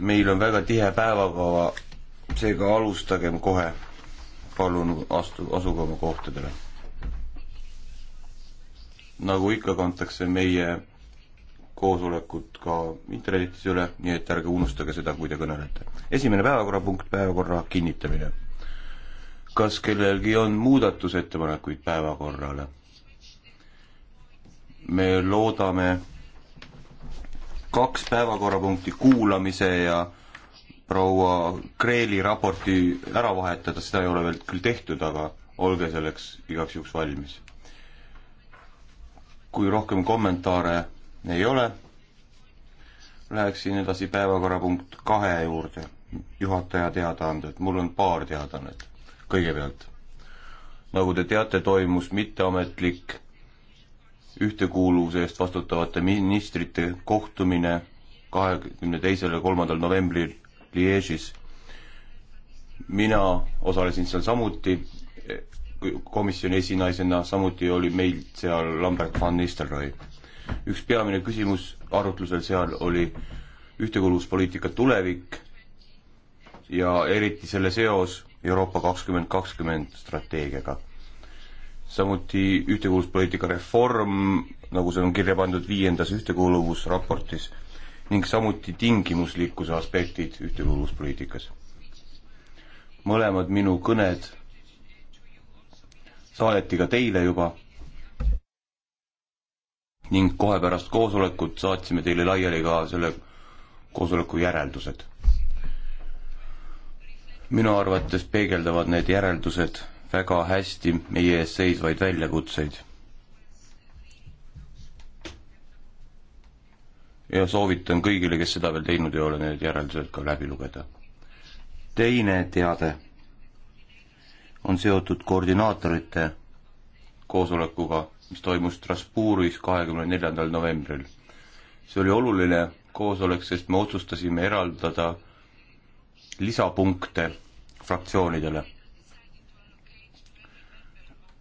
meil on väga tihe päevakava, seega alustagem kohe. palun astu, asuge oma kohtadele. nagu ikka, kantakse meie koosolekut ka internetis üle, nii et ärge unustage seda, kui te kõnelete. esimene päevakorrapunkt, päevakorra kinnitamine. kas kellelgi on muudatusettepanekuid päevakorrale? me loodame kaks päevakorrapunkti kuulamise ja proua Kreeli raporti ära vahetada, seda ei ole veel küll tehtud, aga olge selleks igaks juhuks valmis. kui rohkem kommentaare ei ole, läheksin edasi päevakorrapunkt kahe juurde, juhataja teadaanded, mul on paar teadaannet. kõigepealt, nagu te teate, toimus mitteametlik ühtekuuluvuse eest vastutavate ministrite kohtumine kahekümne teisel ja kolmandal novembril Liežis. mina osalesin seal samuti komisjoni esinaisena, samuti oli meil seal Lambert van Nistelrooy. üks peamine küsimus arutlusel seal oli ühtekuuluvuspoliitika tulevik ja eriti selle seos Euroopa kakskümmend kakskümmend strateegiaga samuti ühtekuuluvuspoliitika reform, nagu see on kirja pandud viiendas ühtekuuluvusraportis, ning samuti tingimuslikkuse aspektid ühtekuuluvuspoliitikas. mõlemad minu kõned saadeti ka teile juba ning kohe pärast koosolekut saatsime teile laiali ka selle koosoleku järeldused. minu arvates peegeldavad need järeldused väga hästi meie ees seisvaid väljakutseid. ja soovitan kõigile, kes seda veel teinud ei ole, need järeldused ka läbi lugeda. teine teade on seotud koordinaatorite koosolekuga, mis toimus Strasbourgis kahekümne neljandal novembril. see oli oluline koosolek, sest me otsustasime eraldada lisapunkte fraktsioonidele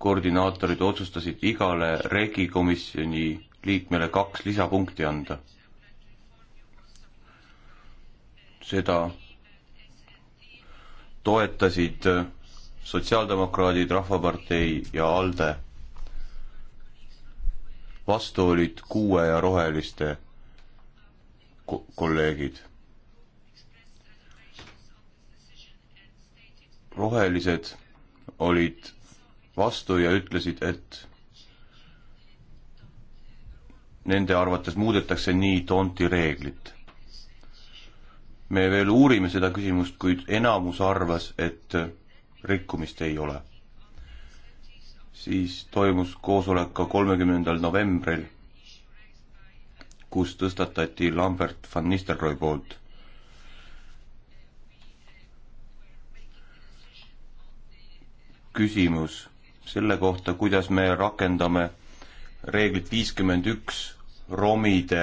koordinaatorid otsustasid igale regi komisjoni liikmele kaks lisapunkti anda. seda toetasid sotsiaaldemokraadid, Rahvapartei ja ALDE. vastu olid kuue ja roheliste ko kolleegid. rohelised olid vastu ja ütlesid, et nende arvates muudetakse nii tonti reeglit. me veel uurime seda küsimust, kuid enamus arvas, et rikkumist ei ole. siis toimus koosolek ka kolmekümnendal novembril, kus tõstatati Lambert van Nistelrooy poolt küsimus selle kohta, kuidas me rakendame reeglit viiskümmend üks romide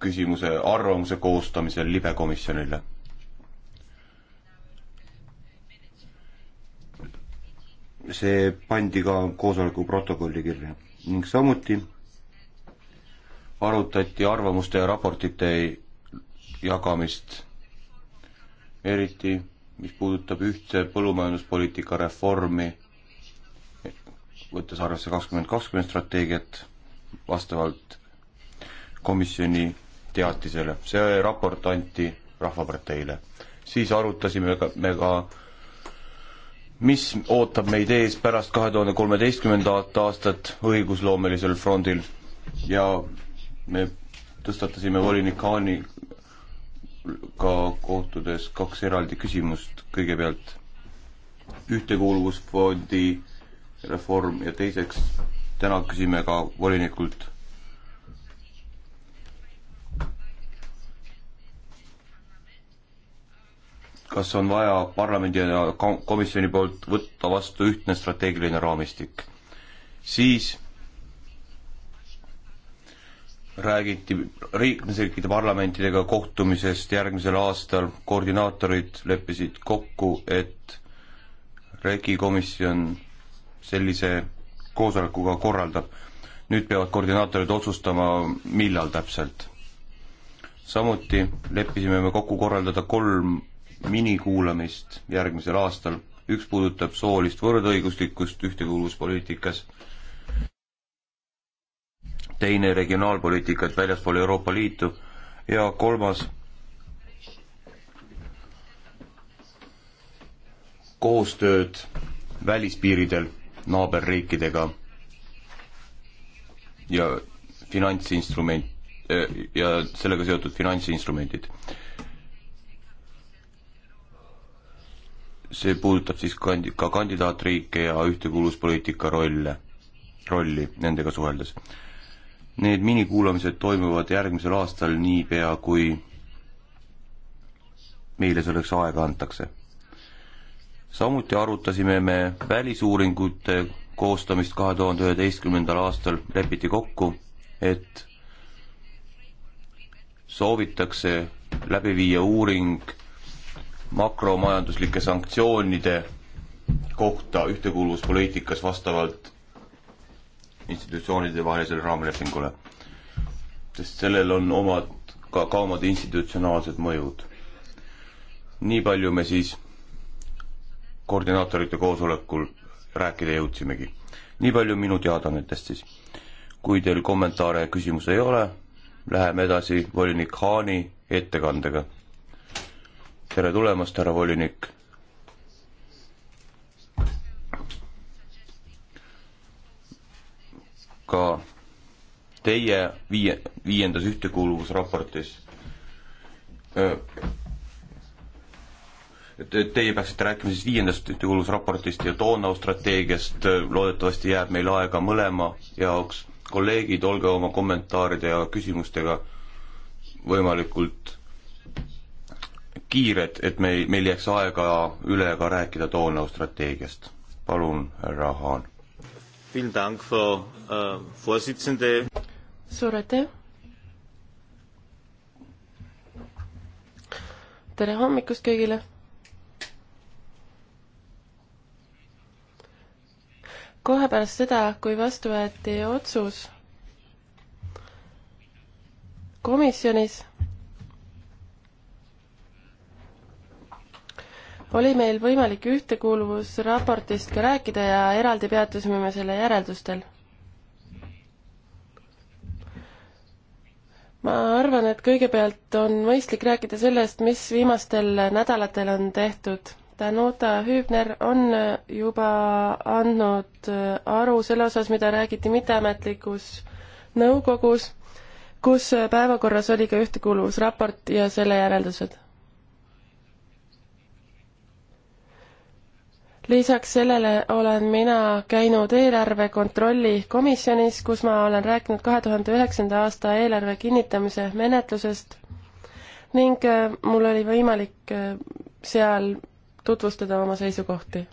küsimuse arvamuse koostamisel libekomisjonile. see pandi ka koosoleku protokolli kirja ning samuti arutati arvamuste ja raportite jagamist, eriti mis puudutab ühtse põllumajanduspoliitika reformi, võttes arvesse kakskümmend kakskümmend strateegiat vastavalt komisjoni teatisele. see raport anti Rahvaparteile. siis arutasime ka, me ka, mis ootab meid ees pärast kahe tuhande kolmeteistkümnendat aastat õigusloomelisel frondil ja me tõstatasime volinik Haani ka kohtudes kaks eraldi küsimust, kõigepealt ühtekuuluvusfondi reform ja teiseks täna küsime ka volinikult kas on vaja parlamendi ja komisjoni poolt võtta vastu ühtne strateegiline raamistik. siis räägiti liikmesriikide parlamentidega kohtumisest järgmisel aastal, koordinaatorid leppisid kokku, et regikomisjon sellise koosolekuga korraldab. nüüd peavad koordinaatorid otsustama, millal täpselt. samuti leppisime me kokku korraldada kolm minikuulamist järgmisel aastal, üks puudutab soolist võrdõiguslikkust ühtekuuluvuspoliitikas teine regionaalpoliitikat väljaspool Euroopa Liitu ja kolmas koostööd välispiiridel naaberriikidega ja finantsinstrument äh, ja sellega seotud finantsinstrumendid. see puudutab siis kandi-, ka kandidaatriike ja ühtekuuluvuspoliitika rolle, rolli nendega suheldes Need minikuulamised toimuvad järgmisel aastal niipea, kui meile selleks aega antakse. samuti arutasime me välisuuringute koostamist kahe tuhande üheteistkümnendal aastal, lepiti kokku, et soovitakse läbi viia uuring makromajanduslike sanktsioonide kohta ühtekuuluvuspoliitikas vastavalt institutsioonide vahelisele raamlepingule. sest sellel on omad, ka, ka omad institutsionaalsed mõjud. nii palju me siis koordinaatorite koosolekul rääkida jõudsimegi. nii palju minu teadannetest siis. kui teil kommentaare ja küsimusi ei ole, läheme edasi volinik Haani ettekandega. tere tulemast, härra volinik ka teie viie, viiendas ühtekuuluvusraportis. Teie peaksite rääkima siis viiendast ühtekuuluvusraportist ja Donau strateegiast, loodetavasti jääb meil aega mõlema jaoks. kolleegid, olge oma kommentaaride ja küsimustega võimalikult kiired, et me, meil jääks aega üle ka rääkida Donau strateegiast. palun, härra Haan. Vielen Dank, Frau äh, Vorsitzende. suur aitäh. tere hommikust kõigile. kohe pärast seda, kui vastu võeti otsus komisjonis oli meil võimalik ühtekuuluvusraportist ka rääkida ja eraldi peatusime me selle järeldustel. ma arvan, et kõigepealt on mõistlik rääkida sellest, mis viimastel nädalatel on tehtud. Danuta Hübner on juba andnud aru selle osas, mida räägiti mitteametlikus nõukogus, kus päevakorras oli ka ühtekuuluvusraport ja selle järeldused lisaks sellele olen mina käinud eelarve kontrolli komisjonis, kus ma olen rääkinud kahe tuhande üheksanda aasta eelarve kinnitamise menetlusest ning äh, mul oli võimalik äh, seal tutvustada oma seisukohti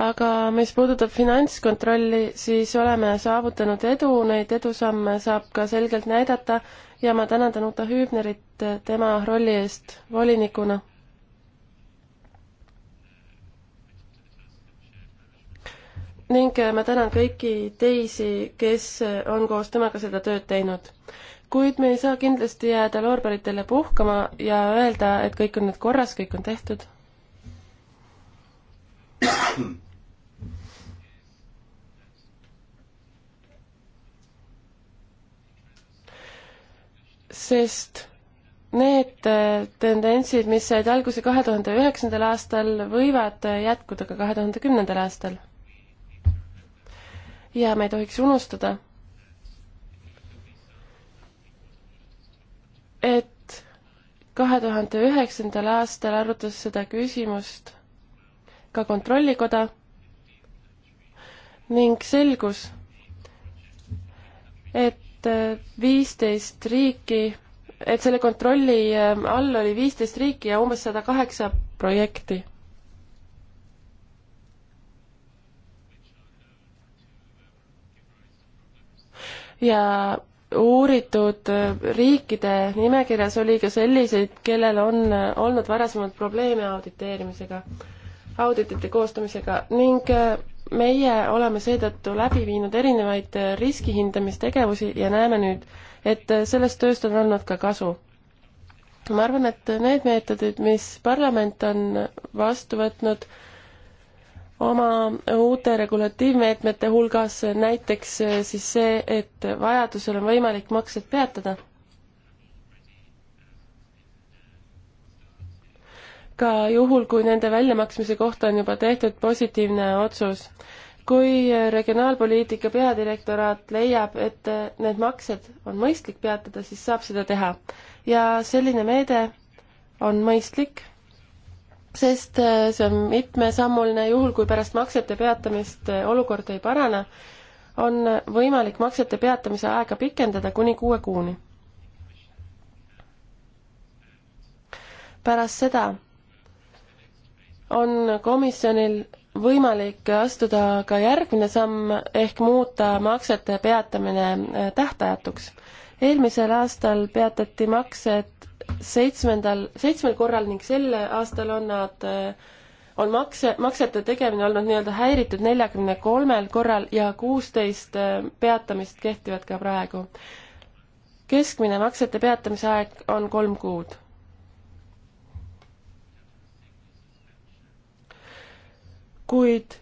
aga mis puudutab finantskontrolli, siis oleme saavutanud edu, neid edusamme saab ka selgelt näidata ja ma tänan Danuta Hübnerit tema rolli eest volinikuna. ning ma tänan kõiki teisi, kes on koos temaga seda tööd teinud. kuid me ei saa kindlasti jääda loorberitele puhkama ja öelda, et kõik on nüüd korras, kõik on tehtud sest need äh, tendentsid, mis said alguse kahe tuhande üheksandal aastal, võivad äh, jätkuda ka kahe tuhande kümnendal aastal. ja me ei tohiks unustada, et kahe tuhande üheksandal aastal arutas seda küsimust ka Kontrollikoda ning selgus, et viisteist riiki, et selle kontrolli äh, all oli viisteist riiki ja umbes sada kaheksa projekti. ja uuritud äh, riikide nimekirjas oli ka selliseid, kellel on äh, olnud varasemalt probleeme auditeerimisega auditite koostamisega ning äh, meie oleme seetõttu läbi viinud erinevaid äh, riskihindamistegevusi ja näeme nüüd, et äh, sellest tööst on olnud ka kasu. ma arvan, et need meetodid, mis parlament on vastu võtnud oma uute regulatiivmeetmete hulgas, näiteks siis see, et vajadusel on võimalik maksed peatada ka juhul, kui nende väljamaksmise kohta on juba tehtud positiivne otsus. kui Regionaalpoliitika peadirektoraat leiab, et need maksed on mõistlik peatada, siis saab seda teha. ja selline meede on mõistlik, sest see on mitmesammuline, juhul kui pärast maksete peatamist olukord ei parane, on võimalik maksete peatamise aega pikendada kuni kuue kuuni. pärast seda on komisjonil võimalik astuda ka järgmine samm ehk muuta maksete peatamine äh, tähtajatuks. eelmisel aastal peatati maksed seitsmendal, seitsmel korral ning sel aastal on nad, äh, on makse, maksete tegemine olnud nii-öelda häiritud neljakümne kolmel korral ja kuusteist äh, peatamist kehtivad ka praegu. keskmine maksete peatamise aeg on kolm kuud kuid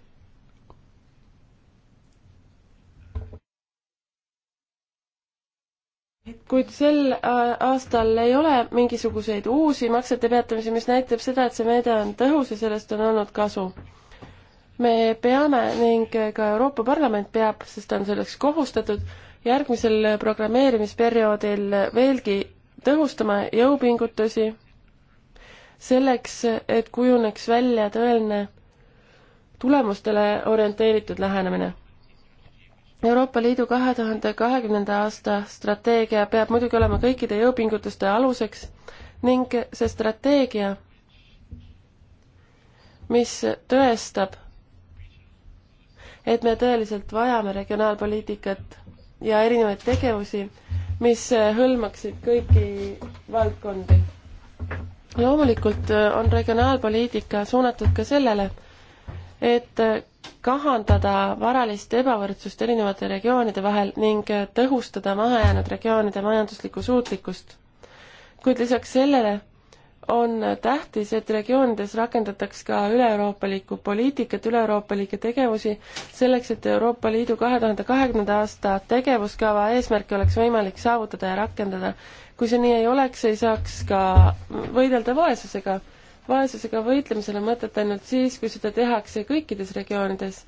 kuid sel äh, aastal ei ole mingisuguseid uusi maksete peatamisi, mis näitab seda, et see meede on tõhus ja sellest on olnud kasu. me peame ning ka Euroopa Parlament peab, sest ta on selleks kohustatud, järgmisel programmeerimisperioodil veelgi tõhustama jõupingutusi selleks, et kujuneks välja tõeline tulemustele orienteeritud lähenemine. Euroopa Liidu kahe tuhande kahekümnenda aasta strateegia peab muidugi olema kõikide jõupingutuste aluseks ning see strateegia, mis tõestab, et me tõeliselt vajame regionaalpoliitikat ja erinevaid tegevusi, mis hõlmaksid kõiki valdkondi. loomulikult on regionaalpoliitika suunatud ka sellele, et kahandada varalist ebavõrdsust erinevate regioonide vahel ning tõhustada mahajäänud regioonide majanduslikku suutlikkust. kuid lisaks sellele on tähtis, et regioonides rakendataks ka üle-euroopalikku poliitikat, üle-euroopalikke tegevusi, selleks et Euroopa Liidu kahe tuhande kahekümnenda aasta tegevuskava eesmärke oleks võimalik saavutada ja rakendada. kui see nii ei oleks, ei saaks ka võidelda vaesusega vaesusega võitlemisel on mõtet ainult siis, kui seda tehakse kõikides regioonides.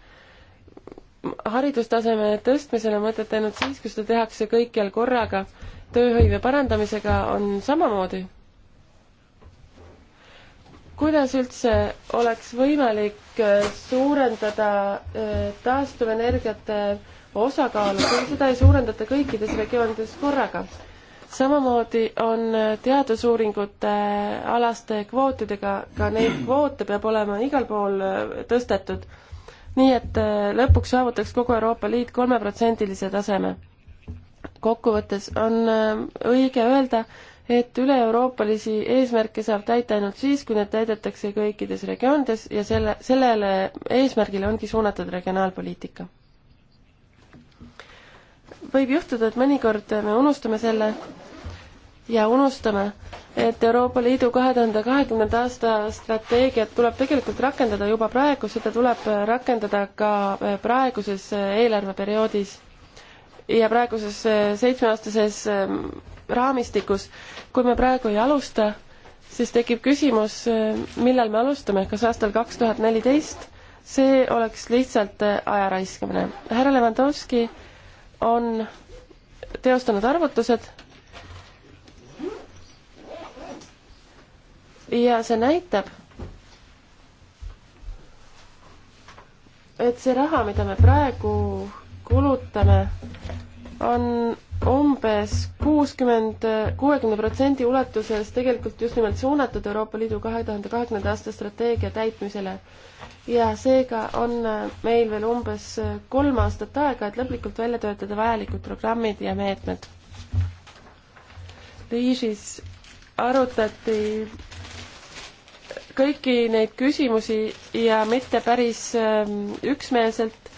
haridustaseme tõstmisel on mõtet ainult siis, kui seda tehakse kõikjal korraga. tööhõive parandamisega on samamoodi. kuidas üldse oleks võimalik äh, suurendada äh, taastuvenergiate osakaalu, kui seda ei suurendata kõikides regioonides korraga? samamoodi on teadusuuringute alaste kvootidega, ka neid kvoote peab olema igal pool äh, tõstetud. nii et äh, lõpuks saavutaks kogu Euroopa Liit kolmeprotsendilise taseme. kokkuvõttes on äh, õige öelda, et üle-euroopalisi eesmärke saab täita ainult siis, kui need täidetakse kõikides regioonides ja selle, sellele eesmärgile ongi suunatud regionaalpoliitika. võib juhtuda, et mõnikord me unustame selle, ja unustame, et Euroopa Liidu kahe tuhande kahekümnenda aasta strateegiat tuleb tegelikult rakendada juba praegu, seda tuleb rakendada ka äh, praeguses äh, eelarveperioodis ja praeguses äh, seitsmeaastases ähm, raamistikus. kui me praegu ei alusta, siis tekib küsimus, millal me alustame, kas aastal kaks tuhat neliteist? see oleks lihtsalt aja raiskamine. härra Levanovski on teostanud arvutused ja see näitab, et see raha, mida me praegu kulutame, on umbes kuuskümmend, kuuekümne protsendi ulatuses tegelikult just nimelt suunatud Euroopa Liidu kahe tuhande kahekümnenda aasta strateegia täitmisele. ja seega on meil veel umbes kolm aastat aega, et lõplikult välja töötada vajalikud programmid ja meetmed. Liižis arutati kõiki neid küsimusi ja mitte päris ähm, üksmeelselt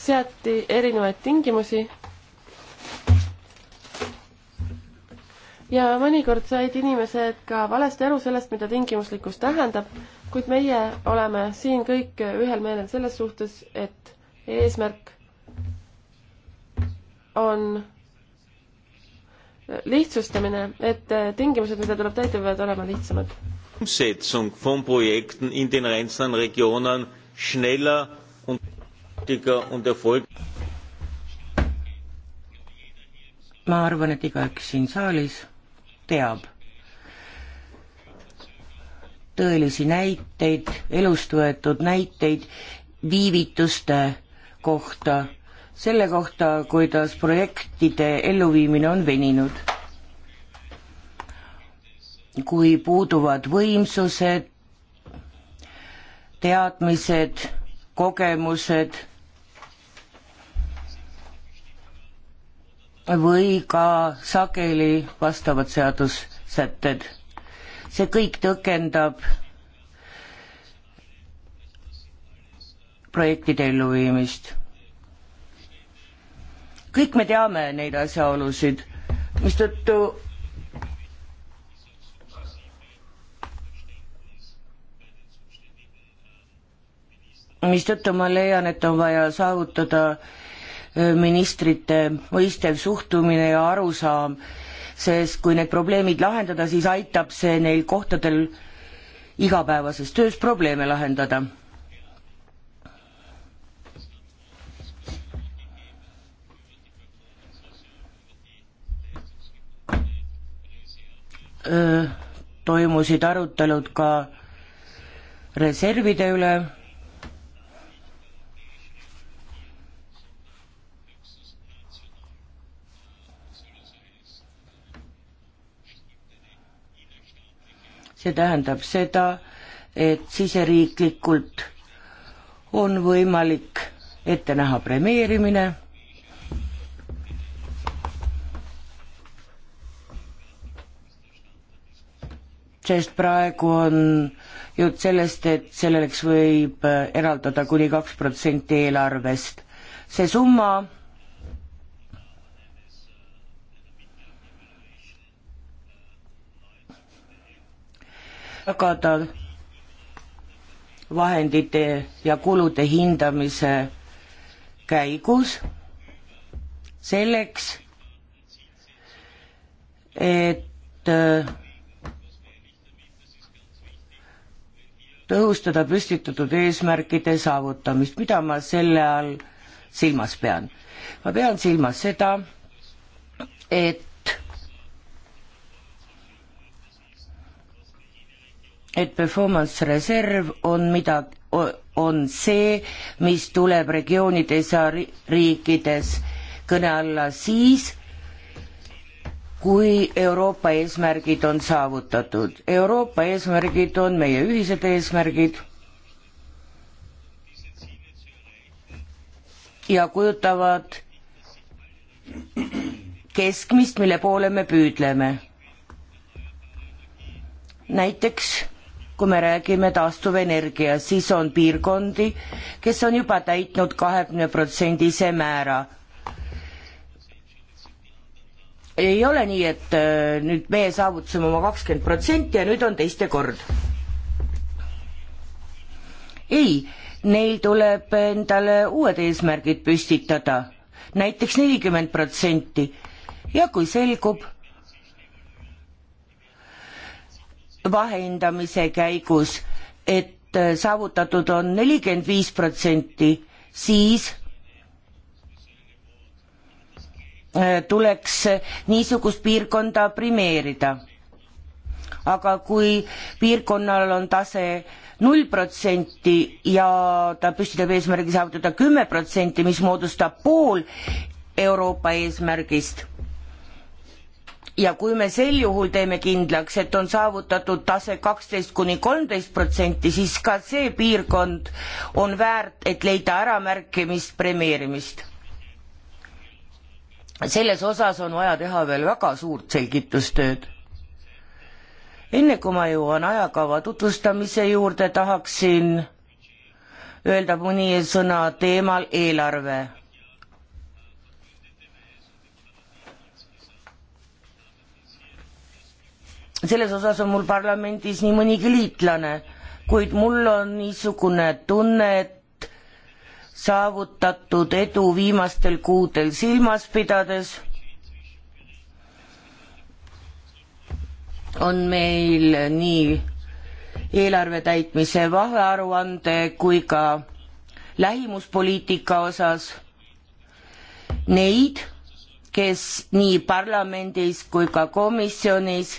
seati erinevaid tingimusi. ja mõnikord said inimesed ka valesti aru sellest, mida tingimuslikkus tähendab, kuid meie oleme siin kõik ühel meelel selles suhtes, et eesmärk on lihtsustamine, et tingimused, mida tuleb täita, peavad olema lihtsamad Umsetzung von Projekten in den einzelnen Regionen schneller und wichtiger und erfolgreicher. ma arvan, et igaüks siin saalis teab tõelisi näiteid, elust võetud näiteid viivituste kohta, selle kohta, kuidas projektide elluviimine on veninud kui puuduvad võimsused, teadmised, kogemused või ka sageli vastavad seadussätted. see kõik tõkendab projektide elluviimist. kõik me teame neid asjaolusid, mistõttu mistõttu ma leian, et on vaja saavutada ministrite mõistev suhtumine ja arusaam, sest kui need probleemid lahendada, siis aitab see neil kohtadel igapäevases töös probleeme lahendada. toimusid arutelud ka reservide üle see tähendab seda, et siseriiklikult on võimalik ette näha premeerimine, sest praegu on jutt sellest, et selleks võib eraldada kuni kaks protsenti eelarvest. see summa jagada vahendite ja kulude hindamise käigus selleks, et äh, tõhustada püstitatud eesmärkide saavutamist, mida ma selle all silmas pean? ma pean silmas seda, et et performance reserv on mida, on see, mis tuleb regioonides ja riikides kõne alla siis, kui Euroopa eesmärgid on saavutatud. Euroopa eesmärgid on meie ühised eesmärgid ja kujutavad keskmist, mille poole me püüdleme. näiteks kui me räägime taastuvenergia, siis on piirkondi, kes on juba täitnud kahekümne protsendise määra. ei ole nii, et äh, nüüd meie saavutasime oma kakskümmend protsenti ja nüüd on teiste kord. ei, neil tuleb endale uued eesmärgid püstitada, näiteks nelikümmend protsenti ja kui selgub, vahendamise käigus, et äh, saavutatud on nelikümmend viis protsenti, siis äh, tuleks äh, niisugust piirkonda primeerida. aga kui piirkonnal on tase null protsenti ja ta püstitab eesmärgi saavutada kümme protsenti, mis moodustab pool Euroopa eesmärgist, ja kui me sel juhul teeme kindlaks, et on saavutatud tase kaksteist kuni kolmteist protsenti, siis ka see piirkond on väärt, et leida äramärkimist, premeerimist. selles osas on vaja teha veel väga suurt selgitustööd. enne kui ma jõuan ajakava tutvustamise juurde, tahaksin öelda mõni sõna teemal eelarve selles osas on mul parlamendis nii mõnigi liitlane, kuid mul on niisugune tunne, et saavutatud edu viimastel kuudel silmas pidades on meil nii eelarve täitmise vahearuande kui ka lähimuspoliitika osas neid, kes nii parlamendis kui ka komisjonis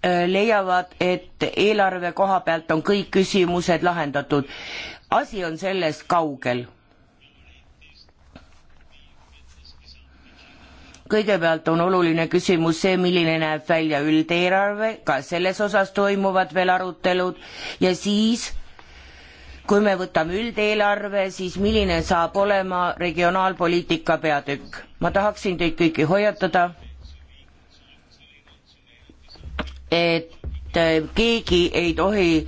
Äh, leiavad, et eelarve koha pealt on kõik küsimused lahendatud. asi on sellest kaugel. kõigepealt on oluline küsimus see, milline näeb välja üldeelarve, ka selles osas toimuvad veel arutelud ja siis kui me võtame üldeelarve, siis milline saab olema regionaalpoliitika peatükk? ma tahaksin teid kõiki hoiatada et äh, keegi ei tohi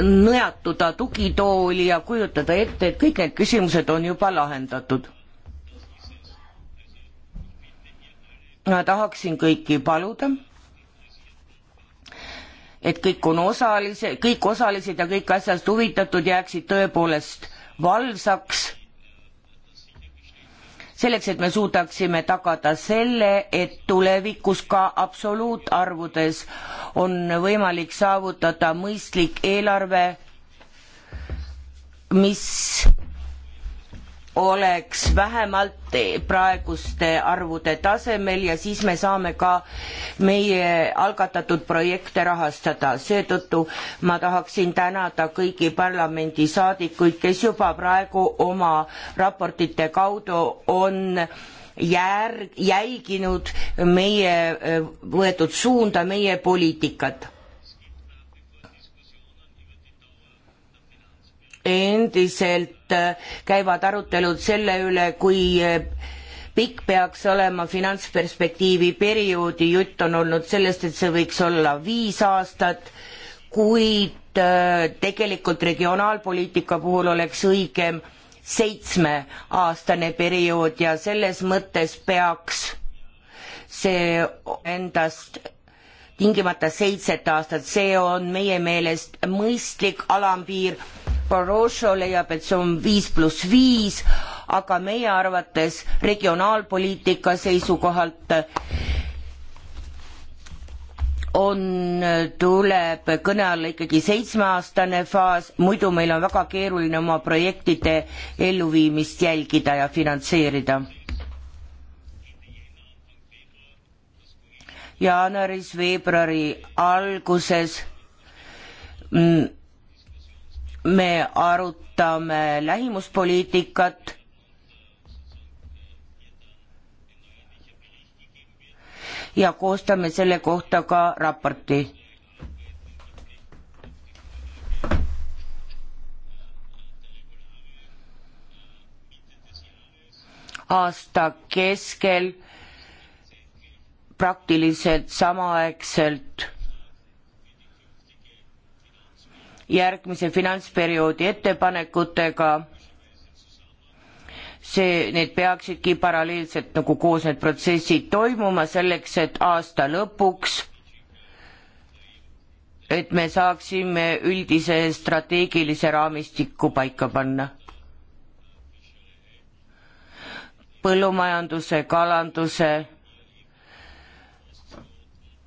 nõjatuda tugitooli ja kujutada ette, et kõik need küsimused on juba lahendatud. ma tahaksin kõiki paluda, et kõik on osalise, kõik osalised ja kõik asjast huvitatud jääksid tõepoolest valvsaks selleks, et me suudaksime tagada selle, et tulevikus ka absoluutarvudes on võimalik saavutada mõistlik eelarve, mis oleks vähemalt praeguste arvude tasemel ja siis me saame ka meie algatatud projekte rahastada. seetõttu ma tahaksin tänada kõiki parlamendisaadikuid, kes juba praegu oma raportite kaudu on järg, jälginud meie võetud suunda, meie poliitikat endiselt äh, käivad arutelud selle üle, kui äh, pikk peaks olema finantsperspektiivi perioodi, jutt on olnud sellest, et see võiks olla viis aastat, kuid äh, tegelikult regionaalpoliitika puhul oleks õigem seitsmeaastane periood ja selles mõttes peaks see endast tingimata seitset aastat, see on meie meelest mõistlik alampiir Barroso leiab, et see on viis pluss viis, aga meie arvates regionaalpoliitika seisukohalt on, tuleb kõne alla ikkagi seitsmeaastane faas, muidu meil on väga keeruline oma projektide elluviimist jälgida ja finantseerida. jaanuaris-veebruari alguses mm, me arutame lähimuspoliitikat ja koostame selle kohta ka raporti. aasta keskel praktiliselt samaaegselt järgmise finantsperioodi ettepanekutega see, need peaksidki paralleelselt nagu koos need protsessid toimuma selleks, et aasta lõpuks, et me saaksime üldise strateegilise raamistiku paika panna. põllumajanduse, kalanduse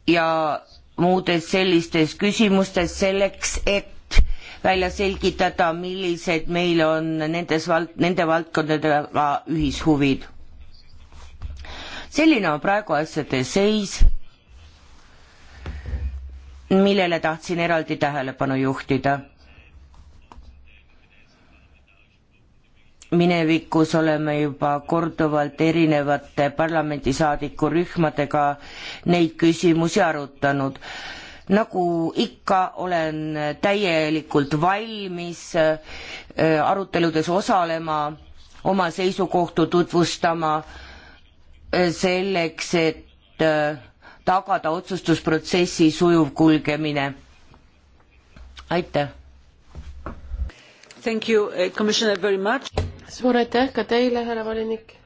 ja muudes sellistes küsimustes selleks, et välja selgitada, millised meil on nendes vald-, nende valdkondadega ühishuvid. selline on praegu asjade seis, millele tahtsin eraldi tähelepanu juhtida minevikus oleme juba korduvalt erinevate parlamendisaadikurühmadega neid küsimusi arutanud nagu ikka, olen täielikult valmis äh, aruteludes osalema, oma seisukohtu tutvustama, äh, selleks, et äh, tagada otsustusprotsessi sujuv kulgemine. aitäh! Eh, suur aitäh ka teile, härra volinik!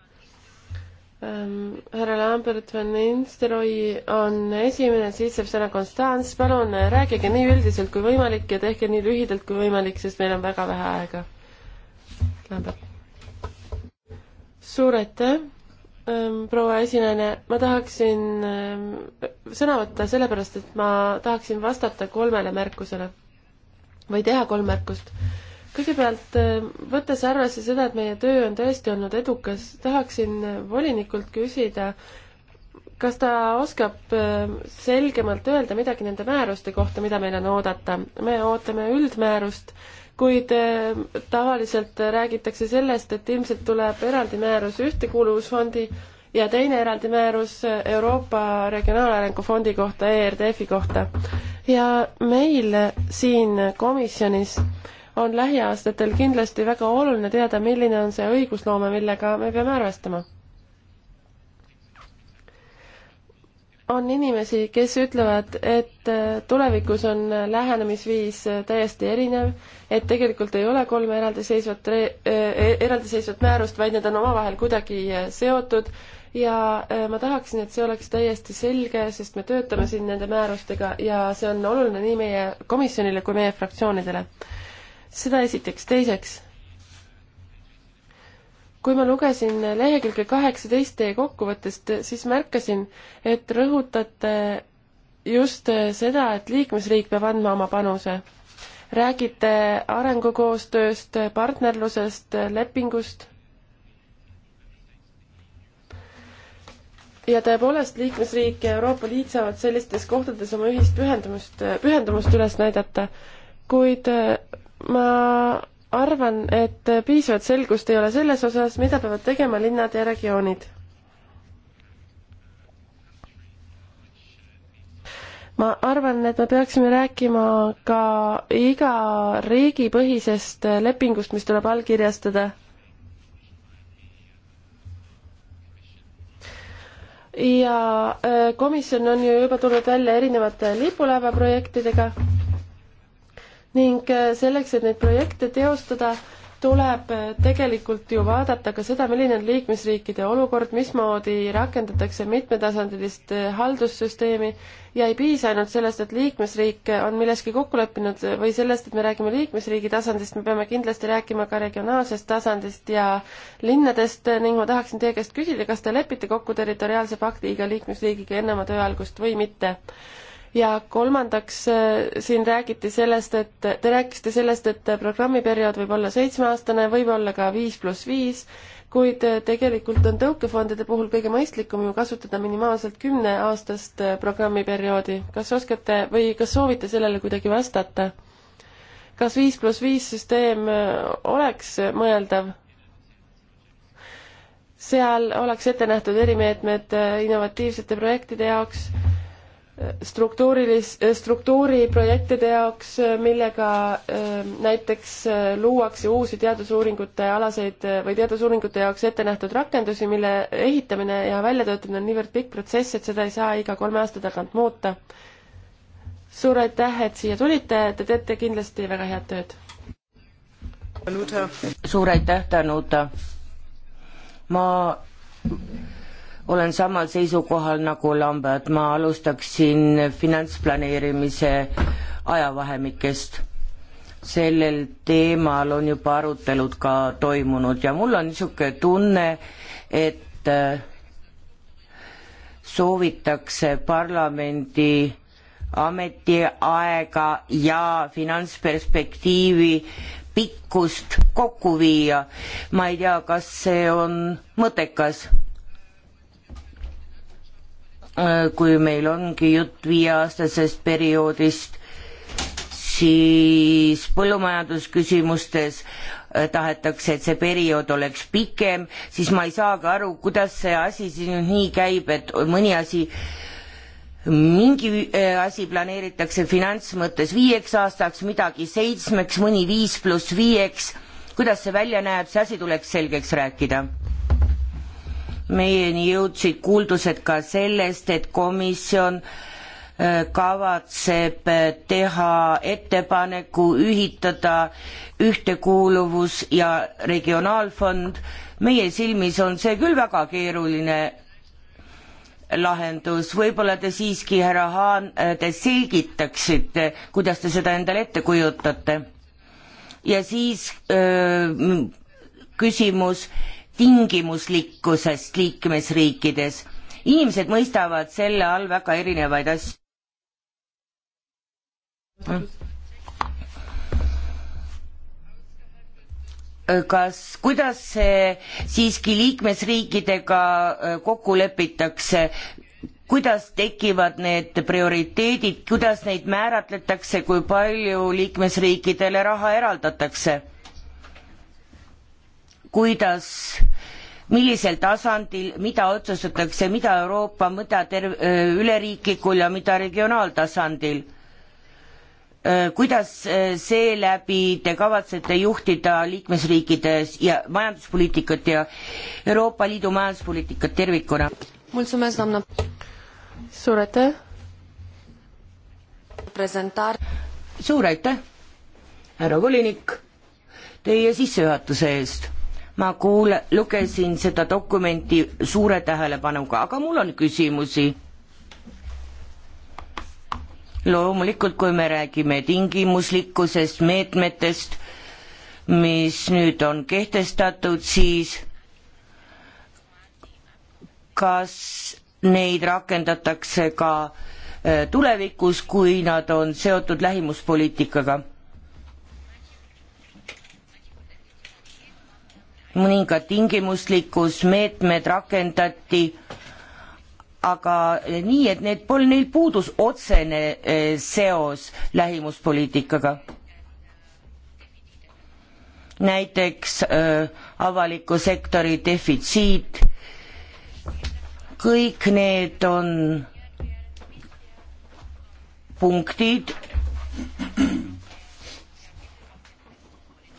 Ähm, härra Lambert van Insteroi on esimene, siis saab sõna Konstants, palun äh, rääkige nii üldiselt kui võimalik ja tehke nii lühidalt kui võimalik, sest meil on väga vähe aega. Lambert. suur aitäh, ähm, proua esinaine, ma tahaksin ähm, sõna võtta sellepärast, et ma tahaksin vastata kolmele märkusele või teha kolm märkust kõigepealt, äh, võttes arvesse seda, et meie töö on tõesti olnud edukas, tahaksin äh, volinikult küsida, kas ta oskab äh, selgemalt öelda midagi nende määruste kohta, mida meil on oodata? me ootame üldmäärust, kuid tavaliselt räägitakse sellest, et ilmselt tuleb eraldi määrus Ühtekuuluvusfondi ja teine eraldi määrus Euroopa Regionaalarengu Fondi kohta, ERDF-i kohta. ja meil siin komisjonis äh, on lähiaastatel kindlasti väga oluline teada, milline on see õigusloome, millega me peame arvestama. on inimesi, kes ütlevad, et äh, tulevikus on äh, lähenemisviis äh, täiesti erinev, et tegelikult ei ole kolme eraldiseisvat, e-, eraldiseisvat määrust, vaid need on omavahel kuidagi seotud ja ma tahaksin, et see oleks täiesti selge, sest me töötame siin nende määrustega ja see on oluline nii meie komisjonile kui meie fraktsioonidele seda esiteks, teiseks. kui ma lugesin lehekülge kaheksateist teie kokkuvõttest, siis märkasin, et rõhutate just seda, et liikmesriik peab andma oma panuse. räägite arengukoostööst, partnerlusest, lepingust ja tõepoolest, liikmesriik ja Euroopa Liit saavad sellistes kohtades oma ühist pühendumust, pühendumust üles näidata, kuid ma arvan, et piisavat selgust ei ole selles osas, mida peavad tegema linnad ja regioonid. ma arvan, et me peaksime rääkima ka iga riigi põhisest lepingust, mis tuleb allkirjastada. ja äh, komisjon on ju juba tulnud välja erinevate lipulaevaprojektidega ning äh, selleks, et neid projekte teostada, tuleb äh, tegelikult ju vaadata ka seda, milline on liikmesriikide olukord, mismoodi rakendatakse mitmetasandilist äh, haldussüsteemi ja ei piisa ainult sellest, et liikmesriik on milleski kokku leppinud või sellest, et me räägime liikmesriigi tasandist, me peame kindlasti rääkima ka regionaalsest tasandist ja linnadest ning ma tahaksin teie käest küsida, kas te lepite kokku territoriaalse paktiga liikmesriigiga enne oma töö algust või mitte ja kolmandaks, äh, siin räägiti sellest, et, te rääkisite sellest, et programmiperiood võib olla seitsmeaastane, võib olla ka viis pluss viis, kuid äh, tegelikult on tõukefondide puhul kõige mõistlikum ju kasutada minimaalselt kümneaastast äh, programmiperioodi. kas oskate või kas soovite sellele kuidagi vastata? kas viis pluss viis süsteem oleks mõeldav? seal oleks ette nähtud erimeetmed innovatiivsete projektide jaoks struktuurilis-, eh, struktuuriprojektide jaoks, eh, millega eh, näiteks luuakse uusi teadusuuringute alaseid või teadusuuringute jaoks ette nähtud rakendusi, mille ehitamine ja väljatöötamine on niivõrd pikk protsess, et seda ei saa iga kolme aasta tagant muuta. suur aitäh, et siia tulite, te teete kindlasti väga head tööd. suur aitäh, Danuta. ma olen samal seisukohal nagu Lambert, ma alustaksin finantsplaneerimise ajavahemikest. sellel teemal on juba arutelud ka toimunud ja mul on niisugune tunne, et äh, soovitakse parlamendi ametiaega ja finantsperspektiivi pikkust kokku viia. ma ei tea, kas see on mõttekas Äh, kui meil ongi jutt viieaastasest perioodist, siis põllumajandusküsimustes äh, tahetakse, et see periood oleks pikem, siis ma ei saagi aru, kuidas see asi siin nüüd nii käib, et mõni asi mingi äh, asi planeeritakse finants mõttes viieks aastaks, midagi seitsmeks, mõni viis pluss viieks, kuidas see välja näeb, see asi tuleks selgeks rääkida meieni jõudsid kuuldused ka sellest, et komisjon äh, kavatseb äh, teha ettepaneku ühitada ühtekuuluvus ja regionaalfond. meie silmis on see küll väga keeruline lahendus, võib-olla te siiski, härra Haan, äh, te selgitaksite, kuidas te seda endale ette kujutate. ja siis öö, küsimus tingimuslikkusest liikmesriikides. inimesed mõistavad selle all väga erinevaid asju. kas, kuidas see siiski liikmesriikidega äh, kokku lepitakse, kuidas tekivad need prioriteedid, kuidas neid määratletakse, kui palju liikmesriikidele raha eraldatakse? kuidas millisel tasandil, mida otsustatakse, mida Euroopa, mida terv-, üleriiklikul ja mida regionaaltasandil. kuidas seeläbi te kavatsete juhtida liikmesriikides ja majanduspoliitikat ja Euroopa Liidu majanduspoliitikat tervikuna? suur aitäh! suur aitäh, härra volinik, teie sissejuhatuse eest ma kuul-, lugesin seda dokumenti suure tähelepanuga, aga mul on küsimusi. loomulikult, kui me räägime tingimuslikkusest, meetmetest, mis nüüd on kehtestatud, siis kas neid rakendatakse ka äh, tulevikus, kui nad on seotud lähimuspoliitikaga? mõningad tingimuslikkusmeetmed rakendati, aga nii, et need pol-, neil puudus otsene eh, seos lähimuspoliitikaga. näiteks äh, avaliku sektori defitsiit, kõik need on punktid,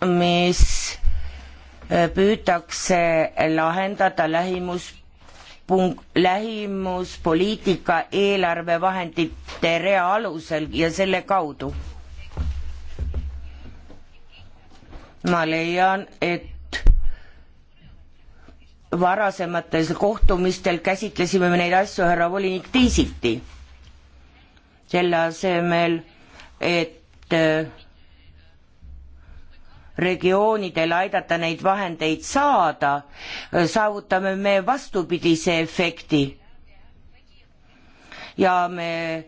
mis Äh, püütakse lahendada lähimus punk-, lähimuspoliitika eelarvevahendite rea alusel ja selle kaudu. ma leian, et varasemates kohtumistel käsitlesime me neid asju, härra volinik, teisiti. selle asemel, et äh, regioonidel aidata neid vahendeid saada, saavutame me vastupidise efekti. ja me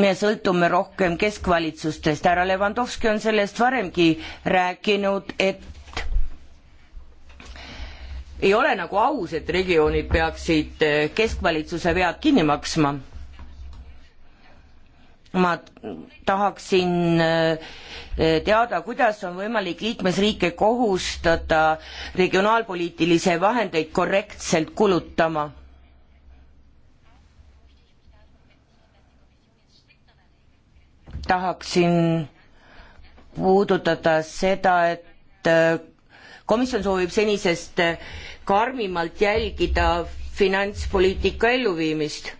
me sõltume rohkem keskvalitsustest, härra Levandovski on sellest varemgi rääkinud, et ei ole nagu aus, et regioonid peaksid keskvalitsuse vead kinni maksma ma tahaksin äh, teada, kuidas on võimalik liikmesriike kohustada regionaalpoliitilisi vahendeid korrektselt kulutama? tahaksin puudutada seda, et äh, komisjon soovib senisest karmimalt jälgida finantspoliitika elluviimist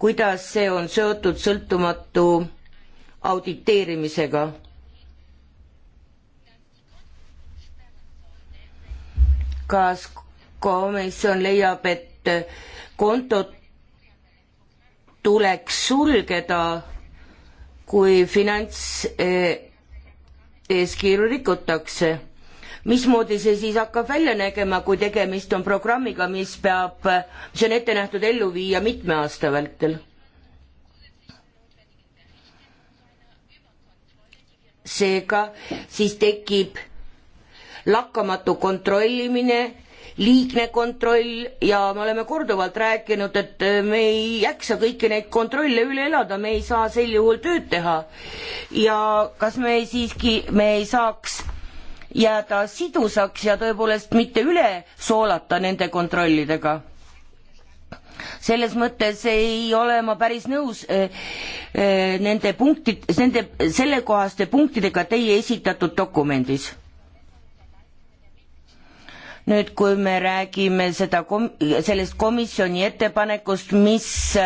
kuidas see on seotud sõltumatu auditeerimisega? kas komisjon leiab, et kontot tuleks sulgeda, kui finants eh, eeskirju rikutakse? mismoodi see siis hakkab välja nägema, kui tegemist on programmiga, mis peab, mis on ette nähtud ellu viia mitme aasta vältel? seega siis tekib lakkamatu kontrollimine, liigne kontroll ja me oleme korduvalt rääkinud, et me ei jaksa kõiki neid kontrolle üle elada, me ei saa sel juhul tööd teha. ja kas me ei siiski, me ei saaks jääda sidusaks ja tõepoolest mitte üle soolata nende kontrollidega. selles mõttes ei ole ma päris nõus eh, eh, nende punktid, nende sellekohaste punktidega teie esitatud dokumendis nüüd, kui me räägime seda kom-, sellest komisjoni ettepanekust, mis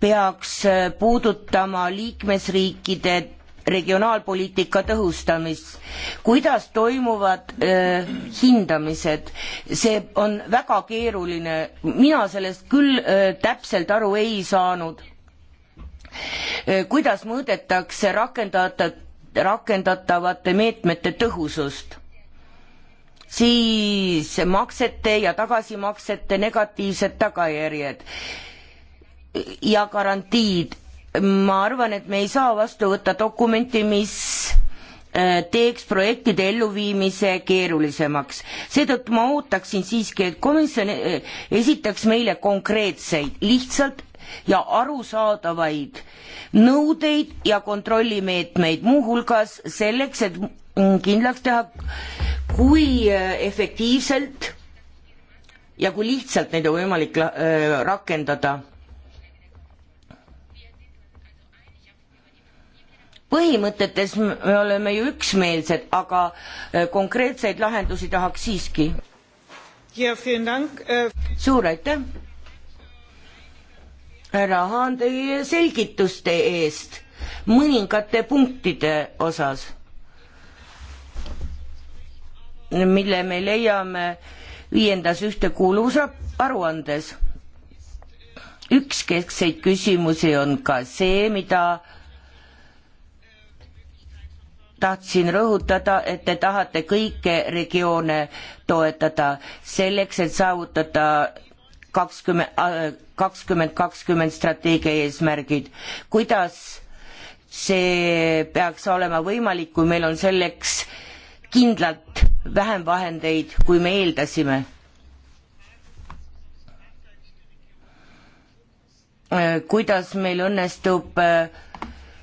peaks puudutama liikmesriikide regionaalpoliitika tõhustamist. kuidas toimuvad öö, hindamised, see on väga keeruline, mina sellest küll öö, täpselt aru ei saanud. kuidas mõõdetakse rakendata, rakendatavate meetmete tõhusust? siis maksete ja tagasimaksete negatiivsed tagajärjed ja garantiid ma arvan, et me ei saa vastu võtta dokumenti, mis äh, teeks projektide elluviimise keerulisemaks. seetõttu ma ootaksin siiski, et komisjon äh, esitaks meile konkreetseid, lihtsalt ja arusaadavaid nõudeid ja kontrollimeetmeid, muuhulgas selleks, et mm, kindlaks teha, kui äh, efektiivselt ja kui lihtsalt neid on võimalik rakendada põhimõtetes me oleme ju üksmeelsed, aga äh, konkreetseid lahendusi tahaks siiski. Äh, suur aitäh, härra Haan, teie selgituste eest mõningate punktide osas, mille me leiame viiendas ühtekuuluvuse aruandes. üks keskseid küsimusi on ka see, mida tahtsin rõhutada, et te tahate kõiki regioone toetada selleks, et saavutada kakskümmend, äh, kakskümmend kakskümmend strateegia eesmärgid. kuidas see peaks olema võimalik, kui meil on selleks kindlalt vähem vahendeid, kui me eeldasime? Äh, kuidas meil õnnestub äh,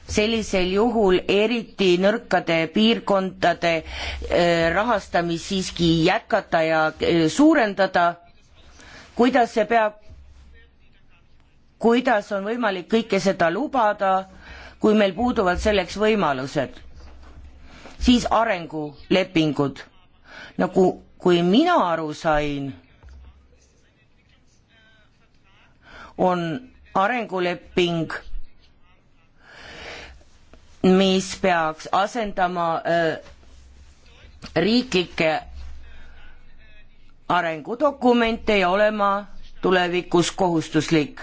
sellisel juhul eriti nõrkade piirkondade äh, rahastamist siiski jätkata ja äh, suurendada, kuidas see peab, kuidas on võimalik kõike seda lubada, kui meil puuduvad selleks võimalused, siis arengulepingud, nagu kui mina aru sain, on arenguleping mis peaks asendama äh, riiklikke arengudokumente ja olema tulevikus kohustuslik.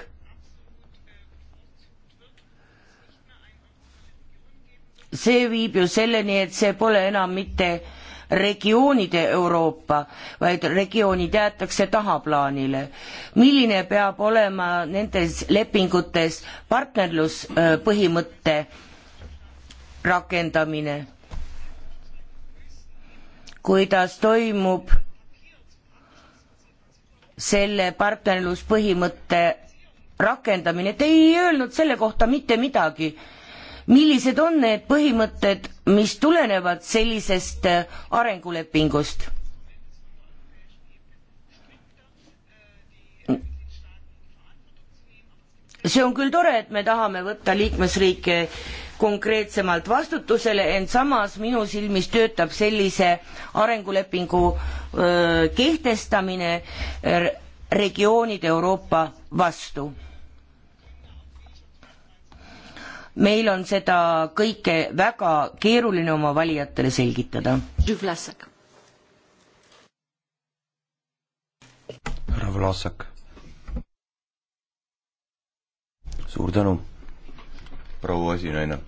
see viib ju selleni, et see pole enam mitte regioonide Euroopa, vaid regioonid jäetakse tahaplaanile. milline peab olema nendes lepingutes partnerluspõhimõtte äh, rakendamine, kuidas toimub selle partnerluspõhimõtte rakendamine, te ei öelnud selle kohta mitte midagi. millised on need põhimõtted, mis tulenevad sellisest äh, arengulepingust? see on küll tore, et me tahame võtta liikmesriike konkreetsemalt vastutusele, ent samas minu silmis töötab sellise arengulepingu öö, kehtestamine regioonide Euroopa vastu. meil on seda kõike väga keeruline oma valijatele selgitada. härra Vlasak. suur tänu, proua esinaine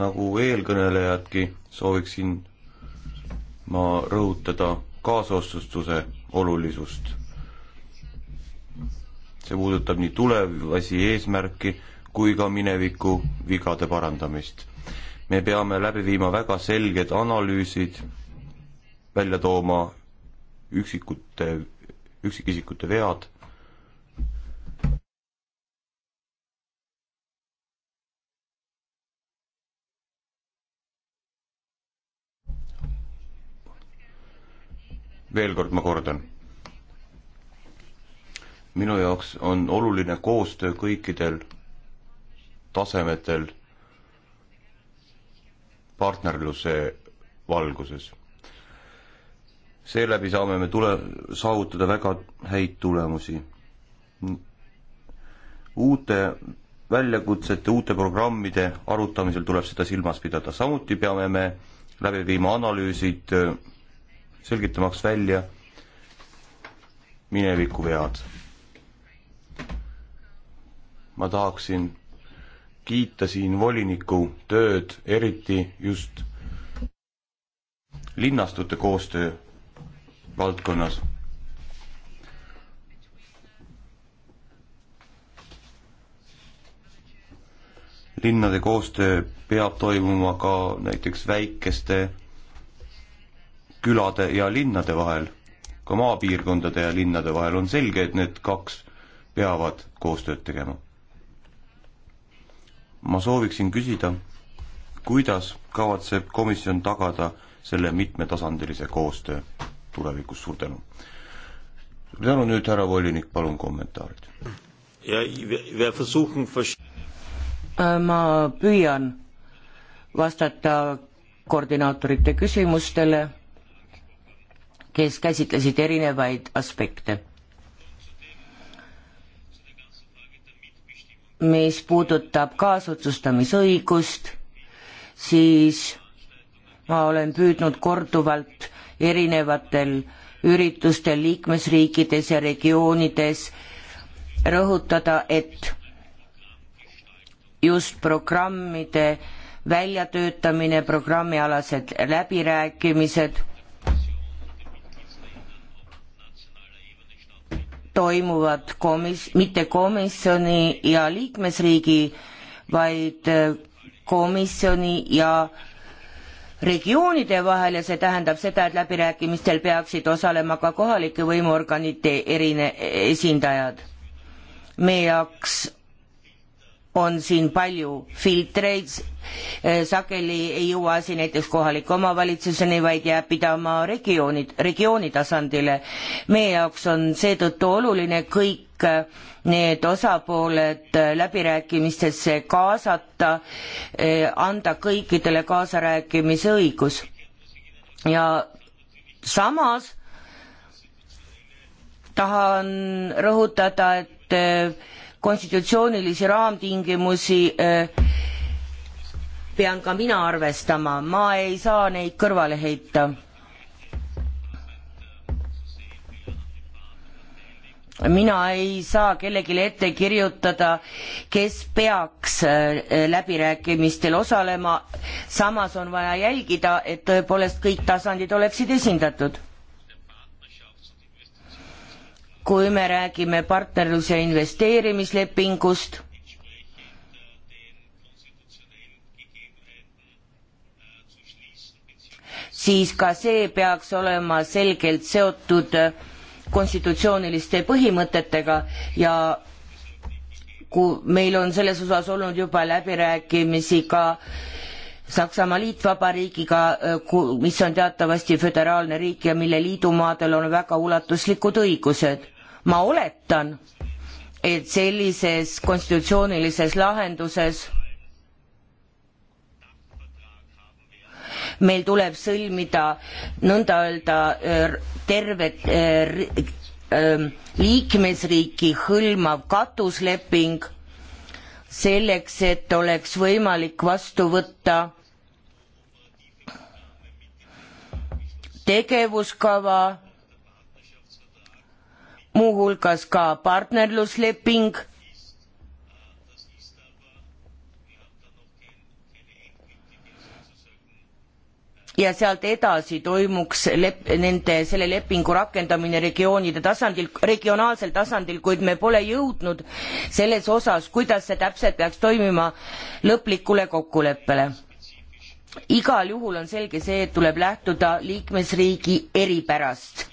nagu eelkõnelejadki, sooviksin ma rõhutada kaasostustuse olulisust. see puudutab nii tulevasi eesmärki kui ka mineviku vigade parandamist. me peame läbi viima väga selged analüüsid, välja tooma üksikute, üksikisikute vead veel kord ma kordan. minu jaoks on oluline koostöö kõikidel tasemetel partnerluse valguses. seeläbi saame me tule, saavutada väga häid tulemusi. uute väljakutsete, uute programmide arutamisel tuleb seda silmas pidada, samuti peame me läbi viima analüüsid selgitamaks välja minevikuvead. ma tahaksin kiita siin voliniku tööd, eriti just linnastute koostöö valdkonnas. linnade koostöö peab toimuma ka näiteks väikeste külade ja linnade vahel, ka maapiirkondade ja linnade vahel, on selge, et need kaks peavad koostööd tegema. ma sooviksin küsida, kuidas kavatseb komisjon tagada selle mitmetasandilise koostöö tulevikus, suur tänu. suur tänu nüüd, härra volinik, palun kommentaarid. Äh, ma püüan vastata koordinaatorite küsimustele kes käsitlesid erinevaid aspekte. mis puudutab kaasotsustamisõigust, siis ma olen püüdnud korduvalt erinevatel üritustel liikmesriikides ja regioonides rõhutada, et just programmide väljatöötamine, programmialased läbirääkimised toimuvad komis-, mitte komisjoni ja liikmesriigi, vaid äh, komisjoni ja regioonide vahel ja see tähendab seda, et läbirääkimistel peaksid osalema ka kohalike võimuorganite erine-, esindajad. meie jaoks on siin palju filtreid, eh, sageli ei jõua asi näiteks kohaliku omavalitsuseni, vaid jääb pidama regioonid, regiooni tasandile. meie jaoks on seetõttu oluline kõik eh, need osapooled eh, läbirääkimistesse kaasata, anda kõikidele kaasarääkimise õigus. ja samas tahan rõhutada, et konstitutsioonilisi raamtingimusi eh, pean ka mina arvestama, ma ei saa neid kõrvale heita. mina ei saa kellelegi ette kirjutada, kes peaks eh, läbirääkimistel osalema, samas on vaja jälgida, et tõepoolest kõik tasandid oleksid esindatud kui me räägime partnerlus- ja investeerimislepingust, siis ka see peaks olema selgelt seotud konstitutsiooniliste põhimõtetega ja kui meil on selles osas olnud juba läbirääkimisi ka Saksamaa liitvabariigiga, mis on teatavasti föderaalne riik ja mille liidumaadel on väga ulatuslikud õigused ma oletan, et sellises konstitutsioonilises lahenduses meil tuleb sõlmida nõnda öelda äh, tervet äh, äh, liikmesriiki hõlmav katusleping selleks, et oleks võimalik vastu võtta tegevuskava muuhulgas ka partnerlusleping. ja sealt edasi toimuks lep-, nende, selle lepingu rakendamine regioonide tasandil, regionaalsel tasandil, kuid me pole jõudnud selles osas, kuidas see täpselt peaks toimima lõplikule kokkuleppele. igal juhul on selge see, et tuleb lähtuda liikmesriigi eripärast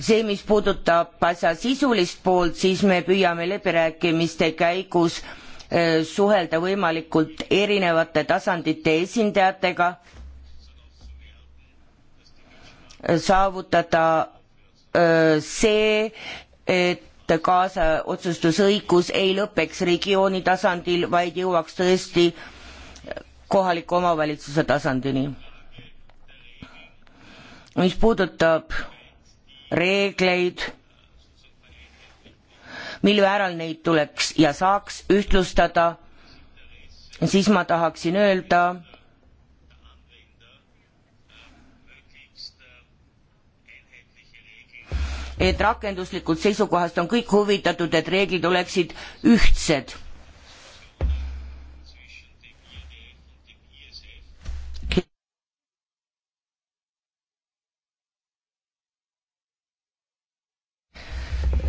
see, mis puudutab asja sisulist poolt, siis me püüame läbirääkimiste käigus äh, suhelda võimalikult erinevate tasandite esindajatega, äh, saavutada äh, see, et kaasotsustusõigus ei lõpeks regiooni tasandil, vaid jõuaks tõesti kohaliku omavalitsuse tasandini. mis puudutab reegleid, mil määral neid tuleks ja saaks ühtlustada, siis ma tahaksin öelda, et rakenduslikust seisukohast on kõik huvitatud, et reeglid oleksid ühtsed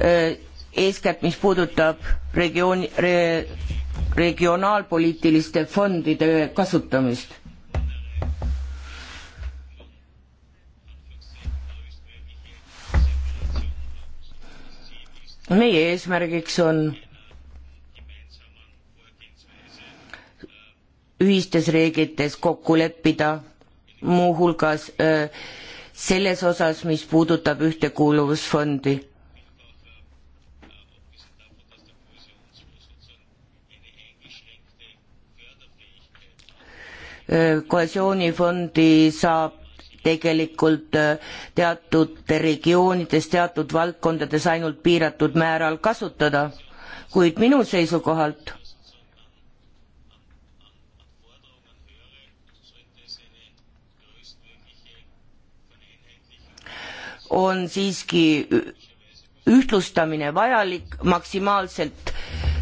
Äh, eeskätt mis puudutab regiooni re,, regionaalpoliitiliste fondide kasutamist. meie eesmärgiks on ühistes reeglites kokku leppida, muuhulgas äh, selles osas, mis puudutab ühtekuuluvusfondi kohesioonifondi saab tegelikult äh, teatud regioonides, teatud valdkondades ainult piiratud määral kasutada, kuid minu seisukohalt on siiski ühtlustamine vajalik maksimaalselt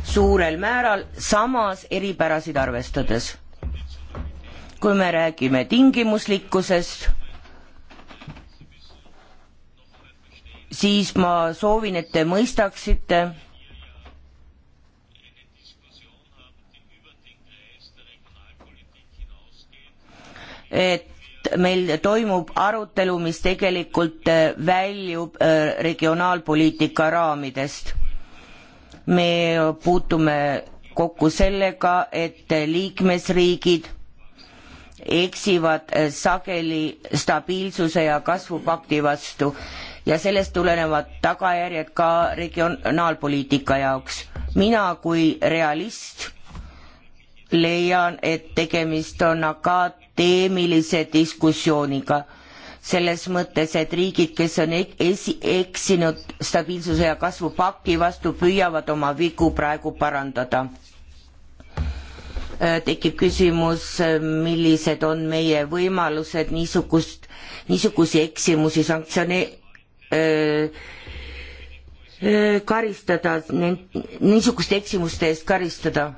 suurel määral, samas eripärasid arvestades kui me räägime tingimuslikkusest, siis ma soovin, et te mõistaksite, et meil toimub arutelu, mis tegelikult väljub äh, regionaalpoliitika raamidest. me puutume kokku sellega, et liikmesriigid eksivad eh, sageli stabiilsuse ja kasvupakti vastu ja sellest tulenevad tagajärjed ka regionaalpoliitika jaoks. mina kui realist leian, et tegemist on akadeemilise diskussiooniga selles mõttes, et riigid, kes on esi, eksinud stabiilsuse ja kasvu pakti vastu, püüavad oma vigu praegu parandada Äh, tekib küsimus, äh, millised on meie võimalused niisugust, niisugusi eksimusi sanktsioneerida äh, karistada, niisuguste eksimuste eest karistada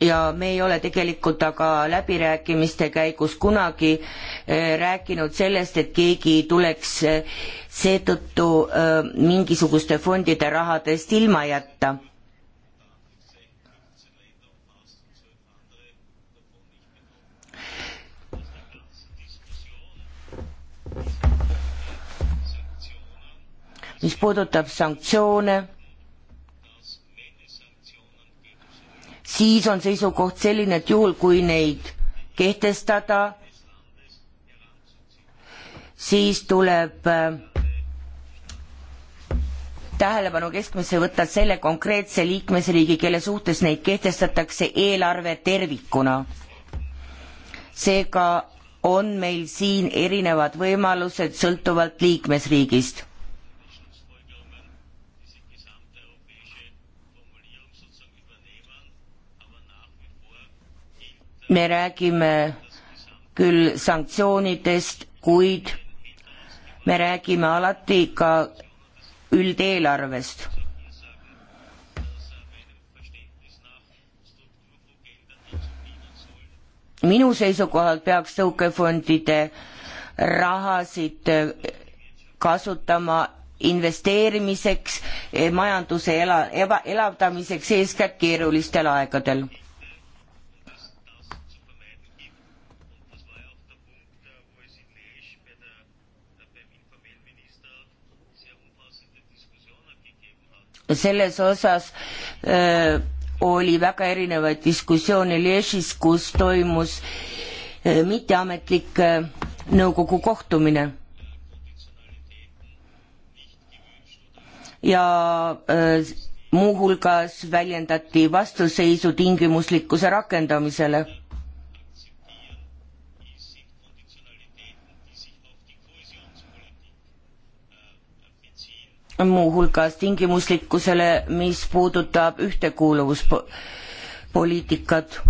ja me ei ole tegelikult aga läbirääkimiste käigus kunagi eh, rääkinud sellest, et keegi tuleks eh, seetõttu eh, mingisuguste fondide rahadest ilma jätta. mis puudutab sanktsioone siis on seisukoht selline, et juhul, kui neid kehtestada, siis tuleb äh, tähelepanu keskmesse võtta selle konkreetse liikmesriigi, kelle suhtes neid kehtestatakse, eelarve tervikuna. seega on meil siin erinevad võimalused sõltuvalt liikmesriigist me räägime küll sanktsioonidest, kuid me räägime alati ka üldeelarvest. minu seisukohalt peaks tõukefondide rahasid kasutama investeerimiseks, majanduse ela-, elavdamiseks, eeskätt keerulistel aegadel selles osas öö, äh, oli väga erinevaid diskussioone Liežis, kus toimus äh, mitteametlik äh, nõukogu kohtumine. ja öö, muuhulgas väljendati vastuseisu tingimuslikkuse rakendamisele muuhulgas tingimuslikkusele, mis puudutab ühtekuuluvuspoliitikat.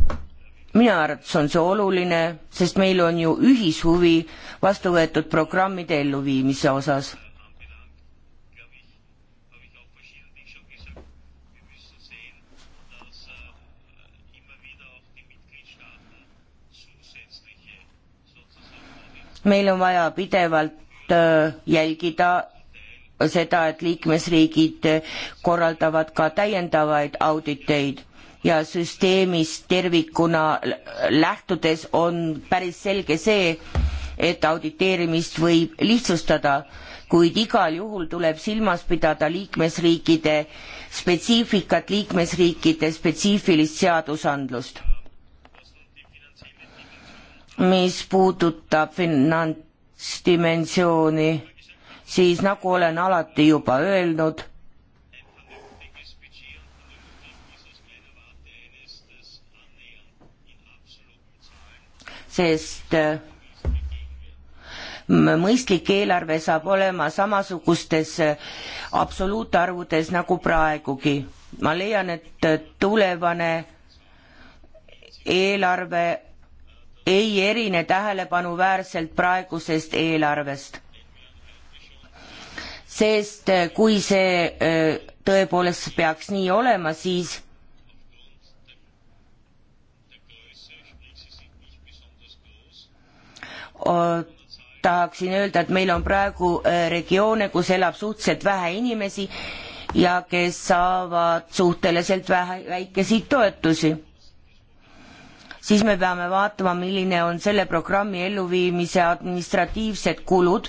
minu arvates on see oluline, sest meil on ju ühishuvi vastu võetud programmide elluviimise osas. meil on vaja pidevalt äh, jälgida seda, et liikmesriigid korraldavad ka täiendavaid auditeid ja süsteemist tervikuna lähtudes on päris selge see, et auditeerimist võib lihtsustada, kuid igal juhul tuleb silmas pidada liikmesriikide spetsiifikat, liikmesriikide spetsiifilist seadusandlust. mis puudutab finantsdimensiooni siis nagu olen alati juba öelnud, sest äh, mõistlik eelarve saab olema samasugustes äh, absoluutarvudes nagu praegugi. ma leian, et äh, tulevane eelarve ei erine tähelepanuväärselt praegusest eelarvest sest äh, kui see äh, tõepoolest peaks nii olema, siis tahaksin öelda, et meil on praegu äh, regioone, kus elab suhteliselt vähe inimesi ja kes saavad suhteliselt vähe, väikeseid toetusi. siis me peame vaatama, milline on selle programmi elluviimise administratiivsed kulud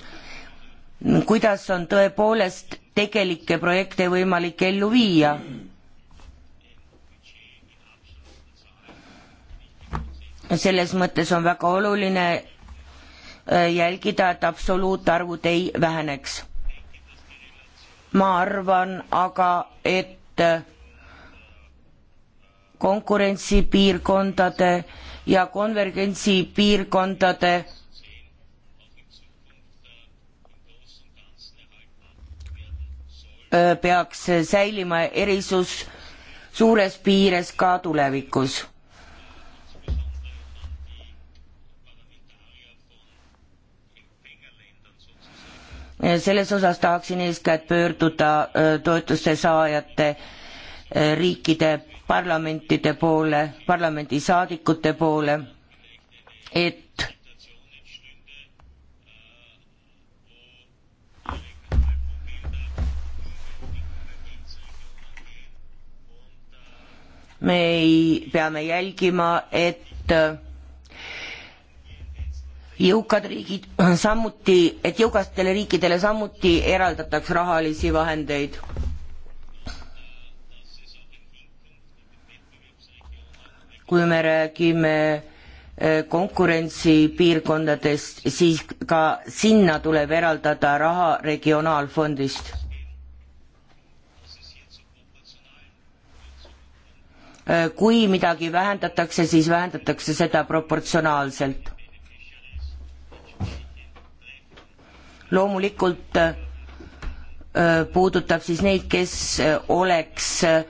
kuidas on tõepoolest tegelikke projekte võimalik ellu viia. selles mõttes on väga oluline äh, jälgida, et absoluutarvud ei väheneks. ma arvan aga, et äh, konkurentsipiirkondade ja konvergentsipiirkondade peaks säilima erisus suures piires ka tulevikus. selles osas tahaksin eeskätt pöörduda toetuste saajate riikide parlamentide poole, parlamendisaadikute poole, et me ei, peame jälgima, et äh, jõukad riigid samuti, et jõukastele riikidele samuti eraldataks rahalisi vahendeid. kui me räägime äh, konkurentsipiirkondadest, siis ka sinna tuleb eraldada raha regionaalfondist kui midagi vähendatakse, siis vähendatakse seda proportsionaalselt. loomulikult äh, puudutab siis neid, kes äh, oleks äh,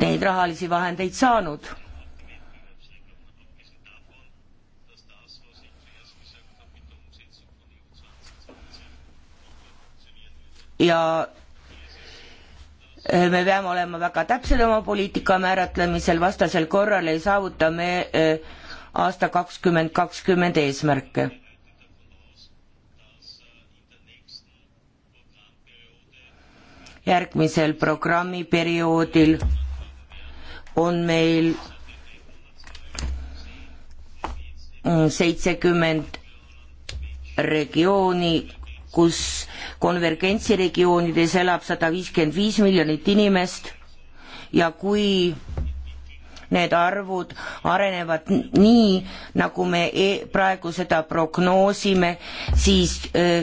neid rahalisi vahendeid saanud ja Äh, me peame olema väga täpsed oma poliitika määratlemisel, vastasel korral ei saavuta me äh, aasta kakskümmend kakskümmend eesmärke. järgmisel programmiperioodil on meil seitsekümmend regiooni kus konvergentsi regioonides elab sada viiskümmend viis miljonit inimest ja kui need arvud arenevad nii, nagu me e praegu seda prognoosime, siis öö,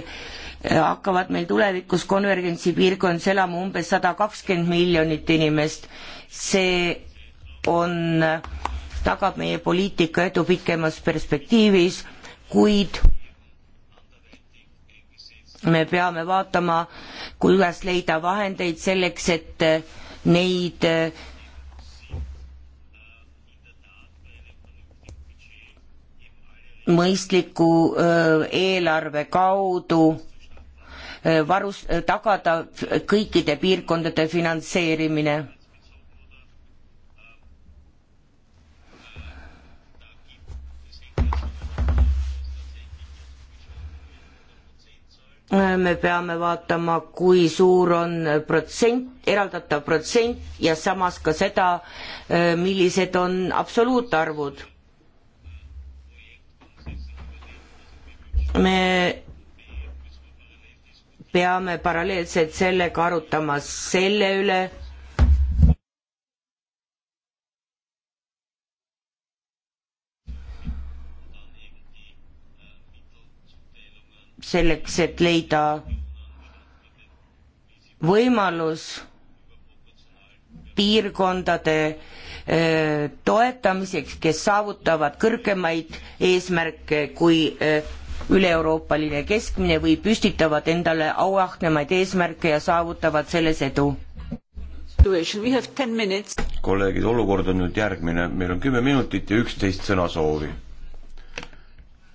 äh, hakkavad meil tulevikus konvergentsipiirkonnas elama umbes sada kakskümmend miljonit inimest. see on, äh, tagab meie poliitika edu pikemas perspektiivis, kuid me peame vaatama, kuidas leida vahendeid selleks, et äh, neid äh, mõistliku äh, eelarve kaudu varus-, tagada kõikide piirkondade finantseerimine me peame vaatama, kui suur on protsent, eraldatav protsent ja samas ka seda, eh, millised on absoluutarvud. me peame paralleelselt sellega arutama selle üle, selleks, et leida võimalus piirkondade äh, toetamiseks, kes saavutavad kõrgemaid eesmärke kui äh, üle-euroopaline keskmine või püstitavad endale auahnemaid eesmärke ja saavutavad selles edu. kolleegid, olukord on nüüd järgmine, meil on kümme minutit ja üksteist sõnasoovi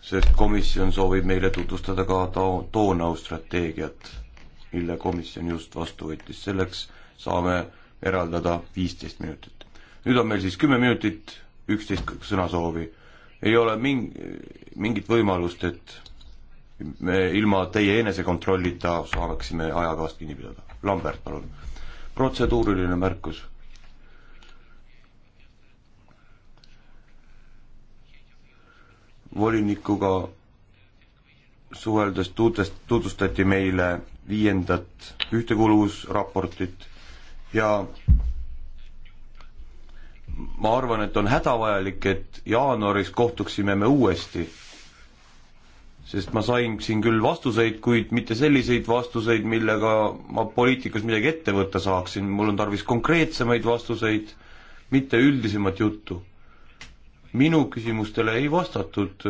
sest komisjon soovib meile tutvustada ka ta-, Donau strateegiat, mille komisjon just vastu võttis, selleks saame eraldada viisteist minutit. nüüd on meil siis kümme minutit, üksteist sõnasoovi. ei ole ming-, mingit võimalust, et me ilma teie enesekontrollita saaksime ajakavast kinni pidada. Lambert, palun. protseduuriline märkus volinikuga suheldes tutvust-, tutvustati meile viiendat ühtekuuluvusraportit ja ma arvan, et on hädavajalik, et jaanuaris kohtuksime me uuesti. sest ma sain siin küll vastuseid, kuid mitte selliseid vastuseid, millega ma poliitikas midagi ette võtta saaksin, mul on tarvis konkreetsemaid vastuseid, mitte üldisemat juttu minu küsimustele ei vastatud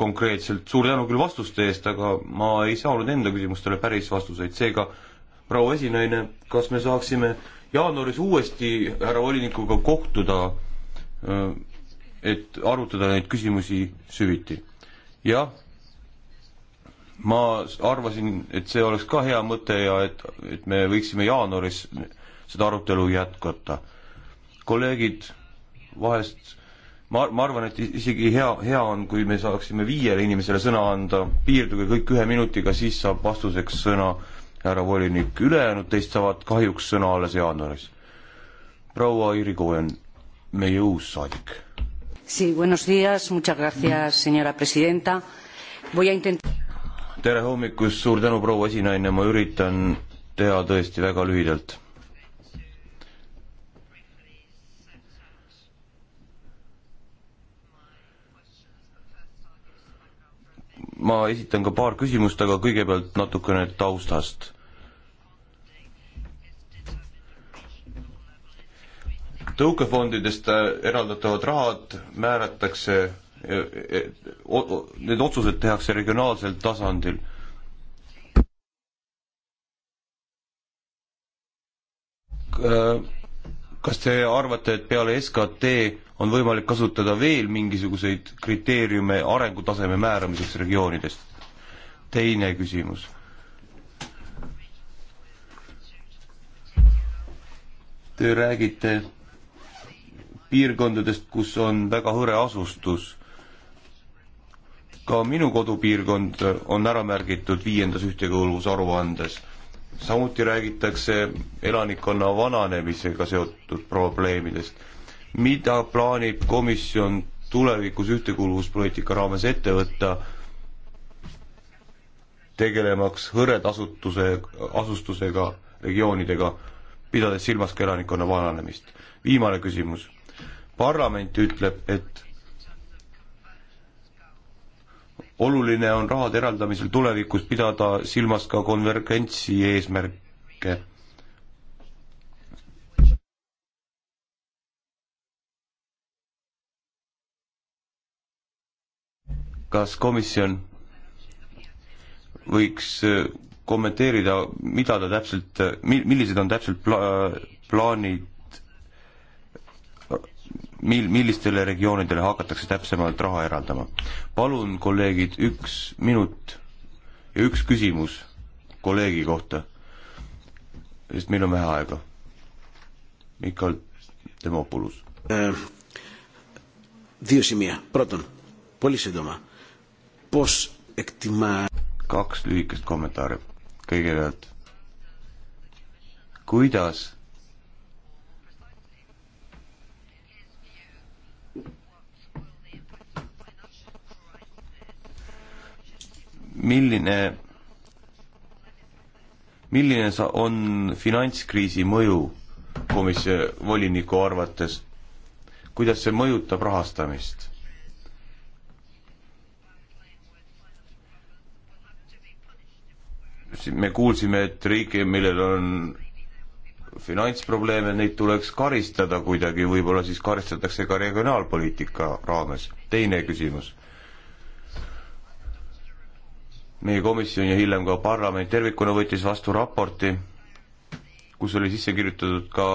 konkreetselt, suur tänu küll vastuste eest, aga ma ei saanud enda küsimustele päris vastuseid, seega proua esinaine, kas me saaksime jaanuaris uuesti härra volinikuga kohtuda, et arutada neid küsimusi süviti? jah, ma arvasin, et see oleks ka hea mõte ja et, et me võiksime jaanuaris seda arutelu jätkata. kolleegid vahest ma, ma arvan, et isegi hea, hea on, kui me saaksime viiele inimesele sõna anda, piirduge kõik ühe minutiga, siis saab vastuseks sõna härra volinik, ülejäänud teist saavad kahjuks sõna alles jaanuaris. proua Iri Koen, meie uus saadik. Sí, buenos días, muchas gracias, señora presidenta. Voy a intent-. tere hommikust, suur tänu, proua esinaine, ma üritan teha tõesti väga lühidalt ma esitan ka paar küsimust, aga kõigepealt natukene taustast. tõukefondidest äh, eraldatavad rahad määratakse, äh, äh, need otsused tehakse regionaalsel tasandil kas te arvate, et peale SKT on võimalik kasutada veel mingisuguseid kriteeriume arengutaseme määramiseks regioonidest? teine küsimus. Te räägite piirkondadest, kus on väga hõre asustus. ka minu kodupiirkond on ära märgitud viiendas ühtekuuluvusaruandes samuti räägitakse elanikkonna vananemisega seotud probleemidest. mida plaanib komisjon tulevikus ühtekuuluvuspoliitika raames ette võtta, tegelemaks hõredasutuse, asustusega regioonidega, pidades silmas ka elanikkonna vananemist. viimane küsimus. parlament ütleb, et oluline on rahade eraldamisel tulevikus pidada silmas ka konvergentsi eesmärke. kas komisjon võiks äh, kommenteerida, mida ta täpselt, millised on täpselt pla-, plaanid mil-, millistele regioonidele hakatakse täpsemalt raha eraldama. palun, kolleegid, üks minut ja üks küsimus kolleegi kohta, sest meil on vähe aega. Mikal Demopoulos äh,. Δύο σημεία. Πρώτον, πολύ σύντομα, πώς εκτιμά... Kaks lühikest kommentaari. Kõigepealt, kuidas milline, milline on finantskriisi mõju komisjoni voliniku arvates, kuidas see mõjutab rahastamist? me kuulsime, et riike, millel on finantsprobleeme, neid tuleks karistada kuidagi, võib-olla siis karistatakse ka regionaalpoliitika raames. teine küsimus meie komisjon ja hiljem ka parlament tervikuna võttis vastu raporti, kus oli sisse kirjutatud ka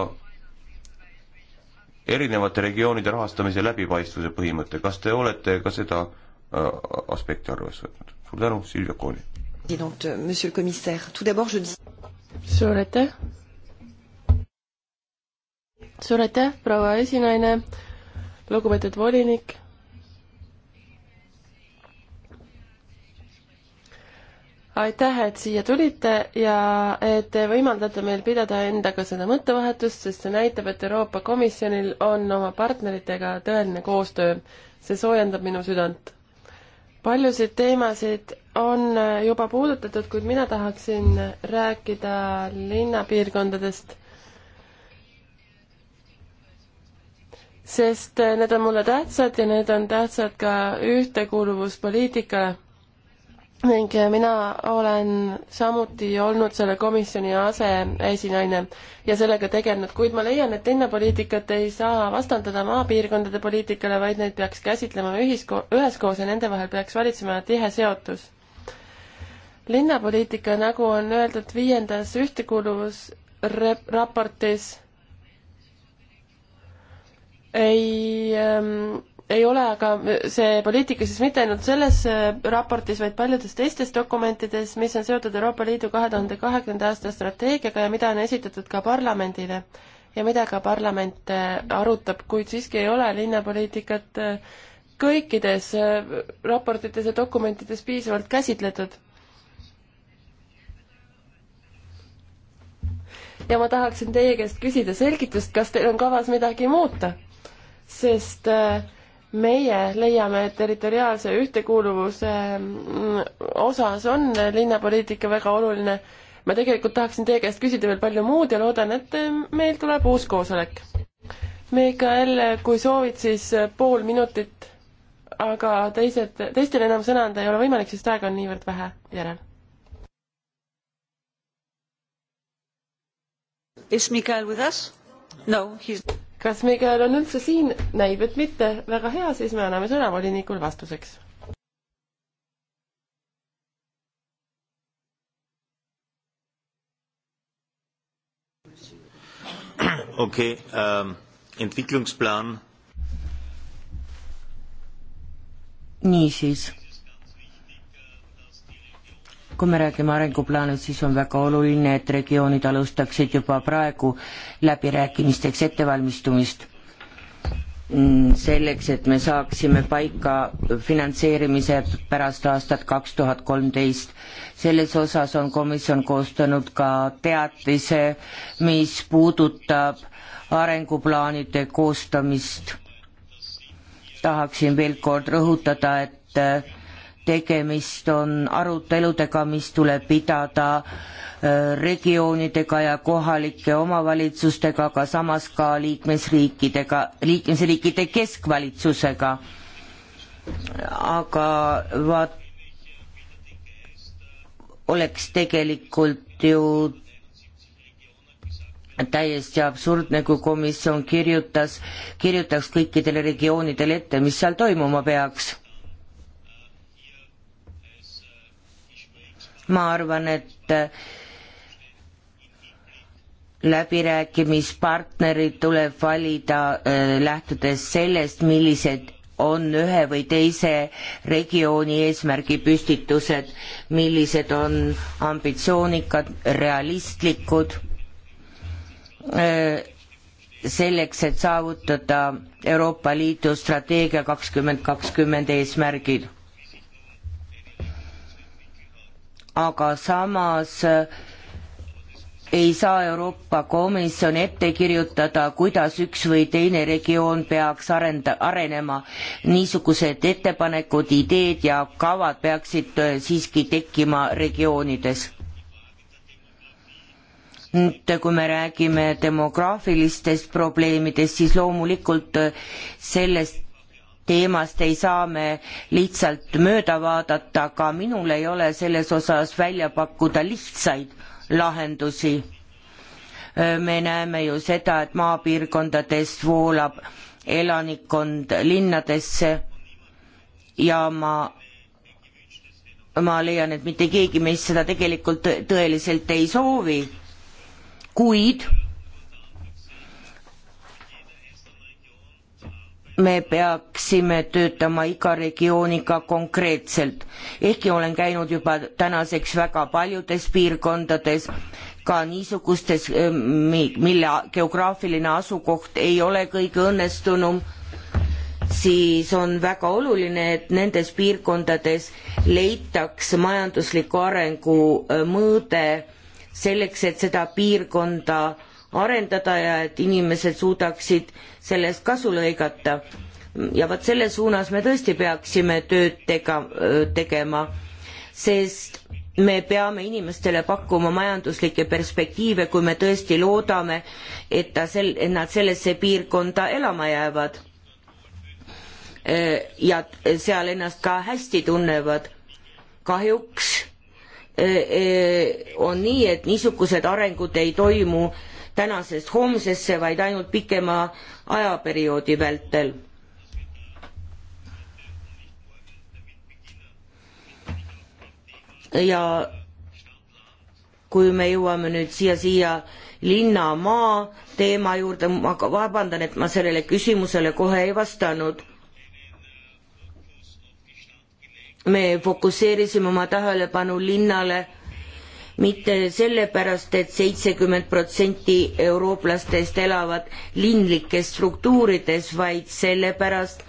erinevate regioonide rahastamise läbipaistvuse põhimõte. kas te olete ka seda äh, aspekti arvesse võtnud? suur tänu, Silvia Kooni. Euh, suur aitäh. suur aitäh, proua esinaine, lugupeetud volinik aitäh, et siia tulite ja et te võimaldate meil pidada endaga seda mõttevahetust, sest see näitab, et Euroopa Komisjonil on oma partneritega tõeline koostöö. see soojendab minu südant. paljusid teemasid on juba puudutatud, kuid mina tahaksin rääkida linnapiirkondadest. sest need on mulle tähtsad ja need on tähtsad ka ühtekuuluvuspoliitikale ning mina olen samuti olnud selle komisjoni aseesinaine ja sellega tegelenud, kuid ma leian, et linnapoliitikat ei saa vastandada maapiirkondade poliitikale, vaid neid peaks käsitlema ühisko-, üheskoos ja nende vahel peaks valitsema tihe seotus. linnapoliitika, nagu on öeldud viiendas ühtekuuluvusraportis, ei ähm, ei ole aga see poliitika siis mitte ainult selles äh, raportis, vaid paljudes teistes dokumentides, mis on seotud Euroopa Liidu kahe tuhande kahekümnenda aasta strateegiaga ja mida on esitatud ka parlamendile ja mida ka parlament äh, arutab, kuid siiski ei ole linnapoliitikat äh, kõikides raportites ja dokumentides piisavalt käsitletud. ja ma tahaksin teie käest küsida selgitust, kas teil on kavas midagi muuta, sest äh, meie leiame, et territoriaalse ühtekuuluvuse mm, osas on linnapoliitika väga oluline. ma tegelikult tahaksin teie käest küsida veel palju muud ja loodan, et meil tuleb uus koosolek. Mikael, kui soovid, siis pool minutit, aga teised, teistel enam sõna anda ei ole võimalik, sest aega on niivõrd vähe järel. Is Mikael with us? No, he's kas Mikael on üldse siin? näib, et mitte. väga hea, siis me anname sõna volinikul vastuseks. okei okay, ähm,, entwicklungsplaan. niisiis kui me räägime arenguplaanist, siis on väga oluline, et regioonid alustaksid juba praegu läbirääkimisteks ettevalmistumist. Mm, selleks, et me saaksime paika finantseerimise pärast aastat kaks tuhat kolmteist. selles osas on komisjon koostanud ka teatise, mis puudutab arenguplaanide koostamist. tahaksin veel kord rõhutada, et tegemist on aruteludega, mis tuleb pidada äh, regioonidega ja kohalike omavalitsustega, aga samas ka liikmesriikidega, liikmesriikide keskvalitsusega. aga vaat-, oleks tegelikult ju täiesti absurdne, kui komisjon kirjutas, kirjutaks kõikidele regioonidele ette, mis seal toimuma peaks ma arvan, et äh, läbirääkimispartnerid tuleb valida äh, lähtudes sellest, millised on ühe või teise regiooni eesmärgipüstitused, millised on ambitsioonikad, realistlikud, äh, selleks, et saavutada Euroopa Liidu strateegia kakskümmend kakskümmend eesmärgid aga samas äh, ei saa Euroopa Komisjon ette kirjutada, kuidas üks või teine regioon peaks arenda, arenema. niisugused ettepanekud, ideed ja kavad peaksid äh, siiski tekkima regioonides. nüüd, kui me räägime demograafilistest probleemidest, siis loomulikult äh, sellest teemast ei saa me lihtsalt mööda vaadata, ka minul ei ole selles osas välja pakkuda lihtsaid lahendusi. me näeme ju seda, et maapiirkondadest voolab elanikkond linnadesse ja ma ma leian, et mitte keegi meist seda tegelikult tõeliselt ei soovi, kuid me peaksime töötama iga regiooniga konkreetselt. ehkki olen käinud juba tänaseks väga paljudes piirkondades, ka niisugustes, eh, mille geograafiline asukoht ei ole kõige õnnestunum, siis on väga oluline, et nendes piirkondades leitaks majandusliku arengu eh, mõõde selleks, et seda piirkonda arendada ja et inimesed suudaksid sellest kasu lõigata. ja vot selles suunas me tõesti peaksime tööd tega-, tegema, sest me peame inimestele pakkuma majanduslikke perspektiive, kui me tõesti loodame, et ta sel-, et nad sellesse piirkonda elama jäävad. ja seal ennast ka hästi tunnevad. kahjuks on nii, et niisugused arengud ei toimu tänasest homsesse, vaid ainult pikema ajaperioodi vältel. ja kui me jõuame nüüd siia, siia linna-maa teema juurde, ma vabandan, et ma sellele küsimusele kohe ei vastanud. me fokusseerisime oma tähelepanu linnale mitte sellepärast et, et seitsekümmend protsenti eurooplastest elavad linlikes struktuurides, vaid sellepärast,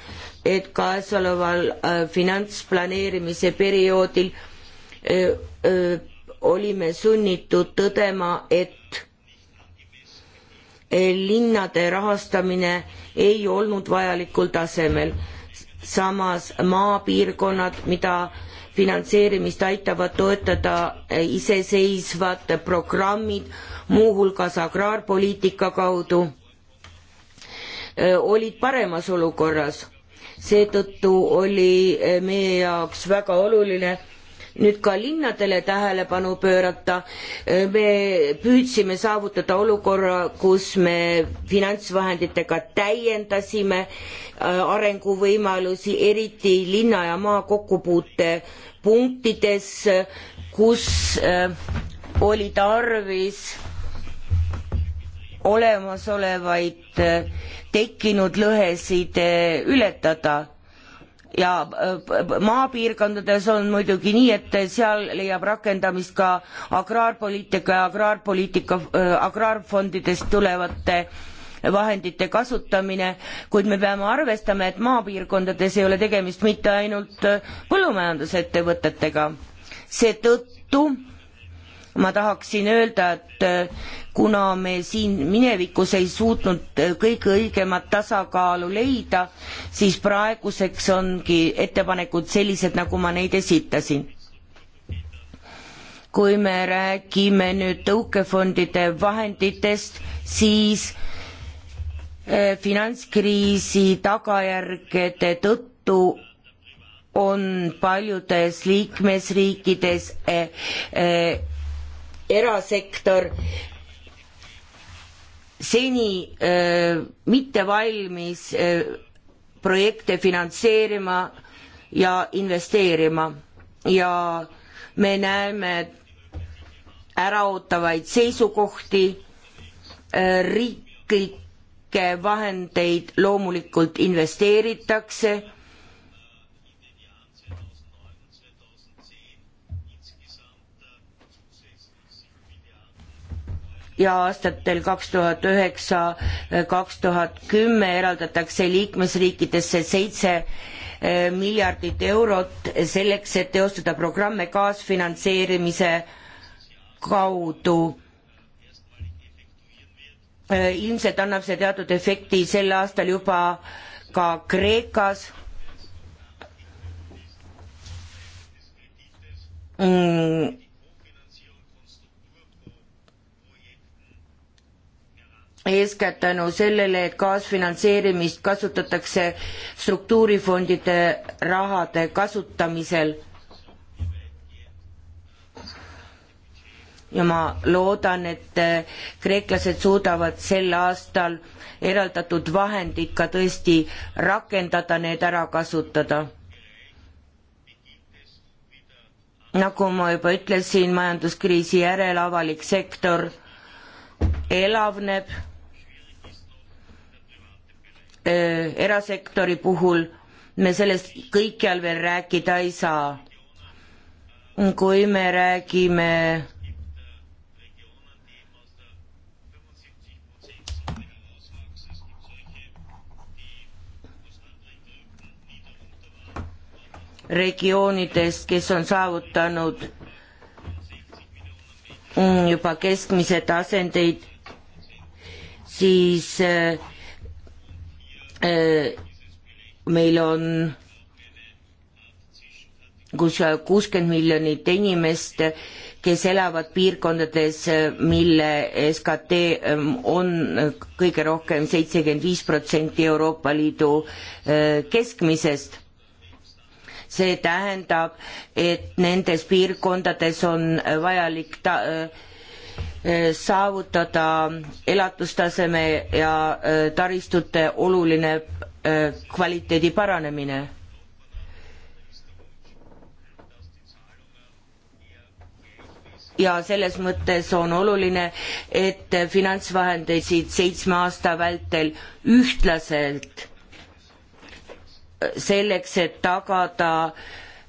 et käesoleval äh, finantsplaneerimise perioodil öö, äh, öö, äh, olime sunnitud tõdema, et äh, linnade rahastamine ei olnud vajalikul tasemel. samas maapiirkonnad, mida finantseerimist aitavad toetada iseseisvad programmid, muuhulgas agraarpoliitika kaudu, olid paremas olukorras. seetõttu oli meie jaoks väga oluline nüüd ka linnadele tähelepanu pöörata. me püüdsime saavutada olukorra, kus me finantsvahenditega täiendasime äh, arenguvõimalusi, eriti linna ja maa kokkupuute punktides, kus äh, oli tarvis olemasolevaid äh, tekkinud lõhesid ületada ja äh, maapiirkondades on muidugi nii, et seal leiab rakendamist ka agraarpoliitika ja agraarpoliitika, äh, agraarfondidest tulevate vahendite kasutamine, kuid me peame arvestama, et maapiirkondades ei ole tegemist mitte ainult äh, põllumajandusettevõtetega. seetõttu ma tahaksin öelda, et äh, kuna me siin minevikus ei suutnud äh, kõige õigemat tasakaalu leida, siis praeguseks ongi ettepanekud sellised, nagu ma neid esitasin. kui me räägime nüüd tõukefondide vahenditest, siis äh, finantskriisi tagajärgede tõttu on paljudes liikmesriikides eh, eh, erasektor seni öö, äh, mitte valmis öö, äh, projekte finantseerima ja investeerima ja me näeme äraootavaid seisukohti, äh, riiklikke vahendeid loomulikult investeeritakse ja aastatel kaks tuhat üheksa, kaks tuhat kümme eraldatakse liikmesriikidesse seitse eh, miljardit eurot selleks, et teostada programme kaasfinantseerimise kaudu eh, ilmselt annab see teatud efekti sel aastal juba ka Kreekas. Mm, eeskätt tänu sellele, et kaasfinantseerimist kasutatakse struktuurifondide rahade kasutamisel. ja ma loodan, et äh, kreeklased suudavad sel aastal eraldatud vahendid ka tõesti rakendada, need ära kasutada nagu ma juba ütlesin, majanduskriisi järel avalik sektor elavneb Äh, erasektori puhul me sellest kõikjal veel rääkida ei saa. kui me räägime regioonidest, kes on saavutanud mm, juba keskmise tasendeid, siis äh, Äh, meil on kus kuuskümmend miljonit inimest, kes elavad piirkondades, mille SKT ähm, on kõige rohkem seitsekümmend viis protsenti Euroopa Liidu äh, keskmisest. see tähendab, et nendes piirkondades on vajalik ta-, äh, E, saavutada elatustaseme ja e, taristute oluline e, kvaliteedi paranemine. ja selles mõttes on oluline, et finantsvahendeid siit seitsme aasta vältel ühtlaselt selleks, et tagada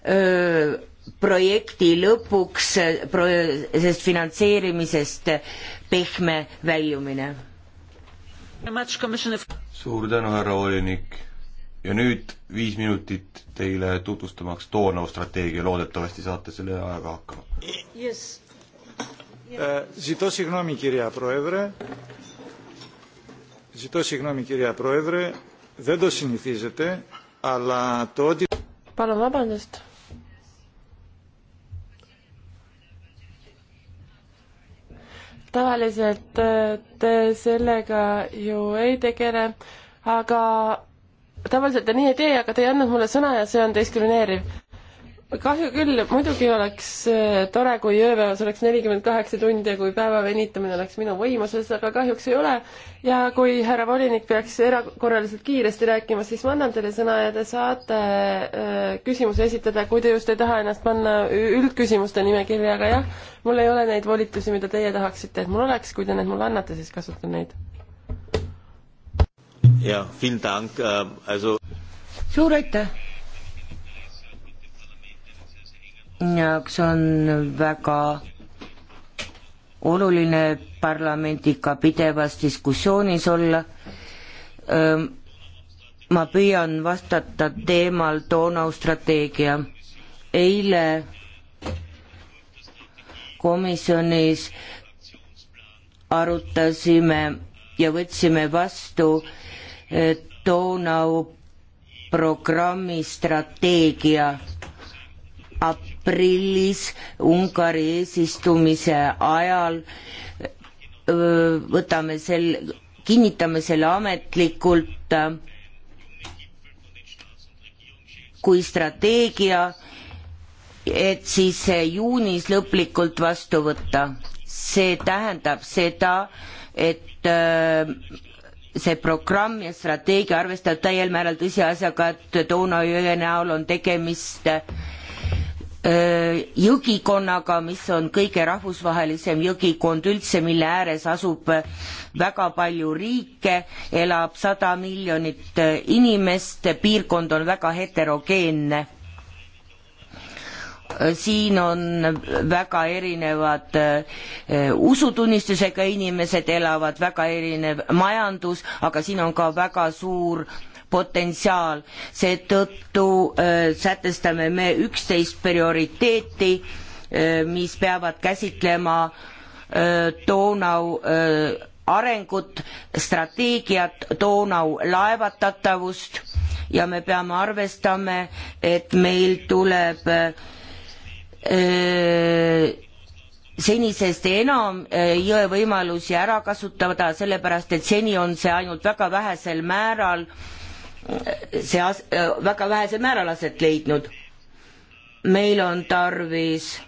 öö, projekti lõpuks pro-, sest finantseerimisest pehme väljumine. suur tänu, härra volinik. ja nüüd viis minutit teile tutvustamaks Donau strateegia, loodetavasti saate selle ajaga hakkama yes.. Ζητώ συγγνώμη κυρία Πρόεδρε, ζητώ συγγνώμη κυρία Πρόεδρε, δεν το συνηθίζετε, αλλά το ότι... Παραλάβανεστε. tavaliselt äh, te sellega ju ei tegele, aga tavaliselt te nii ei tee, aga te ei andnud mulle sõna ja see on diskrimineeriv kahju küll, muidugi oleks äh, tore, kui ööpäevas oleks nelikümmend kaheksa tundi ja kui päeva venitamine oleks minu võimuses, aga kahjuks ei ole. ja kui härra volinik peaks erakorraliselt kiiresti rääkima, siis ma annan teile sõna ja te saate äh, küsimuse esitada, kui te just ei taha ennast panna üldküsimuste nimekirja, aga jah, mul ei ole neid volitusi, mida teie tahaksite, et mul oleks, kui te need mulle annate, siis kasutan neid. jah, äh, suur aitäh jaoks on väga oluline parlamendiga pidevas diskussioonis olla. ma püüan vastata teemal Donau strateegia. eile komisjonis arutasime ja võtsime vastu Donau programmi strateegia aprillis Ungari eesistumise ajal võtame sel, kinnitame selle ametlikult kui strateegia, et siis juunis lõplikult vastu võtta. see tähendab seda, et see programm ja strateegia arvestab täiel määral tõsiasjaga, et Donau jõe näol on tegemist äh, jõgikonnaga, mis on kõige rahvusvahelisem jõgikond üldse, mille ääres asub väga palju riike, elab sada miljonit inimest, piirkond on väga heterogeenne. siin on väga erinevad usutunnistusega inimesed elavad, väga erinev majandus, aga siin on ka väga suur äh, potentsiaal, seetõttu äh, sätestame me üksteist prioriteeti, äh, mis peavad käsitlema äh, Donau arengut, strateegiat, Donau laevatatavust ja me peame arvestama, et meil tuleb öö, senisest enam jõe võimalusi ära kasutada, sellepärast et seni on see ainult väga vähesel määral öö, see as-, väga vähesel määral aset leidnud. meil on tarvis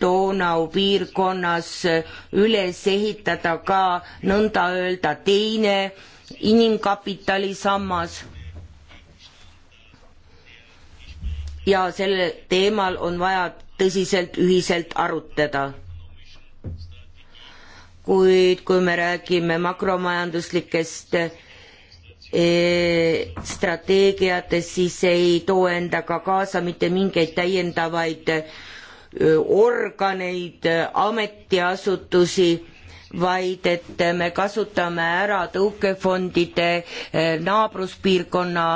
Donau piirkonnas üles ehitada ka nõnda öelda teine inimkapitali sammas. ja sellel teemal on vaja tõsiselt ühiselt arutleda kuid kui me räägime makromajanduslikest eh, strateegiatest, siis ei too endaga kaasa mitte mingeid täiendavaid eh, organeid, ametiasutusi, vaid et me kasutame ära tõukefondide eh, naabruspiirkonna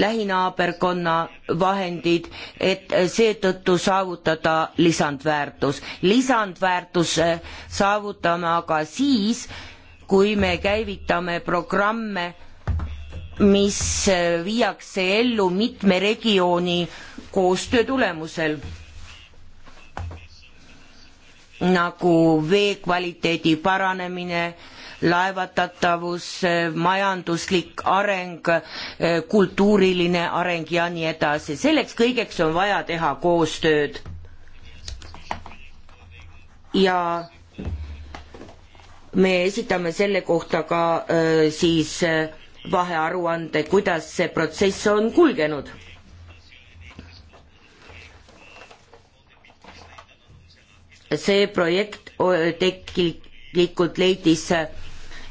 lähinaaberkonna vahendid, et seetõttu saavutada lisandväärtus. lisandväärtuse äh, saavutame aga siis, kui me käivitame programme, mis äh, viiakse ellu mitme regiooni koostöö tulemusel nagu vee kvaliteedi paranemine, laevatatavus, majanduslik areng, eh, kultuuriline areng ja nii edasi, selleks kõigeks on vaja teha koostööd. ja me esitame selle kohta ka öö, eh, siis eh, vahearuande, kuidas see protsess on kulgenud. see projekt tegelikult leidis öö,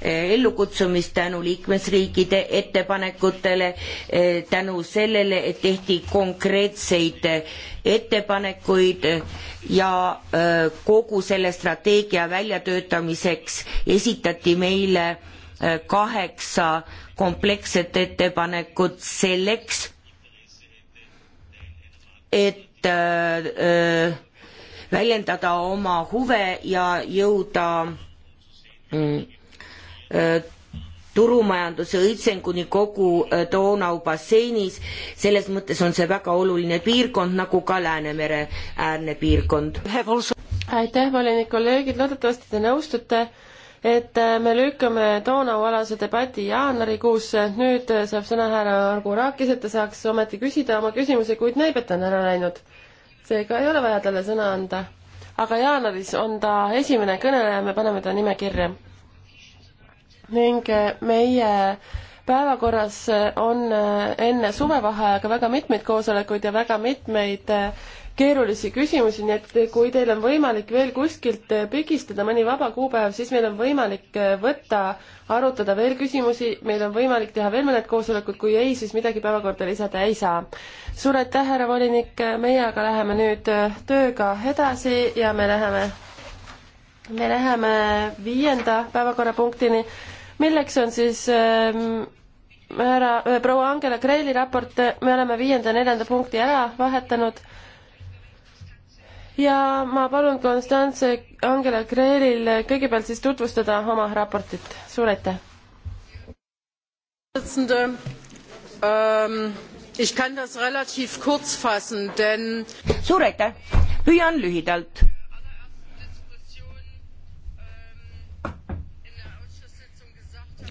Eh, ellukutsumist tänu liikmesriikide ettepanekutele, eh, tänu sellele, et tehti konkreetseid eh, ettepanekuid ja kogu selle strateegia väljatöötamiseks esitati meile kaheksa kompleksset ettepanekut selleks, et öö, väljendada oma huve ja jõuda mm, turumajanduse õitsenguni kogu Donau äh, basseinis, selles mõttes on see väga oluline piirkond, nagu ka Läänemere äärne piirkond. aitäh, volinik kolleegid, loodetavasti te nõustute, et äh, me lükkame Donau alase debati jaanuarikuusse, nüüd äh, saab sõna härra Argurakis, et ta saaks ometi küsida oma küsimuse, kuid näib, et ta on ära läinud. seega ei ole vaja talle sõna anda. aga jaanuaris on ta esimene kõneleja, me paneme ta nimekirja ning eh, meie päevakorras eh, on eh, enne suvevaheaega väga mitmeid koosolekuid ja väga mitmeid keerulisi küsimusi, nii et kui teil on võimalik veel kuskilt pigistada mõni vaba kuupäev, siis meil on võimalik võtta, arutada veel küsimusi, meil on võimalik teha veel mõned koosolekud, kui ei, siis midagi päevakorda lisada ei saa. suur aitäh, härra volinik, meie aga läheme nüüd tööga edasi ja me läheme, me läheme viienda päevakorrapunktini milleks on siis ähm, härra äh,, proua Angela Kreili raport, me oleme viienda ja neljanda punkti ära vahetanud ja ma palun Konstantse Angela Kreelil kõigepealt siis tutvustada oma raportit, suur aitäh! Ähm, suur aitäh, püüan lühidalt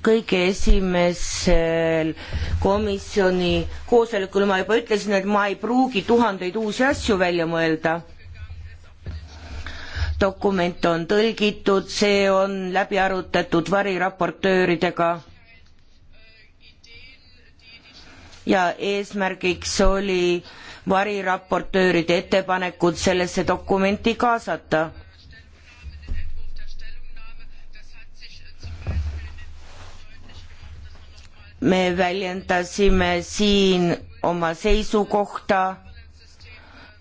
kõige esimesel komisjoni koosolekul ma juba ütlesin, et ma ei pruugi tuhandeid uusi asju välja mõelda. dokument on tõlgitud, see on läbi arutatud variraportööridega ja eesmärgiks oli variraportööride ettepanekud sellesse dokumenti kaasata. me väljendasime siin oma seisukohta,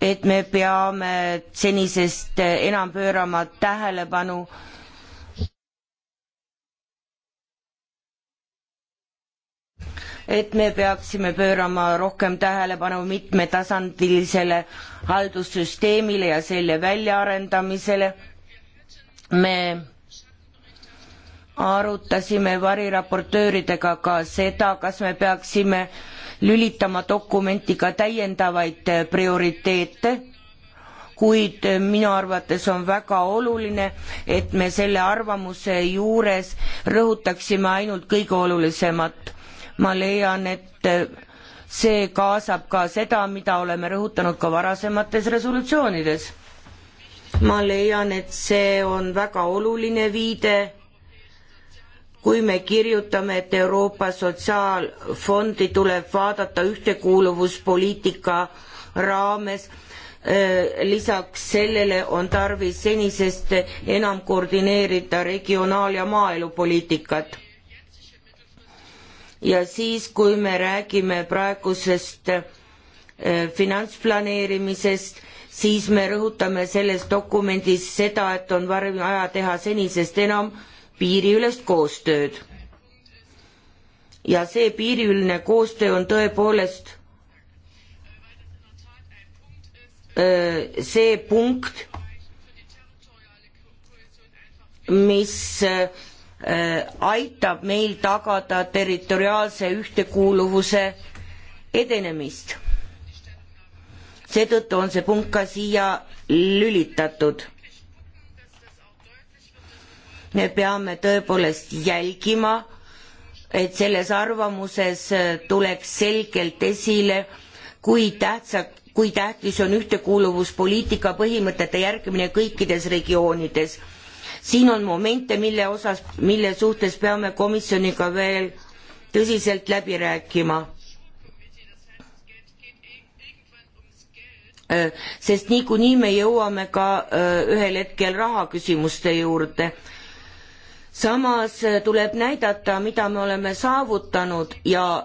et me peame senisest enam pöörama tähelepanu et me peaksime pöörama rohkem tähelepanu mitmetasandilisele haldussüsteemile ja selle väljaarendamisele. me arutasime variraportööridega ka seda, kas me peaksime lülitama dokumenti ka täiendavaid prioriteete, kuid minu arvates on väga oluline, et me selle arvamuse juures rõhutaksime ainult kõige olulisemat. ma leian, et see kaasab ka seda, mida oleme rõhutanud ka varasemates resolutsioonides. ma leian, et see on väga oluline viide kui me kirjutame, et Euroopa Sotsiaalfondi tuleb vaadata ühtekuuluvuspoliitika raames, äh, lisaks sellele on tarvis senisest enam koordineerida regionaal- ja maaelupoliitikat. ja siis, kui me räägime praegusest äh, finantsplaneerimisest, siis me rõhutame selles dokumendis seda, et on vaja teha senisest enam piiriülest koostööd. ja see piiriülne koostöö on tõepoolest see punkt, mis aitab meil tagada territoriaalse ühtekuuluvuse edenemist. seetõttu on see punkt ka siia lülitatud me peame tõepoolest jälgima, et selles arvamuses tuleks selgelt esile, kui tähtsa, kui tähtis on ühtekuuluvuspoliitika põhimõtete järgimine kõikides regioonides. siin on momente, mille osas, mille suhtes peame komisjoniga veel tõsiselt läbi rääkima äh, sest niikuinii me jõuame ka öö, äh, ühel hetkel rahaküsimuste juurde samas eh, tuleb näidata, mida me oleme saavutanud ja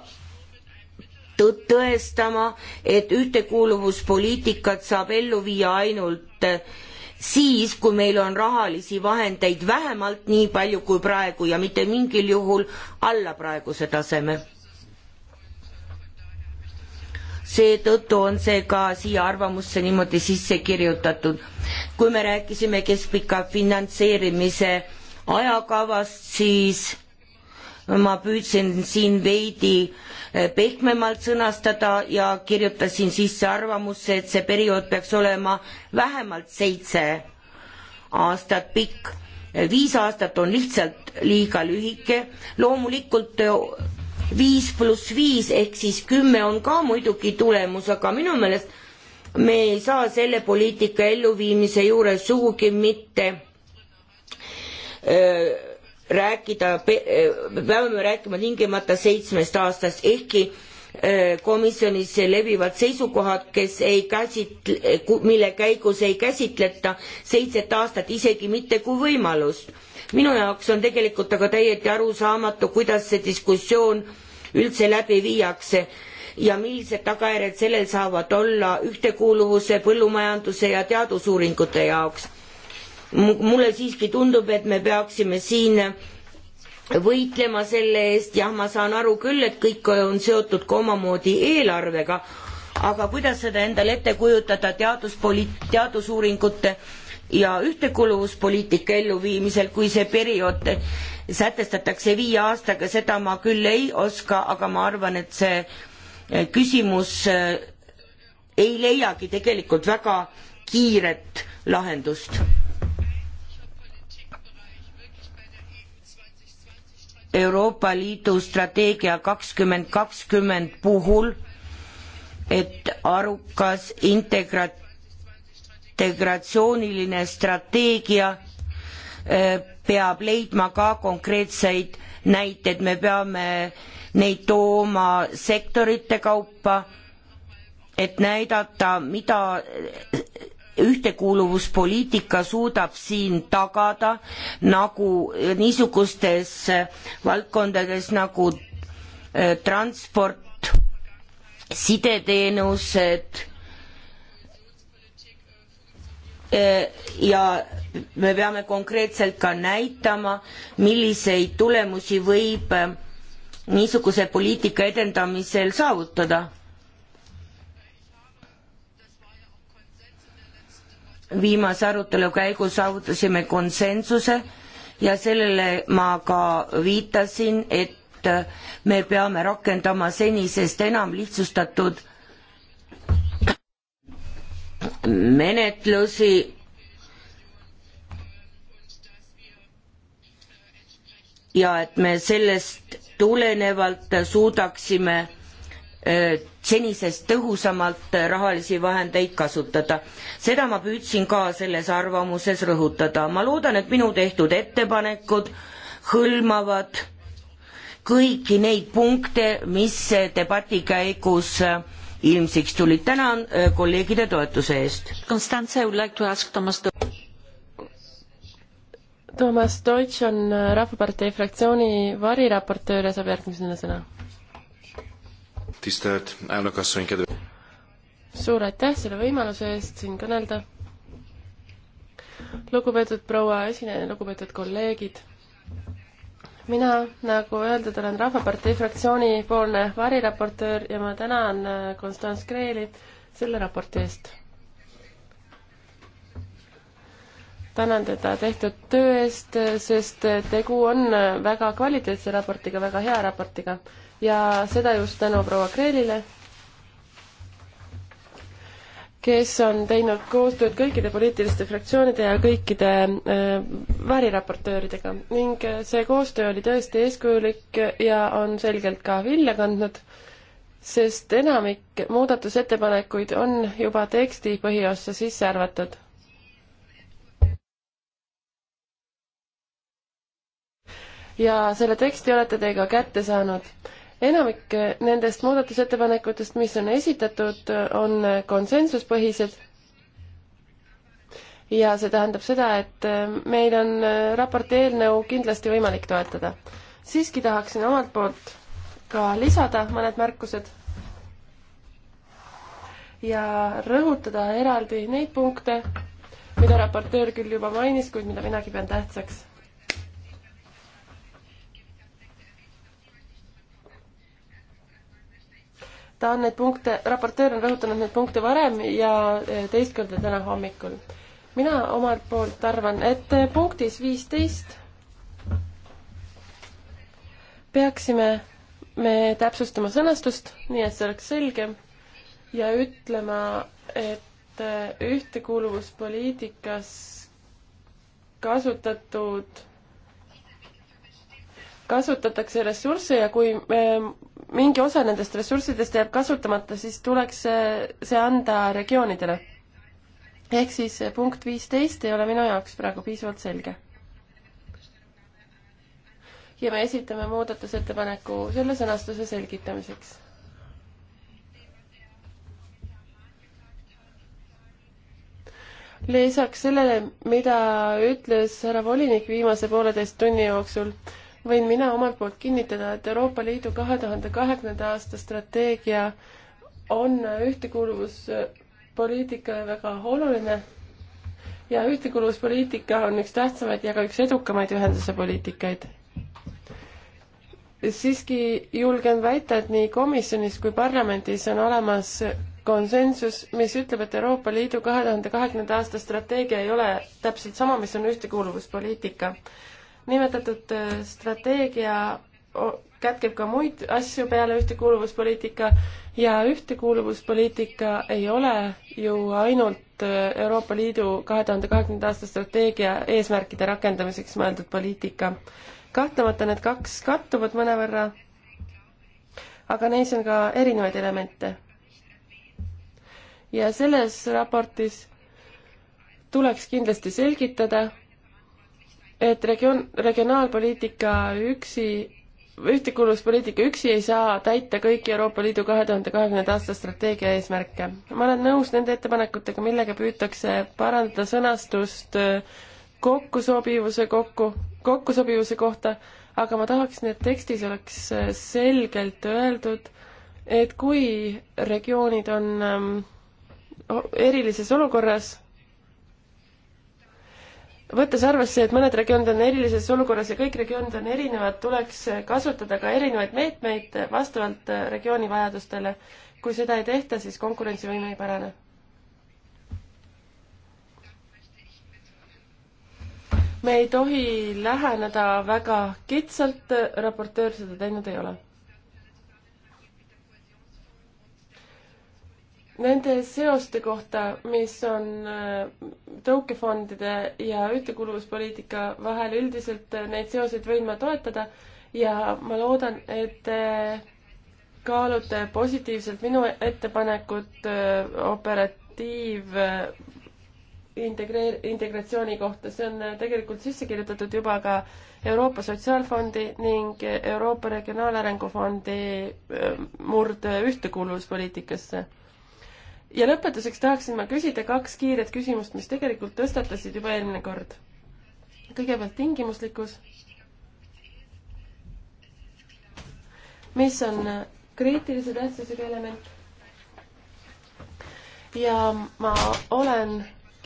tõestama, et ühtekuuluvuspoliitikat saab ellu viia ainult eh, siis, kui meil on rahalisi vahendeid vähemalt nii palju kui praegu ja mitte mingil juhul alla praeguse taseme. seetõttu on see ka siia arvamusse niimoodi sisse kirjutatud. kui me rääkisime keskpika finantseerimise ajakavast, siis ma püüdsin siin veidi eh, pehmemalt sõnastada ja kirjutasin sisse arvamusse, et see periood peaks olema vähemalt seitse aastat pikk. viis aastat on lihtsalt liiga lühike, loomulikult eh, viis pluss viis ehk siis kümme on ka muidugi tulemus, aga minu meelest me ei saa selle poliitika elluviimise juures sugugi mitte Äh, rääkida, äh, peame rääkima tingimata seitsmest aastast, ehkki äh, komisjonis levivad seisukohad, kes ei käsitle, mille käigus ei käsitleta seitset aastat isegi mitte kui võimalust. minu jaoks on tegelikult aga täieti arusaamatu, kuidas see diskussioon üldse läbi viiakse ja millised tagajärjed sellel saavad olla ühtekuuluvuse, põllumajanduse ja teadusuuringute jaoks mulle siiski tundub, et me peaksime siin võitlema selle eest, jah, ma saan aru küll, et kõik on seotud ka omamoodi eelarvega, aga kuidas seda endale ette kujutada teaduspoliit-, teadusuuringute ja ühtekuluvuspoliitika elluviimisel, kui see periood sätestatakse viie aastaga, seda ma küll ei oska, aga ma arvan, et see eh, küsimus eh, ei leiagi tegelikult väga kiiret lahendust Euroopa Liidu strateegia kakskümmend kakskümmend puhul, et arukas integra-, integratsiooniline strateegia eh, peab leidma ka konkreetseid näiteid, me peame neid tooma sektorite kaupa, et näidata, mida ühtekuuluvuspoliitika suudab siin tagada nagu niisugustes valdkondades nagu äh, transport, sideteenused äh, ja me peame konkreetselt ka näitama, milliseid tulemusi võib äh, niisuguse poliitika edendamisel saavutada viimase arutelu käigus saavutasime konsensuse ja sellele ma ka viitasin, et me peame rakendama senisest enam lihtsustatud menetlusi ja et me sellest tulenevalt suudaksime äh, senisest tõhusamalt rahalisi vahendeid kasutada. seda ma püüdsin ka selles arvamuses rõhutada. ma loodan, et minu tehtud ettepanekud hõlmavad kõiki neid punkte, mis debati käigus ilmsiks tulid. tänan äh, kolleegide toetuse eest. Konstantse, I would like to ask Toomas Tõ-. Toomas Deutsch on äh, Rahvapartei fraktsiooni variraportöör ja saab järgmisena sõna tisztelt elnökasszony, kedves... suur aitäh selle võimaluse eest siin kõnelda. lugupeetud proua esineja, lugupeetud kolleegid. mina, nagu öeldud, olen Rahvapartei fraktsiooni poolne variraportöör ja ma tänan äh, Konstantin Kreeli selle raporti eest tänan teda tehtud töö eest, äh, sest äh, tegu on väga kvaliteetse raportiga, väga hea raportiga ja seda just tänu proua Kreelile, kes on teinud koostööd kõikide poliitiliste fraktsioonide ja kõikide äh, variraportööridega ning äh, see koostöö oli tõesti eeskujulik ja on selgelt ka vilja kandnud, sest enamik muudatusettepanekuid on juba teksti põhiossa sisse arvatud ja selle teksti olete te ka kätte saanud enamik eh, nendest muudatusettepanekutest, mis on esitatud, eh, on eh, konsensuspõhised. ja see tähendab seda, et meil on raporti eelnõu kindlasti võimalik toetada. siiski tahaksin omalt poolt ka lisada mõned märkused ja rõhutada eraldi neid punkte, mida raportöör küll juba mainis, kuid mida minagi pean tähtsaks ta on neid punkte, raportöör on rõhutanud neid punkte varem ja eh, teist korda täna hommikul. mina omalt poolt arvan, et punktis viisteist peaksime me täpsustama sõnastust, nii et see oleks selgem ja ütlema, et eh, ühtekuuluvuspoliitikas kasutatud kasutatakse ressursse ja kui ähm, mingi osa nendest ressurssidest jääb kasutamata, siis tuleks see anda regioonidele. ehk siis punkt viisteist ei ole minu jaoks praegu piisavalt selge. ja me esitame muudatusettepaneku selle sõnastuse selgitamiseks. lisaks sellele, mida ütles härra volinik viimase pooleteist tunni jooksul, võin mina omalt poolt kinnitada, et Euroopa Liidu kahe tuhande kahekümnenda aasta strateegia on ühtekuuluvuspoliitikale väga oluline ja ühtekuuluvuspoliitika on üks tähtsamaid ja ka üks edukamaid ühenduse poliitikaid siiski julgen väita, et nii komisjonis kui parlamendis on olemas konsensus, mis ütleb, et Euroopa Liidu kahe tuhande kahekümnenda aasta strateegia ei ole täpselt sama, mis on ühtekuuluvuspoliitika nimetatud äh, strateegia kätkeb ka muid asju peale ühtekuuluvuspoliitika ja ühtekuuluvuspoliitika ei ole ju ainult äh, Euroopa Liidu kahe tuhande kahekümnenda aasta strateegia eesmärkide rakendamiseks mõeldud poliitika. kahtlemata need kaks kattuvad mõnevõrra, aga neis on ka erinevaid elemente. ja selles raportis tuleks kindlasti selgitada, et regioon, regionaalpoliitika üksi, ühtekuuluvuspoliitika üksi ei saa täita kõiki Euroopa Liidu kahe tuhande kahekümnenda aasta strateegia eesmärke. ma olen nõus nende ettepanekutega, millega püütakse parandada sõnastust kokkusobivuse kokku, kokkusobivuse kokku kohta, aga ma tahaksin, et tekstis oleks selgelt öeldud, et kui regioonid on ähm, erilises olukorras, võttes arvesse, et mõned regioonid on erilises olukorras ja kõik regioonid on erinevad, tuleks kasutada ka erinevaid meetmeid vastavalt äh, regiooni vajadustele. kui seda ei tehta, siis konkurentsivõime ei parane. me ei tohi läheneda väga kitsalt, raportöör seda teinud ei ole nende seoste kohta, mis on äh, tõukefondide ja ühtekuuluvuspoliitika vahel üldiselt, äh, neid seoseid võin ma toetada ja ma loodan, et te kaalute positiivselt minu ettepanekut äh, operatiiv integreer-, integratsiooni kohta, see on tegelikult sisse kirjutatud juba ka Euroopa Sotsiaalfondi ning Euroopa Regionaalarengu Fondi murd ühtekuuluvuspoliitikasse ja lõpetuseks tahaksin ma küsida kaks kiiret küsimust, mis tegelikult tõstatasid juba eelmine kord. kõigepealt tingimuslikkus, mis on kriitilise tähtsusega element. ja ma olen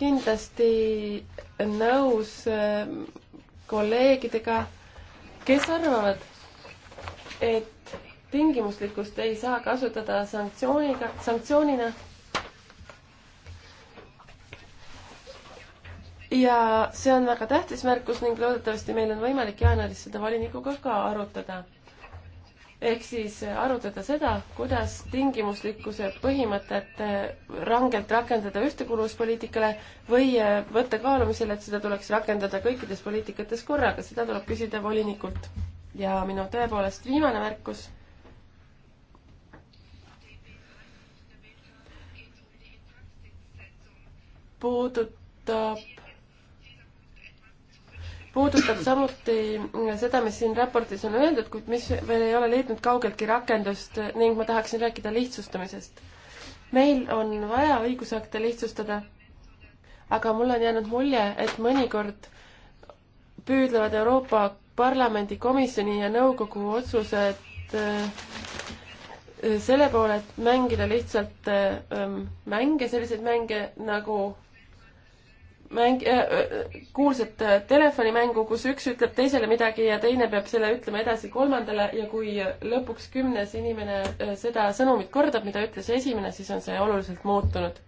kindlasti nõus ähm, kolleegidega, kes arvavad, et tingimuslikkust ei saa kasutada sanktsiooniga, sanktsioonina ja see on väga tähtis märkus ning loodetavasti meil on võimalik jaanuaris seda volinikuga ka arutada. ehk siis arutada seda, kuidas tingimuslikkuse põhimõtet eh, rangelt rakendada ühtekuuluvuspoliitikale või eh, võtta kaalumisele, et seda tuleks rakendada kõikides poliitikates korraga, seda tuleb küsida volinikult. ja minu tõepoolest viimane märkus puudutab puudutab samuti seda, mis siin raportis on öeldud, kuid mis veel ei ole leidnud kaugeltki rakendust ning ma tahaksin rääkida lihtsustamisest. meil on vaja õigusakte lihtsustada, aga mul on jäänud mulje, et mõnikord püüdlevad Euroopa Parlamendi komisjoni ja nõukogu otsused äh, selle poole, et mängida lihtsalt äh, ähm, mänge, selliseid mänge nagu mäng- äh,, äh kuulsat äh, telefonimängu, kus üks ütleb teisele midagi ja teine peab selle ütlema edasi kolmandale ja kui lõpuks kümnes inimene äh, seda sõnumit kordab, mida ütles esimene, siis on see oluliselt muutunud.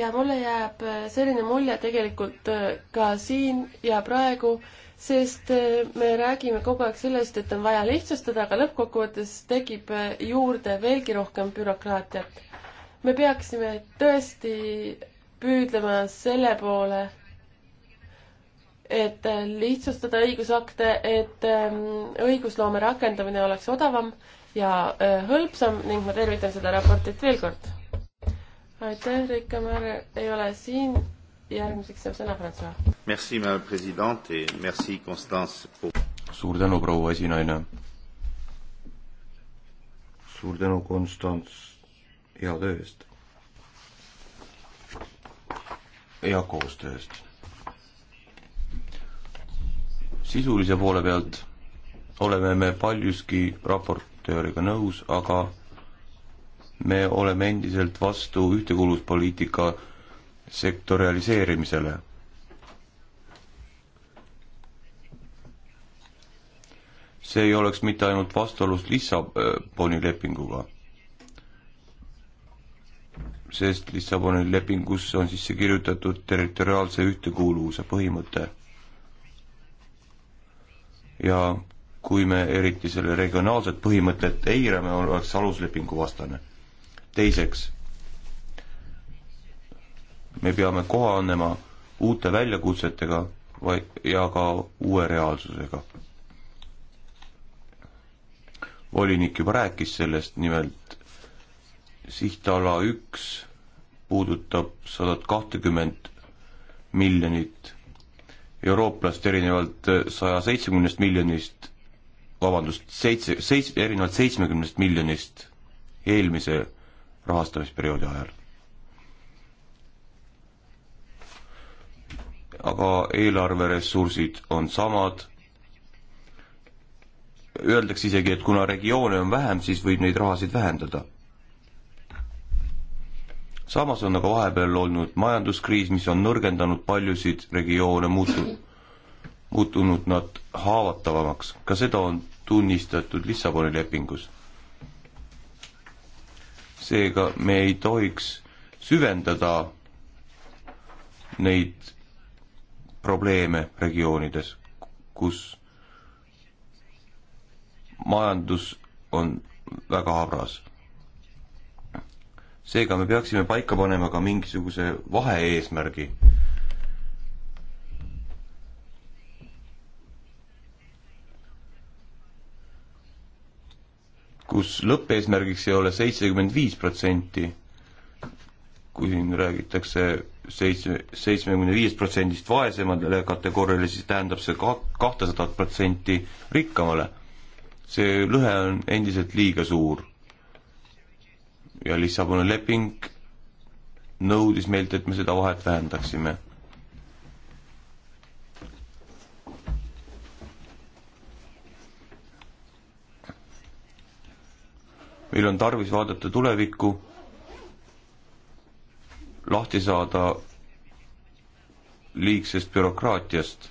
ja mulle jääb selline mulje tegelikult ka siin ja praegu, sest me räägime kogu aeg sellest, et on vaja lihtsustada, aga lõppkokkuvõttes tekib juurde veelgi rohkem bürokraatiat me peaksime tõesti püüdlema selle poole, et lihtsustada õigusakte, et ähm, õigusloome rakendamine oleks odavam ja äh, hõlpsam ning ma tervitan seda raportit veel kord. aitäh, Rika Mare ei ole siin. järgmiseks saab sõna Francois. Merci, madame president ja merci, Constance pour.... suur tänu, proua esinaine. suur tänu, Constance hea töö eest. ja koostöö eest. sisulise poole pealt oleme me paljuski raportööriga nõus, aga me oleme endiselt vastu ühtekuuluvuspoliitika sektorialiseerimisele. see ei oleks mitte ainult vastuolus Lissaboni lepinguga sest Lissaboni lepingusse on sisse kirjutatud territoriaalse ühtekuuluvuse põhimõte. ja kui me eriti selle regionaalset põhimõtet eirame, oleks aluslepingu vastane. teiseks, me peame kohanema uute väljakutsetega vaid, ja ka uue reaalsusega. volinik juba rääkis sellest, nimelt sihtala üks puudutab sadat kahtekümmet miljonit eurooplast erinevalt saja seitsmekümnest miljonist, vabandust, seitse, seits-, erinevalt seitsmekümnest miljonist eelmise rahastamisperioodi ajal. aga eelarveressursid on samad, öeldakse isegi, et kuna regioone on vähem, siis võib neid rahasid vähendada samas on aga vahepeal olnud majanduskriis, mis on nõrgendanud paljusid regioone, muutu-, muutunud nad haavatavamaks. ka seda on tunnistatud Lissaboni lepingus. seega me ei tohiks süvendada neid probleeme regioonides, kus majandus on väga habras seega me peaksime paika panema ka mingisuguse vahe-eesmärgi. kus lõppeesmärgiks ei ole seitsekümmend viis protsenti, kui siin räägitakse seitsme, seitsmekümne viiest protsendist vaesematele kategooriale, siis tähendab see ka kahtesadat protsenti rikkamale. see lõhe on endiselt liiga suur ja Lissaboni leping nõudis meilt, et me seda vahet vähendaksime. meil on tarvis vaadata tulevikku, lahti saada liigsest bürokraatiast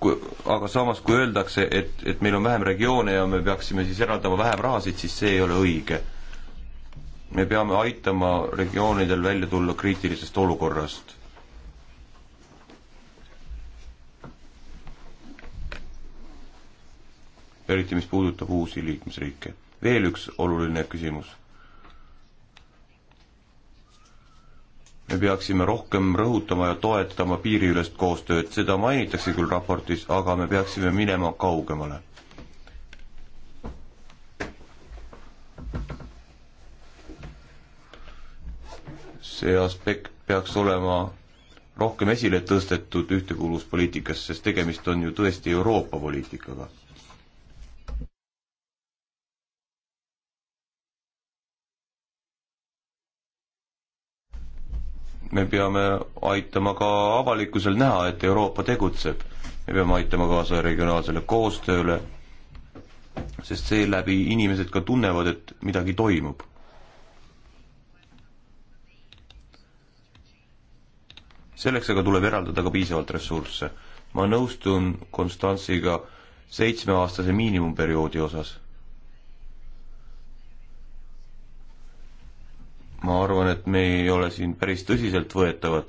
kui, aga samas, kui öeldakse, et, et meil on vähem regioone ja me peaksime siis eraldama vähem rahasid, siis see ei ole õige me peame aitama regioonidel välja tulla kriitilisest olukorrast. eriti, mis puudutab uusi liikmesriike. veel üks oluline küsimus. me peaksime rohkem rõhutama ja toetama piiriülest koostööd, seda mainitakse küll raportis, aga me peaksime minema kaugemale see aspekt peaks olema rohkem esile tõstetud ühtekuuluvuspoliitikas, sest tegemist on ju tõesti Euroopa poliitikaga. me peame aitama ka avalikkusel näha, et Euroopa tegutseb. me peame aitama kaasa regionaalsele koostööle, sest seeläbi inimesed ka tunnevad, et midagi toimub selleks aga tuleb eraldada ka piisavalt ressursse. ma nõustun Konstantsiga seitsmeaastase miinimumperioodi osas. ma arvan, et me ei ole siin päris tõsiseltvõetavad.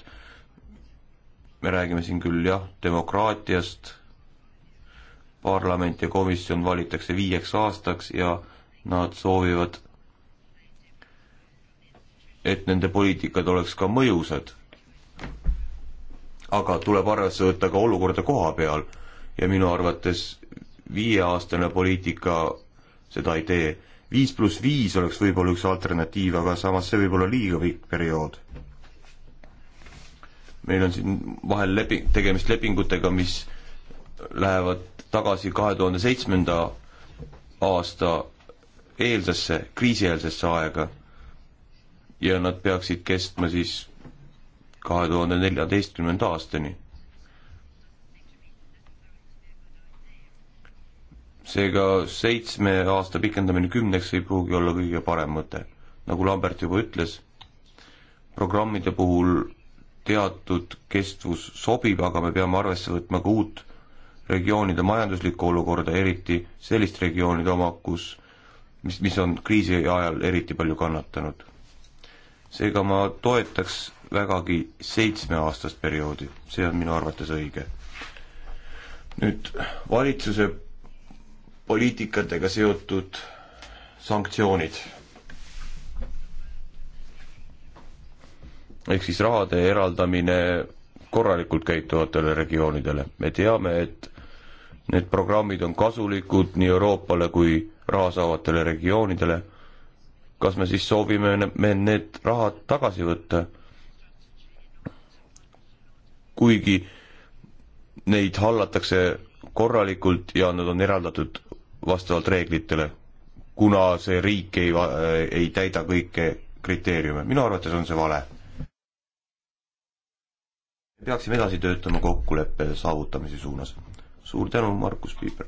me räägime siin küll jah, demokraatiast, parlament ja komisjon valitakse viieks aastaks ja nad soovivad, et nende poliitikad oleks ka mõjusad aga tuleb arvesse võtta ka olukorda koha peal ja minu arvates viieaastane poliitika seda ei tee. viis pluss viis oleks võib-olla üks alternatiiv, aga samas see võib olla liiga pikk periood. meil on siin vahel lepi-, tegemist lepingutega, mis lähevad tagasi kahe tuhande seitsmenda aasta eelsesse, kriisieelsesse aega ja nad peaksid kestma siis kahe tuhande neljateistkümnenda aastani. seega seitsme aasta pikendamine kümneks ei pruugi olla kõige parem mõte. nagu Lambert juba ütles, programmide puhul teatud kestvus sobib, aga me peame arvesse võtma ka uut regioonide majanduslikku olukorda, eriti sellist regioonide oma, kus, mis, mis on kriisi ajal eriti palju kannatanud. seega ma toetaks vägagi seitsmeaastast perioodi, see on minu arvates õige. nüüd valitsuse poliitikatega seotud sanktsioonid. ehk siis rahade eraldamine korralikult käituvatele regioonidele, me teame, et need programmid on kasulikud nii Euroopale kui raha saavatele regioonidele, kas me siis soovime me need rahad tagasi võtta? kuigi neid hallatakse korralikult ja nad on eraldatud vastavalt reeglitele, kuna see riik ei, ei täida kõiki kriteeriume. minu arvates on see vale. peaksime edasi töötama kokkuleppe saavutamise suunas. suur tänu, Markus Piiper!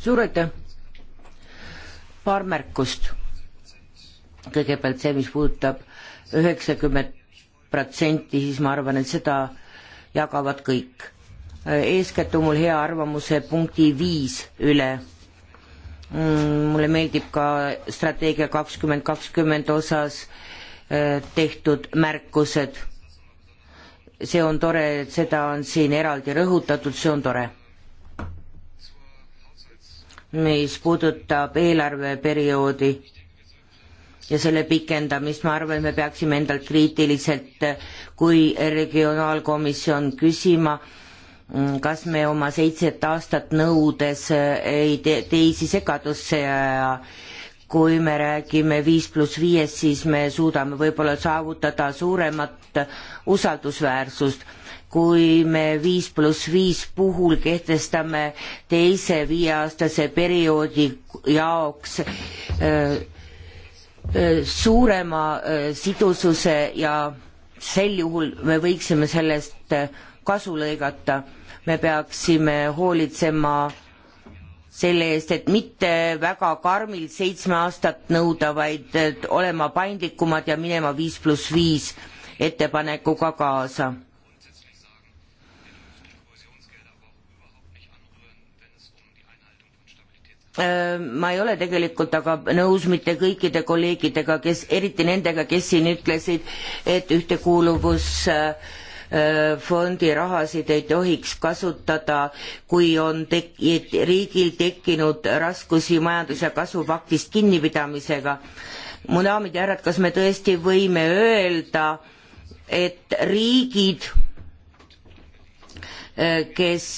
suur aitäh! paar märkust. kõigepealt see, mis puudutab üheksakümmend protsenti, siis ma arvan, et seda jagavad kõik. eeskätt on mul hea arvamuse punkti viis üle. Mm, mulle meeldib ka strateegia kakskümmend kakskümmend osas eh, tehtud märkused. see on tore, et seda on siin eraldi rõhutatud, see on tore. mis puudutab eelarveperioodi ja selle pikendamist, ma arvan, et me peaksime endalt kriitiliselt kui regionaalkomisjon küsima, mm, kas me oma seitset aastat nõudes eh, ei te teisi segadusse aja kui me räägime viis pluss viiest, siis me suudame võib-olla saavutada suuremat usaldusväärsust. kui me viis pluss viis puhul kehtestame teise viieaastase perioodi jaoks öö, eh, Äh, suurema äh, sidususe ja sel juhul me võiksime sellest äh, kasu lõigata. me peaksime hoolitsema selle eest, et mitte väga karmilt seitsme aastat nõuda, vaid olema paindlikumad ja minema viis pluss viis ettepanekuga kaasa Äh, ma ei ole tegelikult aga nõus mitte kõikide kolleegidega, kes, eriti nendega, kes siin ütlesid, et ühtekuuluvusfondi äh, rahasid ei tohiks kasutada, kui on tek-, riigil tekkinud raskusi majandus- ja kasvupaktist kinnipidamisega. mu daamid ja härrad, kas me tõesti võime öelda, et riigid, äh, kes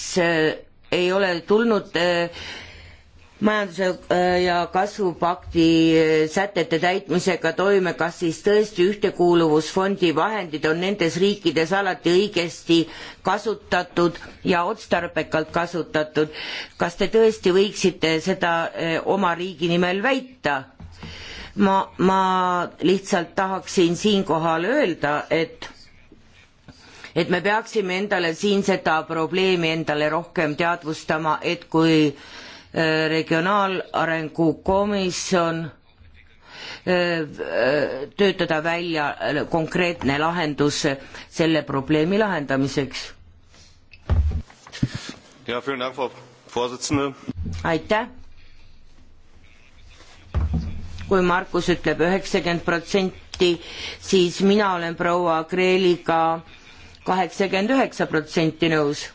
ei ole tulnud äh, majanduse äh, ja kasvupakti äh, sätete täitmisega toime, kas siis tõesti Ühtekuuluvusfondi vahendid on nendes riikides alati õigesti kasutatud ja otstarbekalt kasutatud. kas te tõesti võiksite seda äh, oma riigi nimel väita? ma, ma lihtsalt tahaksin siinkohal öelda, et et me peaksime endale siin seda probleemi endale rohkem teadvustama, et kui äh, Eh, regionaalarengu komisjon eh, töötada välja eh, konkreetne lahendus selle probleemi lahendamiseks. aitäh. kui Markus ütleb üheksakümmend protsenti, siis mina olen proua Kreeliga kaheksakümmend üheksa protsenti nõus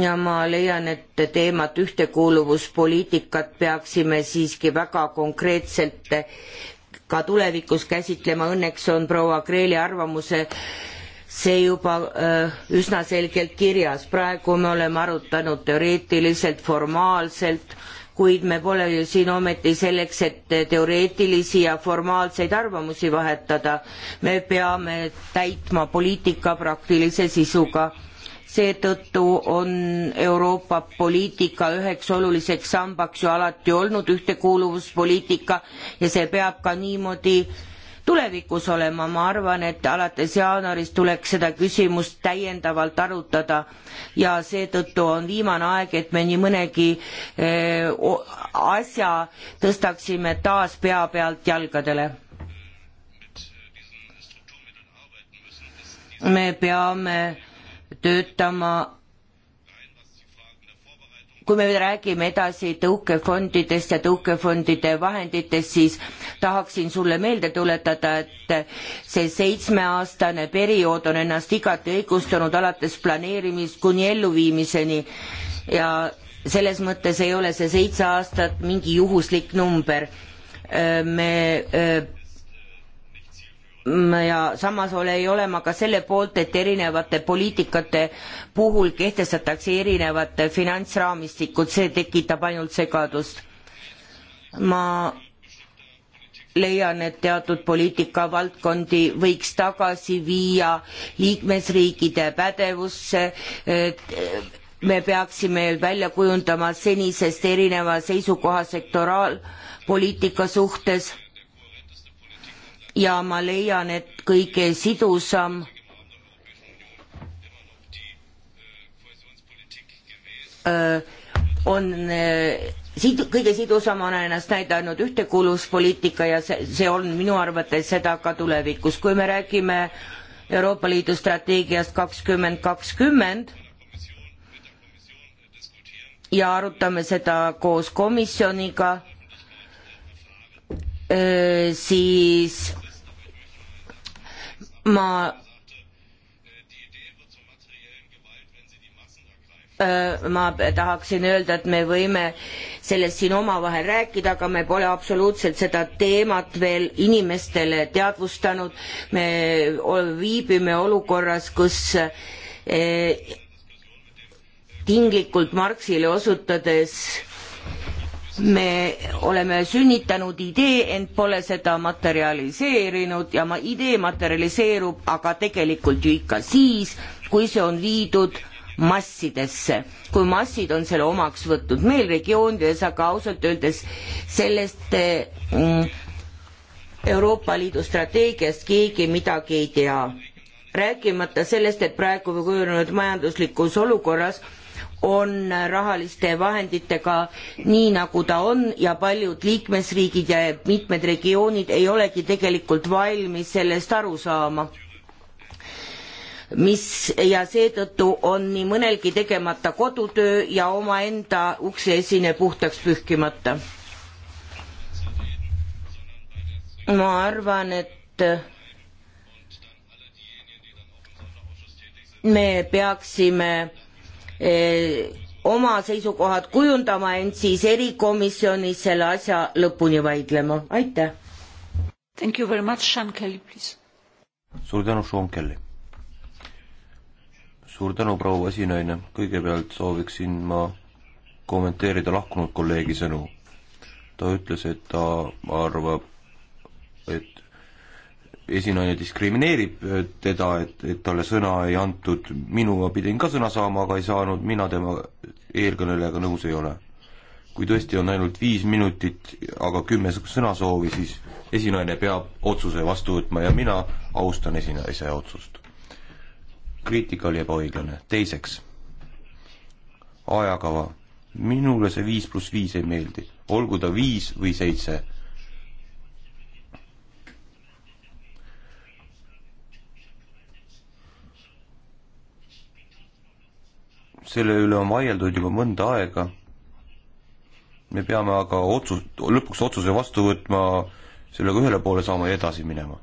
ja ma leian, et teemat ühtekuuluvuspoliitikat peaksime siiski väga konkreetselt ka tulevikus käsitlema, õnneks on proua Kreeli arvamuse see juba öö, äh, üsna selgelt kirjas, praegu me oleme arutanud teoreetiliselt, formaalselt, kuid me pole ju siin ometi selleks, et teoreetilisi ja formaalseid arvamusi vahetada. me peame täitma poliitika praktilise sisuga seetõttu on Euroopa poliitika üheks oluliseks sambaks ju alati olnud ühtekuuluvuspoliitika ja see peab ka niimoodi tulevikus olema, ma arvan, et alates jaanuarist tuleks seda küsimust täiendavalt arutada ja seetõttu on viimane aeg, et me nii mõnegi eh, asja tõstaksime taas pea pealt jalgadele me peame töötama kui me räägime edasi tõukefondidest ja tõukefondide vahenditest, siis tahaksin sulle meelde tuletada, et see seitsmeaastane periood on ennast igati õigustanud alates planeerimist kuni elluviimiseni ja selles mõttes ei ole see seitse aastat mingi juhuslik number. me Mm, ja samas ole, ei ole ma ka selle poolt, et erinevate poliitikate puhul kehtestatakse erinevad finantsraamistikud, see tekitab ainult segadust. ma leian, et teatud poliitikavaldkondi võiks tagasi viia liikmesriikide pädevusse, me peaksime välja kujundama senisest erineva seisukoha sektoraalpoliitika suhtes ja ma leian, et kõige sidusam on sid-, kõige sidusam on ennast näidanud ühtekuuluvuspoliitika ja see, see on minu arvates seda ka tulevikus, kui me räägime Euroopa Liidu strateegiast kakskümmend kakskümmend ja arutame seda koos komisjoniga, siis ma äh, ma tahaksin öelda, et me võime sellest siin omavahel rääkida, aga me pole absoluutselt seda teemat veel inimestele teadvustanud. me viibime olukorras, kus äh, tinglikult Marxile osutades me oleme sünnitanud idee, ent pole seda materialiseerinud ja ma, idee materialiseerub aga tegelikult ju ikka siis, kui see on viidud massidesse, kui massid on selle omaks võtnud. meil regioonides aga ausalt öeldes sellest mm, Euroopa Liidu strateegiast keegi midagi ei tea. rääkimata sellest, et praegu kujunenud majanduslikus olukorras on rahaliste vahenditega nii, nagu ta on ja paljud liikmesriigid ja mitmed regioonid ei olegi tegelikult valmis sellest aru saama mis ja seetõttu on nii mõnelgi tegemata kodutöö ja omaenda ukse esine puhtaks pühkimata. ma arvan, et me peaksime Eh, oma seisukohad kujundama, ent siis erikomisjonis selle asja lõpuni vaidlema, aitäh. Thank you very much, Sean Kelly, please. suur tänu, Sean Kelly. suur tänu, proua esinaine, kõigepealt sooviksin ma kommenteerida lahkunud kolleegi sõnu. ta ütles, et ta arvab, et esinaine diskrimineerib äh, teda, et, et talle sõna ei antud, minu ma pidin ka sõna saama, aga ei saanud, mina tema eelkõnelejaga nõus ei ole. kui tõesti on ainult viis minutit, aga kümme sõnasoovi, siis esinaine peab otsuse vastu võtma ja mina austan esinaise otsust. kriitika oli ebaõiglane, teiseks, ajakava, minule see viis pluss viis ei meeldi, olgu ta viis või seitse selle üle on vaieldud juba mõnda aega. me peame aga otsus, lõpuks otsuse vastu võtma, sellega ühele poole saama ja edasi minema.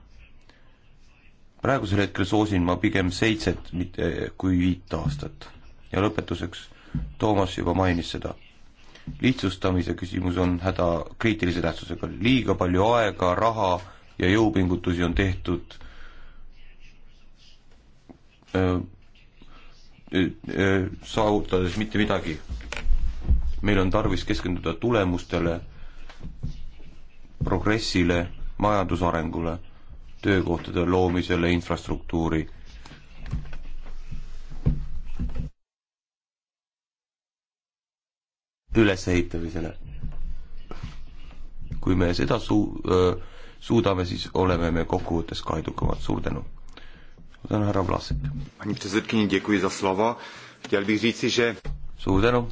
praegusel hetkel soosin ma pigem seitset, mitte kui viit aastat. ja lõpetuseks, Toomas juba mainis seda. lihtsustamise küsimus on häda kriitilise tähtsusega, liiga palju aega, raha ja jõupingutusi on tehtud öö, Äh, saavutades mitte midagi. meil on tarvis keskenduda tulemustele, progressile, majandusarengule, töökohtade loomisele, infrastruktuuri ülesehitamisele. kui me seda suu-, äh, suudame, siis oleme me kokkuvõttes ka edukamad, suur tänu! ma tänan, härra Vlasek. suur tänu.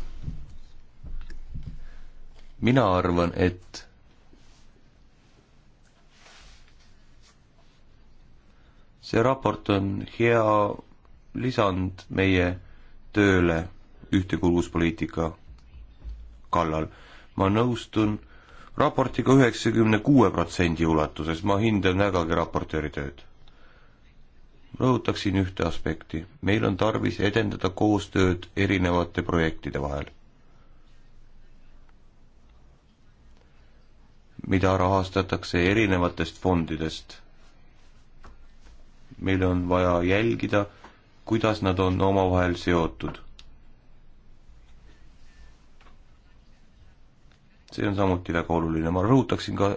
mina arvan, et see raport on hea lisand meie tööle ühtekuuluvuspoliitika kallal. ma nõustun raportiga üheksakümne kuue protsendi ulatuses, ma hindan vägagi raportööri tööd rõhutaksin ühte aspekti. meil on tarvis edendada koostööd erinevate projektide vahel, mida rahastatakse erinevatest fondidest. meil on vaja jälgida, kuidas nad on omavahel seotud. see on samuti väga oluline, ma rõhutaksin ka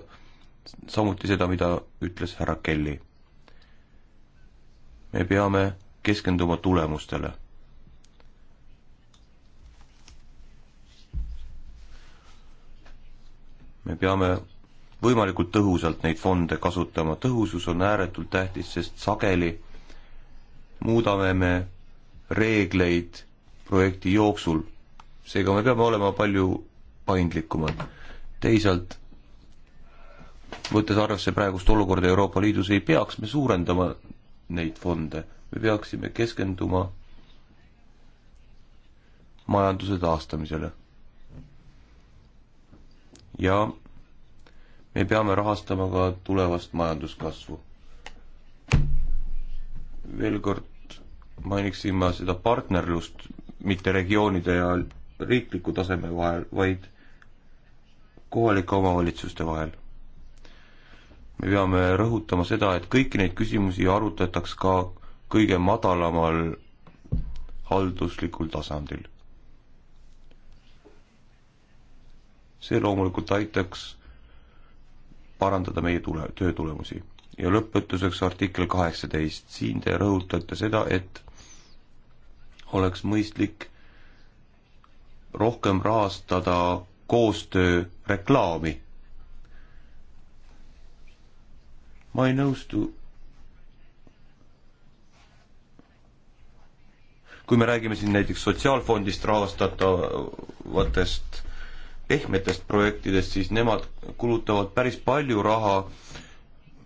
samuti seda, mida ütles härra Kelly me peame keskenduma tulemustele. me peame võimalikult tõhusalt neid fonde kasutama, tõhusus on ääretult tähtis, sest sageli muudame me reegleid projekti jooksul. seega me peame olema palju paindlikumad. teisalt, võttes arvesse praegust olukorda Euroopa Liidus, ei peaks me suurendama neid fonde, me peaksime keskenduma majanduse taastamisele. ja me peame rahastama ka tulevast majanduskasvu. veel kord mainiksin ma seda partnerlust mitte regioonide ja riikliku taseme vahel, vaid kohalike omavalitsuste vahel me peame rõhutama seda, et kõiki neid küsimusi arutataks ka kõige madalamal halduslikul tasandil. see loomulikult aitaks parandada meie tule, töö tulemusi. ja lõpetuseks artikkel kaheksateist, siin te rõhutate seda, et oleks mõistlik rohkem rahastada koostöö reklaami ma ei nõustu kui me räägime siin näiteks sotsiaalfondist rahastatavatest pehmetest projektidest, siis nemad kulutavad päris palju raha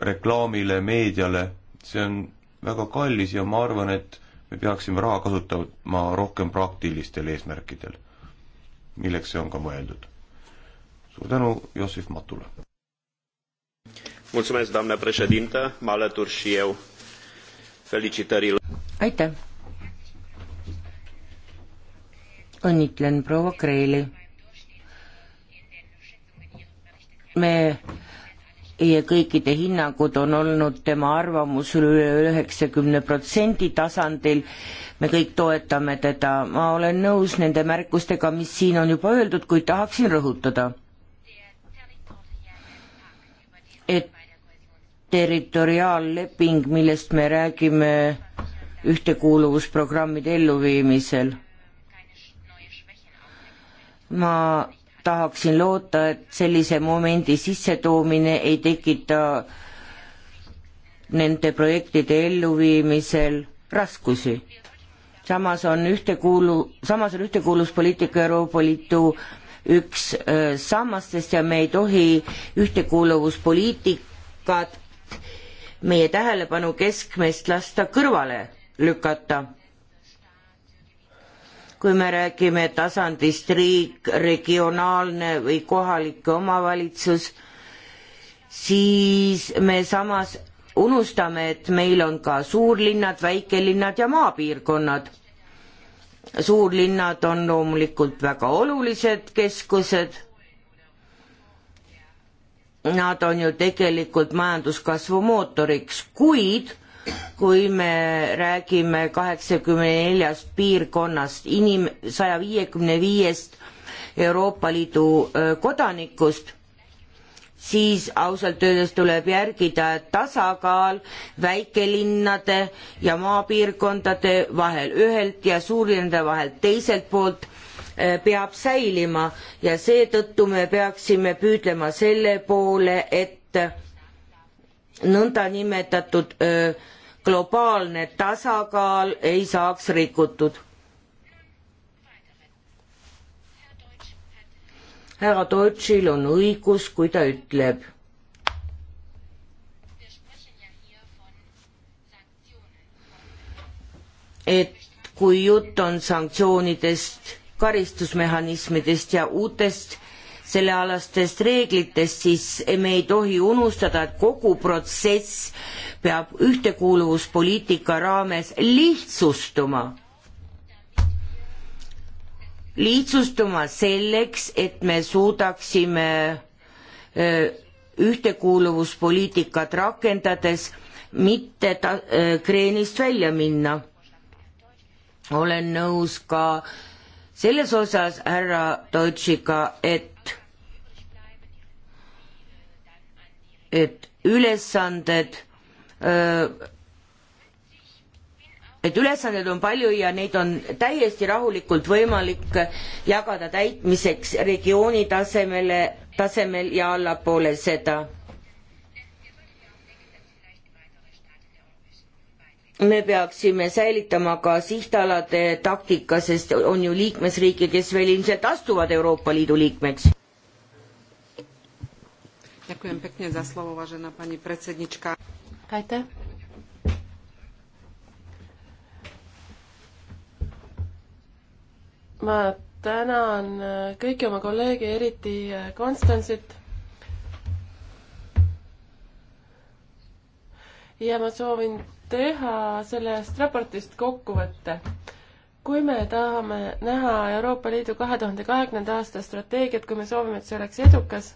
reklaamile, meediale, see on väga kallis ja ma arvan, et me peaksime raha kasutama rohkem praktilistel eesmärkidel, milleks see on ka mõeldud. suur tänu, Jossif Matula! Mulțumesc, doamnă președintă, mă alătur și eu felicitările. aitäh! õnnitlen proua Kreili. me, meie kõikide hinnangud on olnud tema arvamusel üle üheksakümne protsendi tasandil, me kõik toetame teda, ma olen nõus nende märkustega, mis siin on juba öeldud, kuid tahaksin rõhutada, et territoriaalleping, millest me räägime ühtekuuluvusprogrammide elluviimisel. ma tahaksin loota, et sellise momendi sissetoomine ei tekita nende projektide elluviimisel raskusi. samas on ühtekuulu-, samas on ühtekuuluvuspoliitika Euroopa Liidu üks äh, sammastest ja me ei tohi ühtekuuluvuspoliitikat meie tähelepanu keskmest lasta kõrvale lükata. kui me räägime tasandist riik, regionaalne või kohalik omavalitsus, siis me samas unustame, et meil on ka suurlinnad, väikelinnad ja maapiirkonnad. suurlinnad on loomulikult väga olulised keskused nad on ju tegelikult majanduskasvu mootoriks, kuid kui me räägime kaheksakümne neljast piirkonnast, inim-, saja viiekümne viiest Euroopa Liidu kodanikust, siis ausalt öeldes tuleb järgida tasakaal väikelinnade ja maapiirkondade vahel ühelt ja suurlinnade vahel teiselt poolt Eh, peab säilima ja seetõttu me peaksime püüdlema selle poole, et nõndanimetatud eh, globaalne tasakaal ei saaks rikutud. härra Deutschil on õigus, kui ta ütleb et kui jutt on sanktsioonidest karistusmehhanismidest ja uutest sellealastest reeglitest, siis me ei tohi unustada, et kogu protsess peab ühtekuuluvuspoliitika raames lihtsustuma. lihtsustuma selleks, et me suudaksime ühtekuuluvuspoliitikat rakendades mitte ta-, kreenist välja minna. olen nõus ka äh, selles osas härra Deutschiga, et, et ülesanded, et ülesanded on palju ja neid on täiesti rahulikult võimalik jagada täitmiseks regiooni tasemele, tasemel ja allapoole seda me peaksime säilitama ka sihtalade taktika, sest on ju liikmesriike, kes veel ilmselt astuvad Euroopa Liidu liikmeks. aitäh. ma tänan kõiki oma kolleege, eriti Konstantsit ja ma soovin teha sellest raportist kokkuvõtte. kui me tahame näha Euroopa Liidu kahe tuhande kahekümnenda aasta strateegiat, kui me soovime, et see oleks edukas,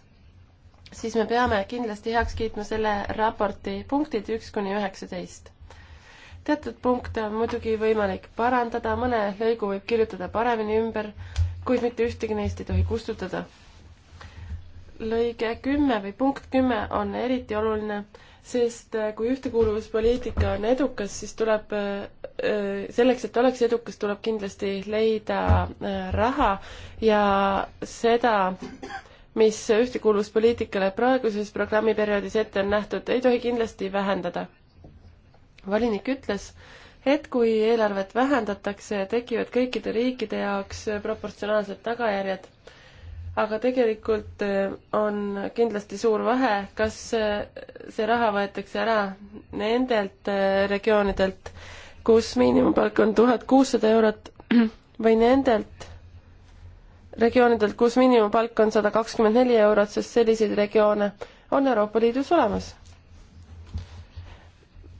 siis me peame kindlasti heaks kiitma selle raporti punktid üks kuni üheksateist teatud punkte on muidugi võimalik parandada, mõne lõigu võib kirjutada paremini ümber, kuid mitte ühtegi neist ei tohi kustutada. lõige kümme või punkt kümme on eriti oluline, sest äh, kui ühtekuuluvuspoliitika on edukas, siis tuleb, äh, äh, selleks, et oleks edukas, tuleb kindlasti leida raha ja seda, mis ühtekuuluvuspoliitikale praeguses programmiperioodis ette on nähtud, ei tohi kindlasti vähendada. volinik ütles, et kui eelarvet vähendatakse, tekivad kõikide riikide jaoks proportsionaalsed tagajärjed aga tegelikult eh, on kindlasti suur vahe, kas eh, see raha võetakse ära nendelt eh, regioonidelt, kus miinimumpalk on tuhat kuussada eurot või nendelt regioonidelt, kus miinimumpalk on sada kakskümmend neli eurot, sest selliseid regioone on Euroopa Liidus olemas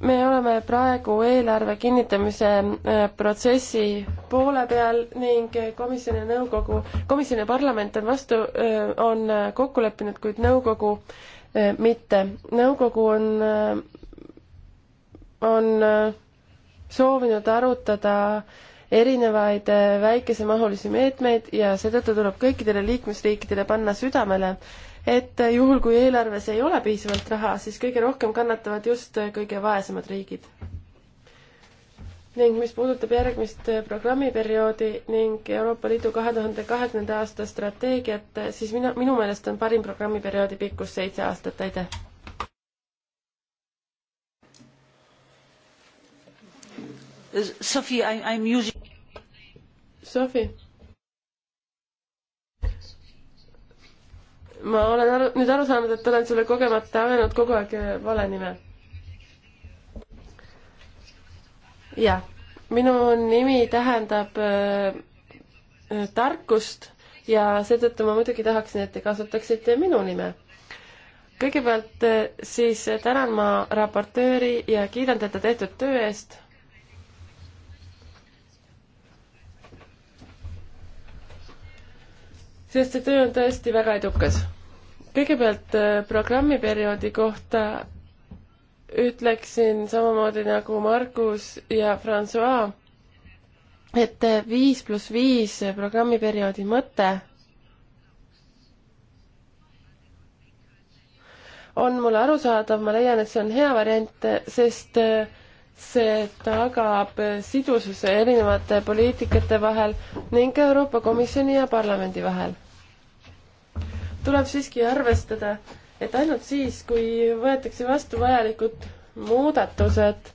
me oleme praegu eelarve kinnitamise äh, protsessi poole peal ning komisjon ja nõukogu, komisjon ja parlament on vastu, äh, on äh, kokku leppinud, kuid nõukogu mitte. nõukogu on, on soovinud arutada erinevaid väikesemahulisi meetmeid ja seetõttu tuleb kõikidele liikmesriikidele panna südamele, et juhul, kui eelarves ei ole piisavalt raha, siis kõige rohkem kannatavad just kõige vaesemad riigid. ning mis puudutab järgmist programmiperioodi ning Euroopa Liidu kahe tuhande kahekümnenda aasta strateegiat, siis mina, minu meelest on parim programmiperioodi pikkus seitse aastat, aitäh! Sophie, I am using Sophie ma olen aru, nüüd aru saanud, et olen sulle kogemata öelnud kogu aeg äh, vale nime. jah, minu nimi tähendab äh, äh, tarkust ja seetõttu ma muidugi tahaksin, et te kasutaksite minu nime. kõigepealt äh, siis tänan ma raportööri ja kiidan teda tehtud töö eest sest see töö on tõesti väga edukas. kõigepealt äh, programmiperioodi kohta ütleksin samamoodi nagu Margus ja Francois, et äh, viis pluss viis äh, programmiperioodi mõte on mulle arusaadav, ma leian, et see on hea variant, sest äh, see tagab sidususe erinevate poliitikate vahel ning Euroopa Komisjoni ja parlamendi vahel. tuleb siiski arvestada, et ainult siis, kui võetakse vastu vajalikud muudatused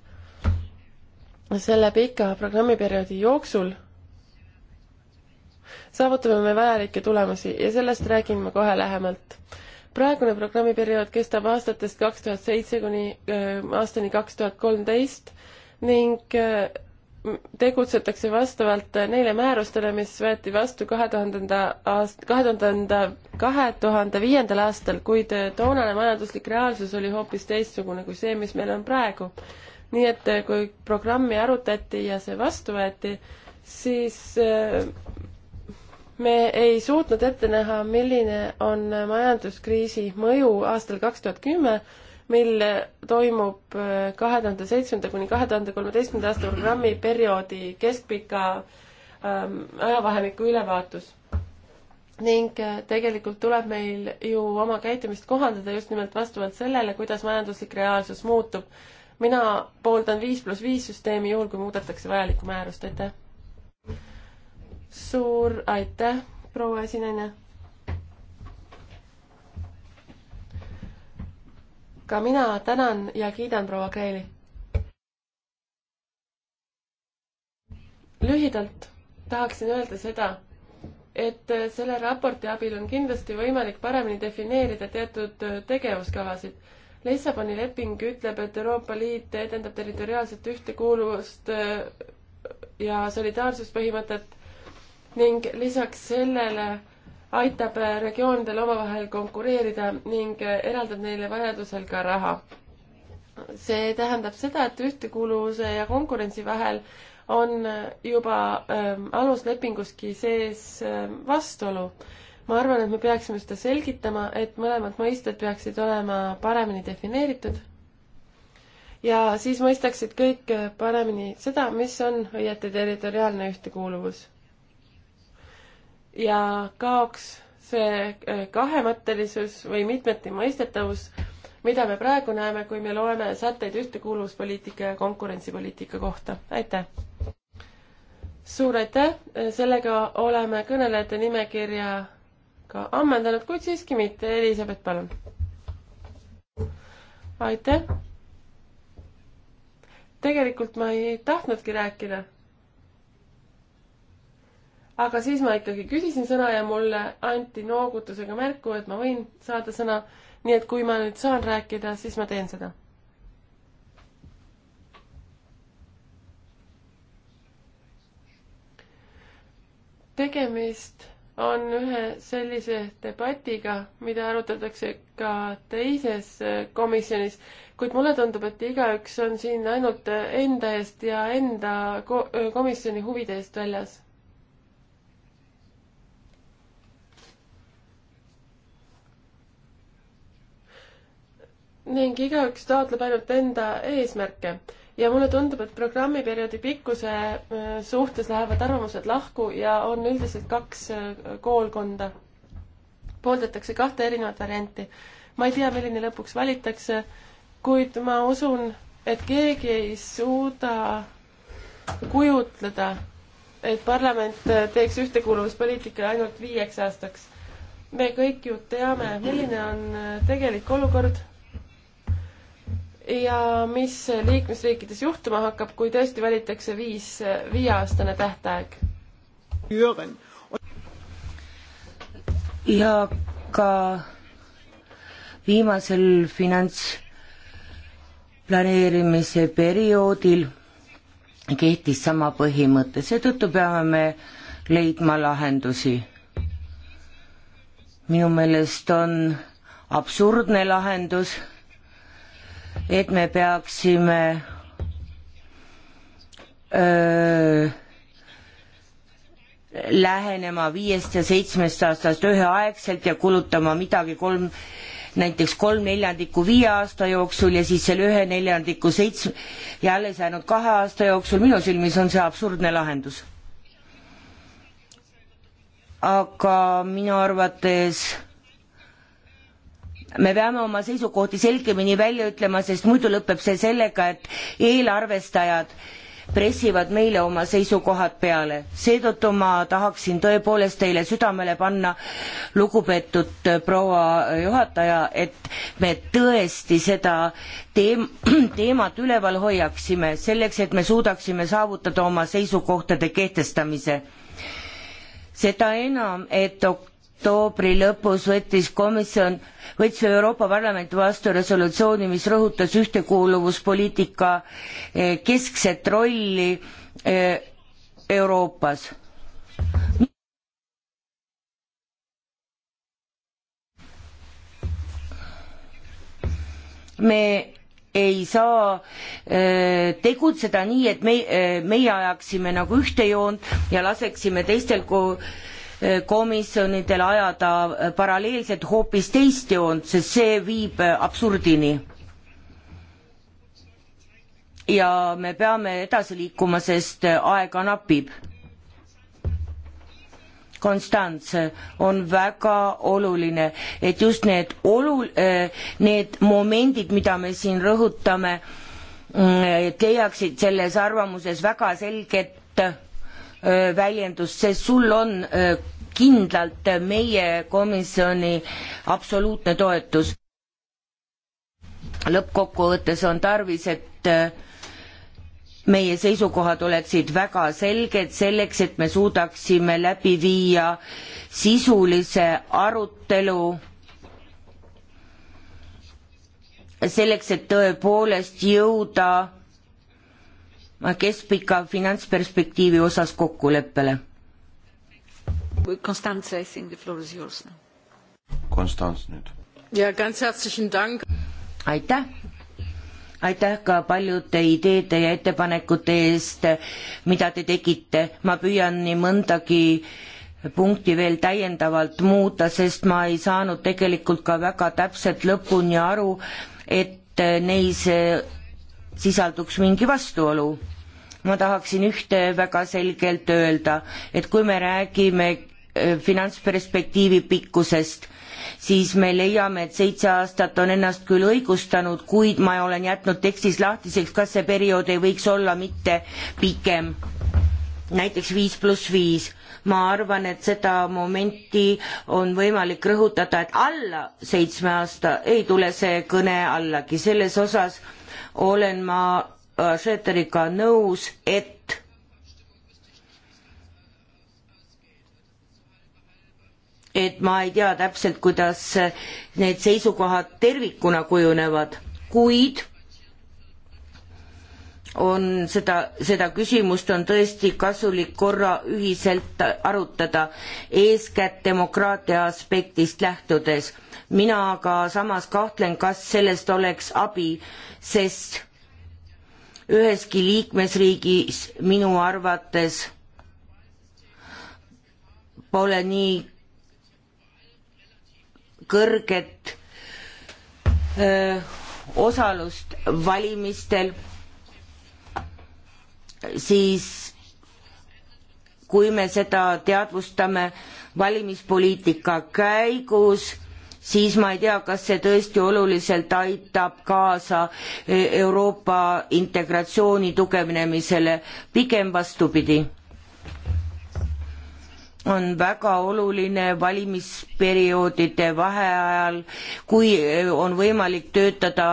selle pika programmiperioodi jooksul, saavutame me vajalikke tulemusi ja sellest räägin ma kohe lähemalt praegune programmiperiood kestab aastatest kaks tuhat seitse kuni aastani kaks tuhat kolmteist ning tegutsetakse vastavalt neile määrustele, mis võeti vastu kahe tuhandenda aast-, kahe tuhandenda, kahe tuhande viiendal aastal, kuid toonane majanduslik reaalsus oli hoopis teistsugune kui see, mis meil on praegu. nii et kui programmi arutati ja see vastu võeti, siis me ei suutnud ette näha, milline on majanduskriisi mõju aastal kaks tuhat kümme, mil toimub äh, kahe tuhande seitsmenda kuni kahe tuhande kolmeteistkümnenda aasta programmi perioodi keskpika ähm, ajavahemiku ülevaatus. ning äh, tegelikult tuleb meil ju oma käitumist kohandada just nimelt vastavalt sellele, kuidas majanduslik reaalsus muutub. mina pooldan viis pluss viis süsteemi juhul, kui muudetakse vajalikku määrust, aitäh suur aitäh, proua esinaine. ka mina tänan ja kiidan proua Kreeli. lühidalt tahaksin öelda seda, et selle raporti abil on kindlasti võimalik paremini defineerida teatud tegevuskavasid. Lissaboni leping ütleb, et Euroopa Liit edendab territoriaalset ühtekuuluvust ja solidaarsuspõhimõtet ning lisaks sellele aitab regioonidel omavahel konkureerida ning eraldab neile vajadusel ka raha. see tähendab seda, et ühtekuuluvuse ja konkurentsi vahel on juba ähm, aluslepinguski sees ähm, vastuolu. ma arvan, et me peaksime seda selgitama, et mõlemad mõisted peaksid olema paremini defineeritud ja siis mõistaksid kõik paremini seda, mis on õieti territoriaalne ühtekuuluvus ja kaoks see äh, kahemõttelisus või mitmeti mõistetavus, mida me praegu näeme, kui me loeme sätteid ühtekuuluvuspoliitika ja konkurentsipoliitika kohta. aitäh! suur aitäh, sellega oleme kõnelejate nimekirja ka ammendanud, kuid siiski mitte. Elisabeth, palun! aitäh! tegelikult ma ei tahtnudki rääkida aga siis ma ikkagi küsisin sõna ja mulle anti noogutusega märku, et ma võin saada sõna. nii et kui ma nüüd saan rääkida, siis ma teen seda. tegemist on ühe sellise debatiga, mida arutatakse ka teises komisjonis, kuid mulle tundub, et igaüks on siin ainult enda eest ja enda komisjoni huvide eest väljas ning igaüks taotleb ainult enda eesmärke ja mulle tundub, et programmiperioodi pikkuse äh, suhtes lähevad arvamused lahku ja on üldiselt kaks äh, koolkonda. pooldatakse kahte erinevat varianti. ma ei tea, milline lõpuks valitakse, kuid ma usun, et keegi ei suuda kujutleda, et parlament äh, teeks ühtekuuluvuspoliitika ainult viieks aastaks. me kõik ju teame, milline on tegelik olukord ja mis liikmesriikides juhtuma hakkab, kui tõesti valitakse viis, viieaastane tähtaeg? ja ka viimasel finantsplaneerimise perioodil kehtis sama põhimõte, seetõttu peame me leidma lahendusi. minu meelest on absurdne lahendus et me peaksime öö, lähenema viiest ja seitsmest aastast üheaegselt ja kulutama midagi kolm, näiteks kolm neljandikku viie aasta jooksul ja siis selle ühe neljandiku seitsme ja alles jäänud kahe aasta jooksul, minu silmis on see absurdne lahendus. aga minu arvates me peame oma seisukohti selgemini välja ütlema, sest muidu lõpeb see sellega, et eelarvestajad pressivad meile oma seisukohad peale. seetõttu ma tahaksin tõepoolest teile südamele panna, lugupeetud proua juhataja, et me tõesti seda teem-, teemat üleval hoiaksime, selleks et me suudaksime saavutada oma seisukohtade kehtestamise. seda enam, et ok-, oktoobri lõpus võttis komisjon, võttis Euroopa Parlament vastu resolutsiooni, mis rõhutas ühtekuuluvuspoliitika eh, keskset rolli eh, Euroopas. me ei saa eh, tegutseda nii, et me, meie ajaksime nagu ühte joont ja laseksime teistel ko-, komisjonidel ajada paralleelselt hoopis teist joont, sest see viib absurdini. ja me peame edasi liikuma, sest aega napib. Konstants, on väga oluline, et just need olu-, eh, need momendid, mida me siin rõhutame, mm, et leiaksid selles arvamuses väga selget Äh, väljendust, sest sul on äh, kindlalt meie komisjoni absoluutne toetus. lõppkokkuvõttes on tarvis, et äh, meie seisukohad oleksid väga selged selleks, et me suudaksime läbi viia sisulise arutelu selleks, et tõepoolest jõuda Äh, keskpika finantsperspektiivi osas kokkuleppele. Konstantse, I think the floor is yours now. Konstants nüüd. ja, ganz herzlichen Dank. aitäh aitäh ka paljude ideede ja ettepanekute eest, mida te tegite. ma püüan nii mõndagi punkti veel täiendavalt muuta, sest ma ei saanud tegelikult ka väga täpselt lõpuni aru, et neis sisalduks mingi vastuolu ma tahaksin ühte väga selgelt öelda, et kui me räägime äh, finantsperspektiivi pikkusest, siis me leiame, et seitse aastat on ennast küll õigustanud, kuid ma olen jätnud tekstis lahtiseks, kas see periood ei võiks olla mitte pikem, näiteks viis pluss viis. ma arvan, et seda momenti on võimalik rõhutada, et alla seitsme aasta ei tule see kõne allagi, selles osas olen ma Äh, Schöteriga nõus, et et ma ei tea täpselt, kuidas need seisukohad tervikuna kujunevad, kuid on seda, seda küsimust on tõesti kasulik korra ühiselt arutada, eeskätt demokraatia aspektist lähtudes. mina aga samas kahtlen, kas sellest oleks abi, sest üheski liikmesriigis minu arvates pole nii kõrget öö, osalust valimistel, siis kui me seda teadvustame valimispoliitika käigus, siis ma ei tea, kas see tõesti oluliselt aitab kaasa e, Euroopa integratsiooni tugevnemisele, pigem vastupidi. on väga oluline valimisperioodide vaheajal, kui e, on võimalik töötada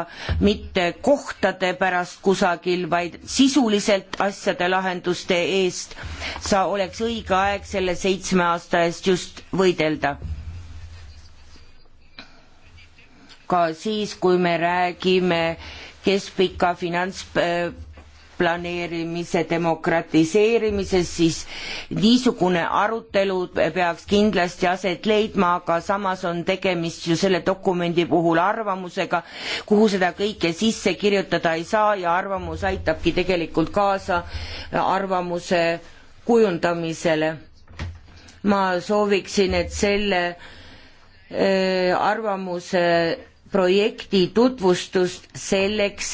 mitte kohtade pärast kusagil, vaid sisuliselt asjade lahenduste eest, sa oleks õige aeg selle seitsme aasta eest just võidelda ka siis, kui me räägime keskpika finantsplaneerimise demokratiseerimisest, siis niisugune arutelu peaks kindlasti aset leidma, aga samas on tegemist ju selle dokumendi puhul arvamusega, kuhu seda kõike sisse kirjutada ei saa ja arvamus aitabki tegelikult kaasa arvamuse kujundamisele. ma sooviksin, et selle äh, arvamuse projekti tutvustust selleks,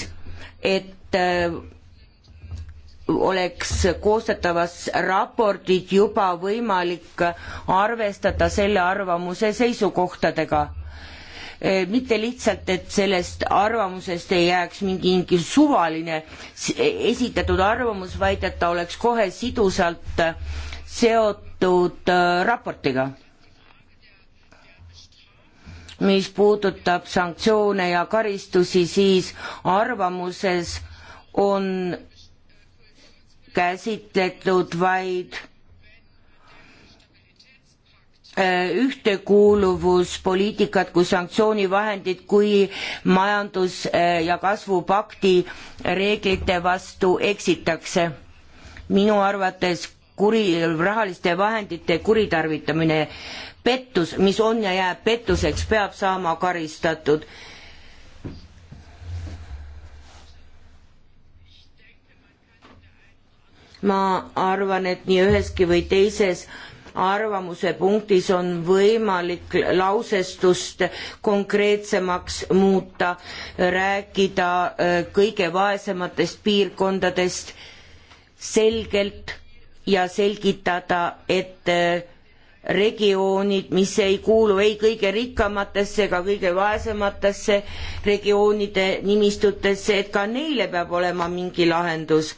et äh, oleks koostatavas raportit juba võimalik arvestada selle arvamuse seisukohtadega äh, mitte lihtsalt, et sellest arvamusest ei jääks mingi suvaline esitatud arvamus, vaid et ta oleks kohe sidusalt äh, seotud raportiga mis puudutab sanktsioone ja karistusi, siis arvamuses on käsitletud vaid äh, ühtekuuluvuspoliitikat kui sanktsioonivahendit kui majandus- äh, ja kasvupakti reeglite vastu eksitakse. minu arvates kuri, rahaliste vahendite kuritarvitamine pettus, mis on ja jääb pettuseks, peab saama karistatud. ma arvan, et nii üheski või teises arvamuse punktis on võimalik lausestust konkreetsemaks muuta, rääkida äh, kõige vaesematest piirkondadest selgelt ja selgitada, et äh, regioonid, mis ei kuulu ei kõige rikkamatesse ega kõige vaesematesse regioonide nimistutesse, et ka neile peab olema mingi lahendus.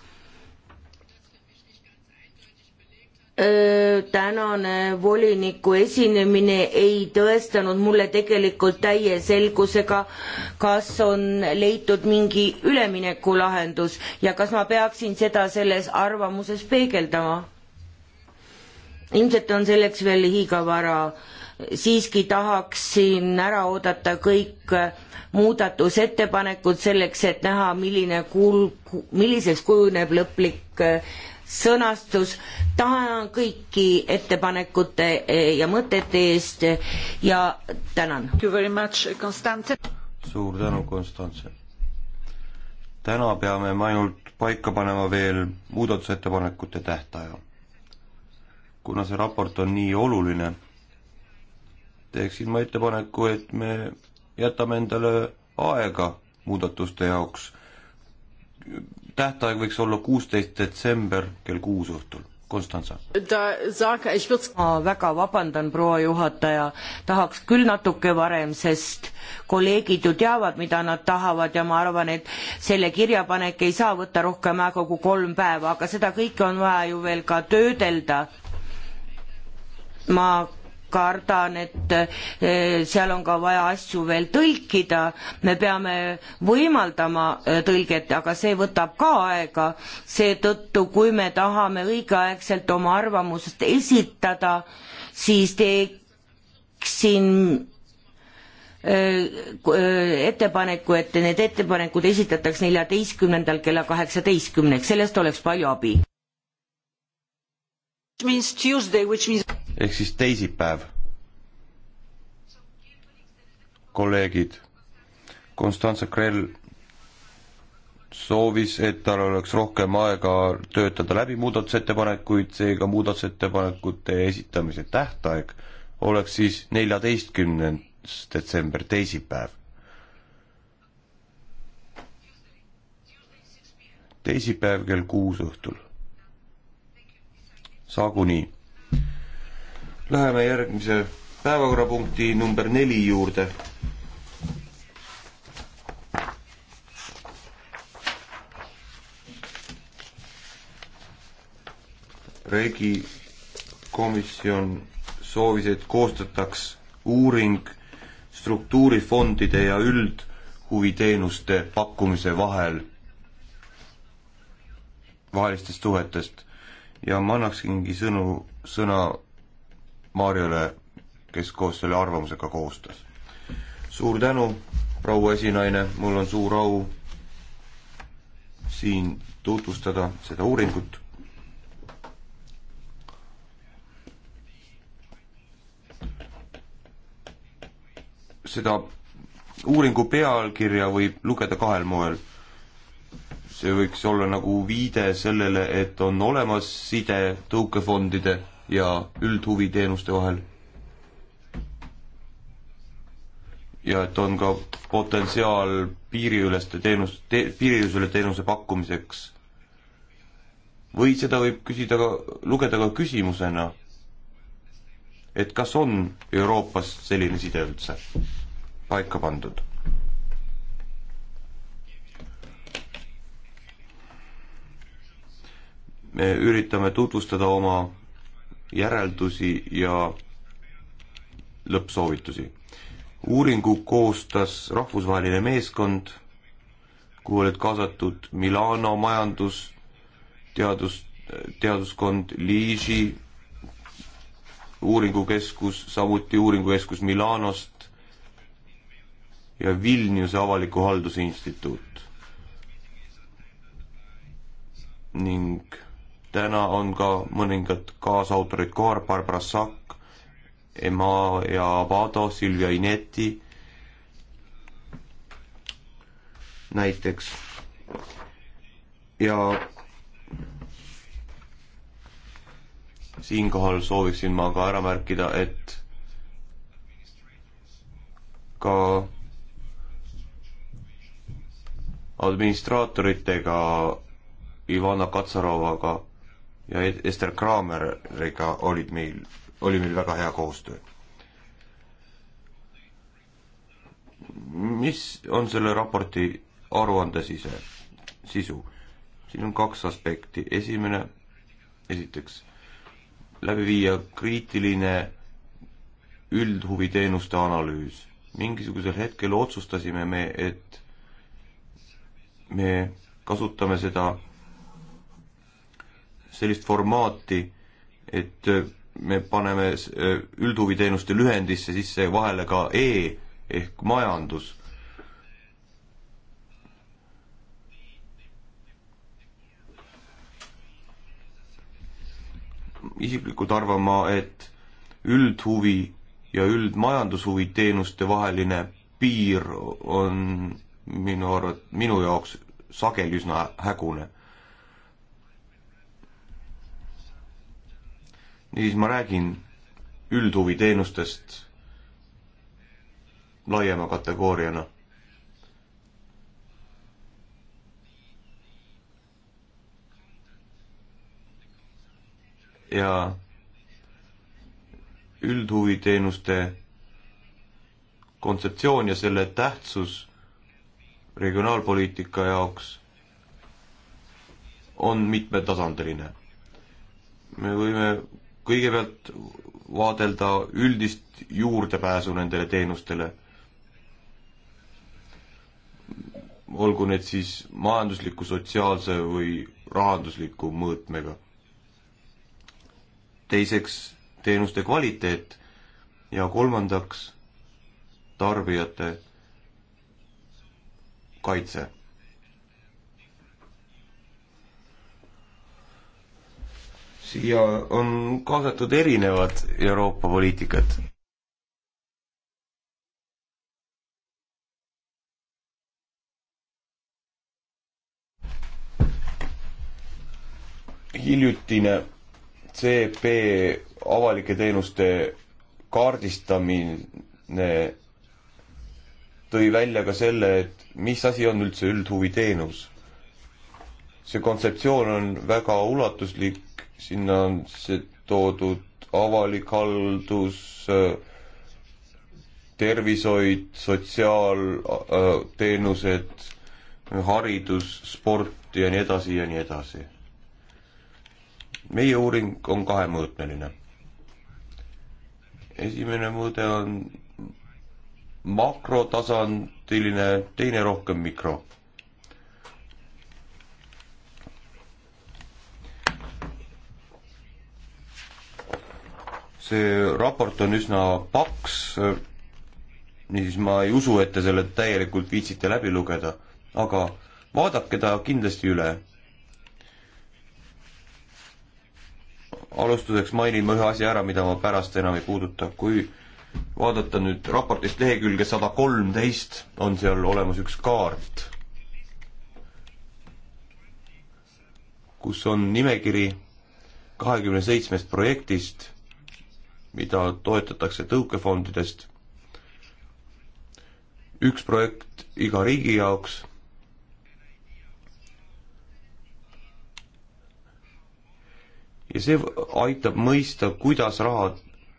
tänane voliniku esinemine ei tõestanud mulle tegelikult täie selgusega, kas on leitud mingi üleminekulahendus ja kas ma peaksin seda selles arvamuses peegeldama ilmselt on selleks veel liiga vara, siiski tahaksin ära oodata kõik muudatusettepanekud selleks, et näha, milline kuul-, milliseks kujuneb lõplik äh, sõnastus, tahan kõiki ettepanekute äh, ja mõtete eest ja tänan. suur tänu, Konstantse. täna peame me ainult paika panema veel muudatusettepanekute tähtaja kuna see raport on nii oluline, teeksin ma ettepaneku, et me jätame endale aega muudatuste jaoks. tähtaeg võiks olla kuusteist detsember kell kuus õhtul. Konstantsa. ma väga vabandan, proua juhataja, tahaks küll natuke varem, sest kolleegid ju teavad, mida nad tahavad ja ma arvan, et selle kirjapanek ei saa võtta rohkem aega kui kolm päeva, aga seda kõike on vaja ju veel ka töödelda ma kardan, et eh, seal on ka vaja asju veel tõlkida, me peame võimaldama eh, tõlget, aga see võtab ka aega, seetõttu kui me tahame õigeaegselt oma arvamust esitada, siis teeksin eh, ettepaneku, et need ettepanekud esitataks neljateistkümnendal kella kaheksateistkümneks, sellest oleks palju abi. Means Tuesday, which means ehk siis teisipäev. kolleegid, Konstantse Krell soovis, et tal oleks rohkem aega töötada läbi muudatusettepanekuid, seega muudatusettepanekute esitamise tähtaeg oleks siis neljateistkümnes detsember, teisipäev. teisipäev kell kuus õhtul. saagu nii Läheme järgmise päevakorrapunkti number neli juurde. regi komisjon soovis, et koostataks uuring struktuurifondide ja üldhuviteenuste pakkumise vahel, vahelistest suhetest ja ma annaksingi sõnu, sõna Maarjale, kes koos selle arvamusega koostas. suur tänu, proua esinaine, mul on suur au siin tutvustada seda uuringut. seda uuringu pealkirja võib lugeda kahel moel. see võiks olla nagu viide sellele, et on olemas side tõukefondide ja üldhuviteenuste vahel. ja et on ka potentsiaal piiriüleste teenus te,, piiriülesele teenuse pakkumiseks. või seda võib küsida ka, lugeda ka küsimusena, et kas on Euroopas selline side üldse paika pandud me üritame tutvustada oma järeldusi ja lõppsoovitusi. uuringu koostas rahvusvaheline meeskond, kuhu olid kaasatud Milano majandus, teadus, teaduskond, Liisi uuringukeskus, samuti uuringukeskus Milanost ja Vilniuse avaliku halduse instituut. ning täna on ka mõningad kaasautorid kohal, Barbara Sakk, ema ja Vado, Silvia Ineti näiteks. ja siinkohal sooviksin ma ka ära märkida, et ka administraatoritega Ivana Katsarovaga ja e-, Ester Kraameriga olid meil, oli meil väga hea koostöö. mis on selle raporti aruande sise, sisu? siin on kaks aspekti, esimene, esiteks läbi viia kriitiline üldhuviteenuste analüüs. mingisugusel hetkel otsustasime me, et me kasutame seda sellist formaati, et äh, me paneme äh, üldhuviteenuste lühendisse sisse vahele ka E ehk majandus. isiklikult arvan ma, et üldhuvi ja üldmajandushuvi teenuste vaheline piir on minu arvat-, minu jaoks sageli üsna hägune niisiis ma räägin üldhuviteenustest laiema kategooriana. ja üldhuviteenuste kontseptsioon ja selle tähtsus regionaalpoliitika jaoks on mitmetasandiline. me võime kõigepealt vaadelda üldist juurdepääsu nendele teenustele, olgu need siis majandusliku, sotsiaalse või rahandusliku mõõtmega. teiseks, teenuste kvaliteet ja kolmandaks, tarbijate kaitse siia on kaasatud erinevad Euroopa poliitikad. hiljutine CP avalike teenuste kaardistamine tõi välja ka selle, et mis asi on üldse üldhuviteenus. see kontseptsioon on väga ulatuslik sinna on see toodud avalik haldus, tervishoid, sotsiaalteenused, äh, haridus, sport ja nii edasi ja nii edasi. meie uuring on kahemõõtmeline. esimene mõõde on makrotasandiline, teine rohkem mikro see raport on üsna paks, niisiis ma ei usu, et te selle täielikult viitsite läbi lugeda, aga vaadake ta kindlasti üle. alustuseks mainin ma ühe asja ära, mida ma pärast enam ei puuduta, kui vaadata nüüd raportist lehekülge sada kolmteist, on seal olemas üks kaart, kus on nimekiri kahekümne seitsmest projektist mida toetatakse tõukefondidest. üks projekt iga riigi jaoks. ja see aitab mõista, kuidas raha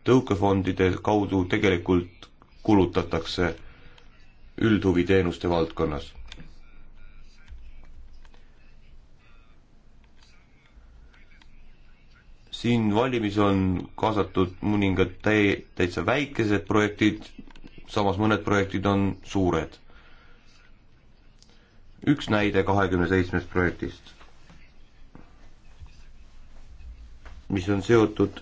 tõukefondide kaudu tegelikult kulutatakse üldhuviteenuste valdkonnas siin valimis on kaasatud mõningad täi-, täitsa väikesed projektid, samas mõned projektid on suured. üks näide kahekümne seitsmest projektist, mis on seotud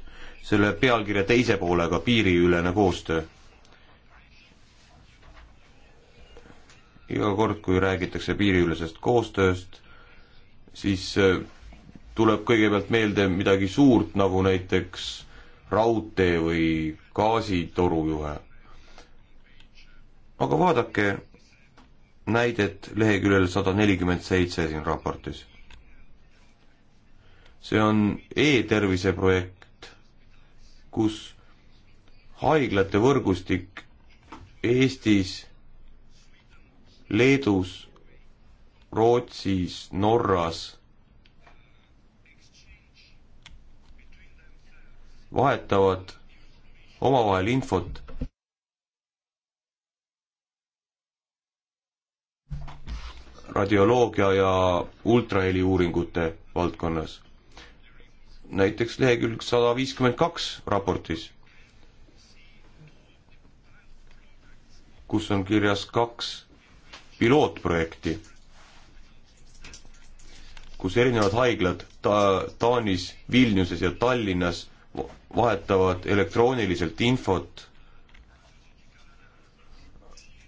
selle pealkirja teise poolega, piiriülene koostöö. iga kord, kui räägitakse piiriülesest koostööst, siis äh, tuleb kõigepealt meelde midagi suurt, nagu näiteks raudtee või gaasitorujuhe. aga vaadake näidet leheküljel sada nelikümmend seitse siin raportis. see on e-tervise projekt, kus haiglate võrgustik Eestis, Leedus, Rootsis, Norras vahetavad omavahel infot. radioloogia ja ultraheli uuringute valdkonnas. näiteks lehekülg sada viiskümmend kaks raportis, kus on kirjas kaks pilootprojekti, kus erinevad haiglad ta-, Taanis, Vilniuses ja Tallinnas vahetavad elektrooniliselt infot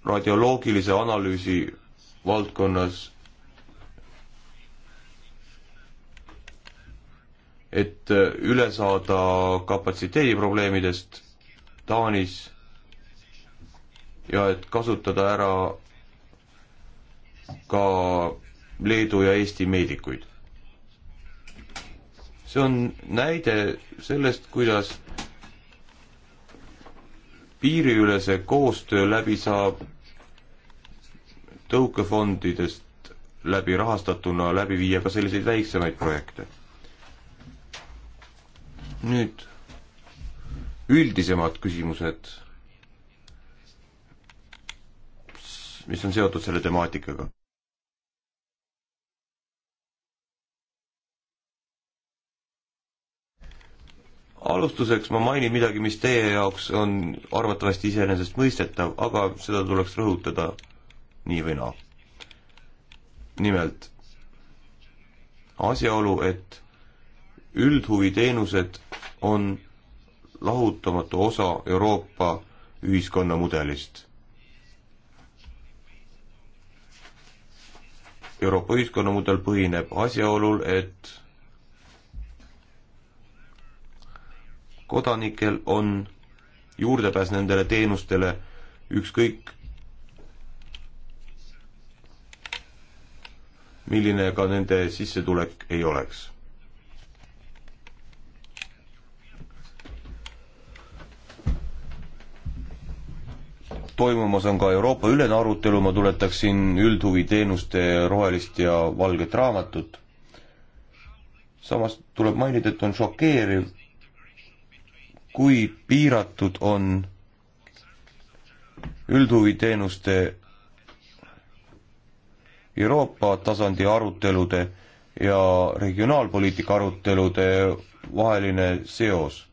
radioloogilise analüüsi valdkonnas, et äh, üle saada kapatsiteediprobleemidest Taanis ja et kasutada ära ka Leedu ja Eesti meedikuid see on näide sellest, kuidas piiriülese koostöö läbi saab tõukefondidest läbi rahastatuna läbi viia ka selliseid väiksemaid projekte. nüüd üldisemad küsimused, mis on seotud selle temaatikaga alustuseks ma mainin midagi, mis teie jaoks on arvatavasti iseenesestmõistetav, aga seda tuleks rõhutada nii või naa. nimelt asjaolu, et üldhuviteenused on lahutamatu osa Euroopa ühiskonnamudelist. Euroopa ühiskonnamudel põhineb asjaolul, et kodanikel on juurdepääs nendele teenustele ükskõik milline ka nende sissetulek ei oleks. toimumas on ka Euroopa ülene arutelu, ma tuletaksin üldhuviteenuste rohelist ja valget raamatut. samas tuleb mainida, et on šokeeriv, kui piiratud on üldhuviteenuste Euroopa tasandi arutelude ja regionaalpoliitika arutelude vaheline seos.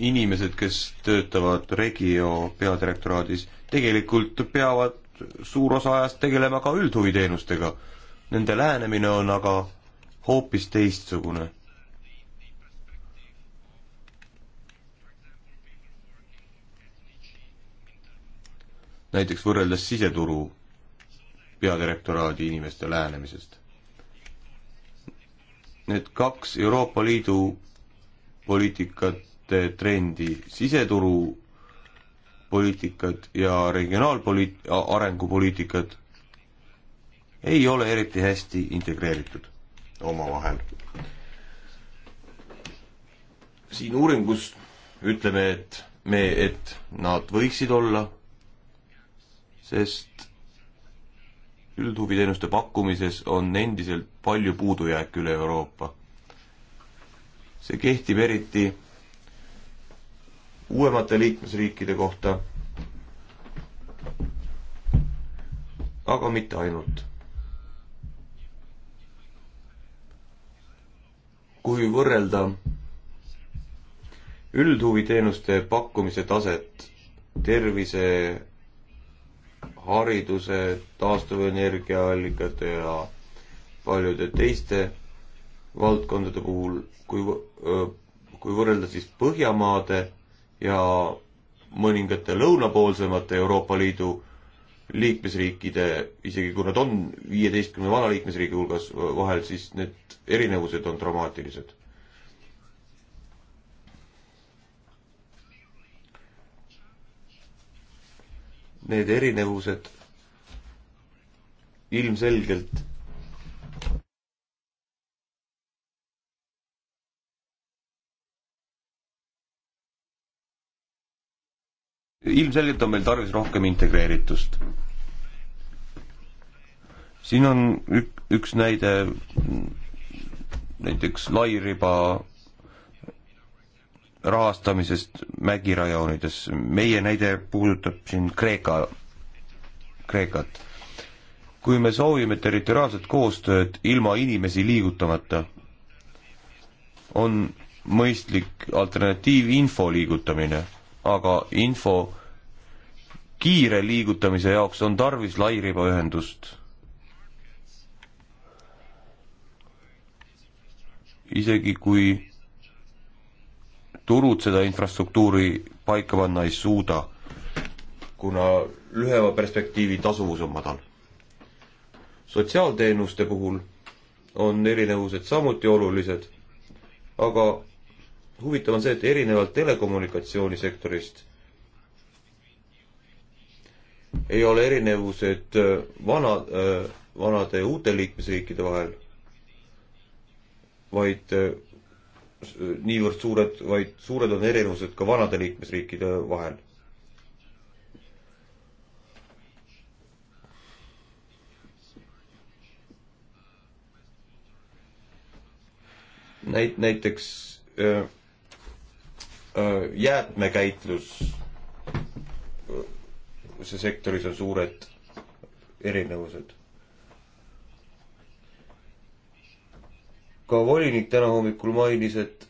inimesed, kes töötavad Regio peadirektoraadis, tegelikult peavad suur osa ajast tegelema ka üldhuviteenustega. Nende lähenemine on aga hoopis teistsugune. näiteks võrreldes siseturu peadirektoraadi inimeste lähenemisest. Need kaks Euroopa Liidu poliitikat Eh, trendi, siseturu poliitikad ja regionaalpoliit-, arengupoliitikad ei ole eriti hästi integreeritud omavahel. siin uuringus ütleme, et me, et nad võiksid olla, sest üldhuviteenuste pakkumises on endiselt palju puudujääke üle Euroopa. see kehtib eriti uuemate liikmesriikide kohta. aga mitte ainult. kui võrrelda üldhuviteenuste pakkumise taset tervise, hariduse, taastuvenergiaallikate ja paljude teiste valdkondade puhul, kui, kui võrrelda siis Põhjamaade ja mõningate lõunapoolsemate Euroopa Liidu liikmesriikide, isegi kui nad on viieteistkümne vana liikmesriigi hulgas vahel, siis need erinevused on dramaatilised. Need erinevused ilmselgelt ilmselgelt on meil tarvis rohkem integreeritust. siin on ük-, üks näide näiteks lairiba rahastamisest mägirajoonides, meie näide puudutab siin Kreeka, Kreekat. kui me soovime territoriaalset koostööd ilma inimesi liigutamata, on mõistlik alternatiiv info liigutamine, aga info kiire liigutamise jaoks on tarvis lairibaühendust. isegi kui turud seda infrastruktuuri paika panna ei suuda, kuna lühema perspektiivi tasuvus on madal. sotsiaalteenuste puhul on erinevused samuti olulised, aga huvitav on see, et erinevalt telekommunikatsioonisektorist ei ole erinevused äh, vana, äh, vanade ja uute liikmesriikide vahel, vaid äh, niivõrd suured, vaid suured on erinevused ka vanade liikmesriikide vahel. näit-, näiteks jäätmekäitlus sektoris on suured erinevused. ka volinik täna hommikul mainis, et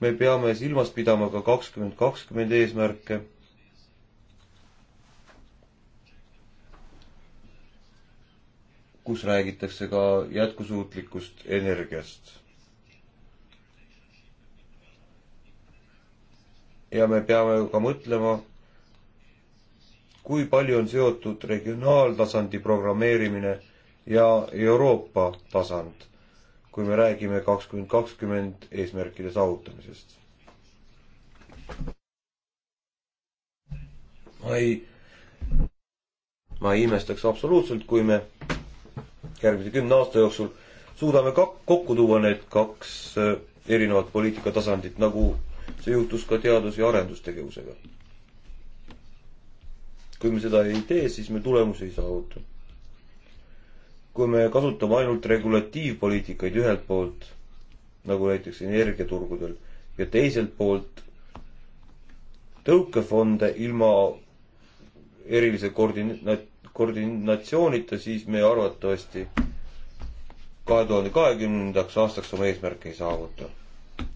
me peame silmas pidama ka kakskümmend kakskümmend eesmärke. kus räägitakse ka jätkusuutlikust energiast ja me peame ka mõtlema, kui palju on seotud regionaaltasandi programmeerimine ja Euroopa tasand, kui me räägime kakskümmend kakskümmend eesmärkide saavutamisest. ma ei, ma ei imestaks absoluutselt, kui me järgmise kümne aasta jooksul suudame ka kokku tuua need kaks äh, erinevat poliitikatasandit, nagu see juhtus ka teadus- ja arendustegevusega. kui me seda ei tee, siis me tulemusi ei saavuta. kui me kasutame ainult regulatiivpoliitikaid ühelt poolt, nagu näiteks energiaturgudel, ja teiselt poolt tõukefonde ilma erilise koordina-, koordinatsioonita, siis me arvatavasti kahe tuhande kahekümnendaks aastaks oma eesmärke ei saavuta.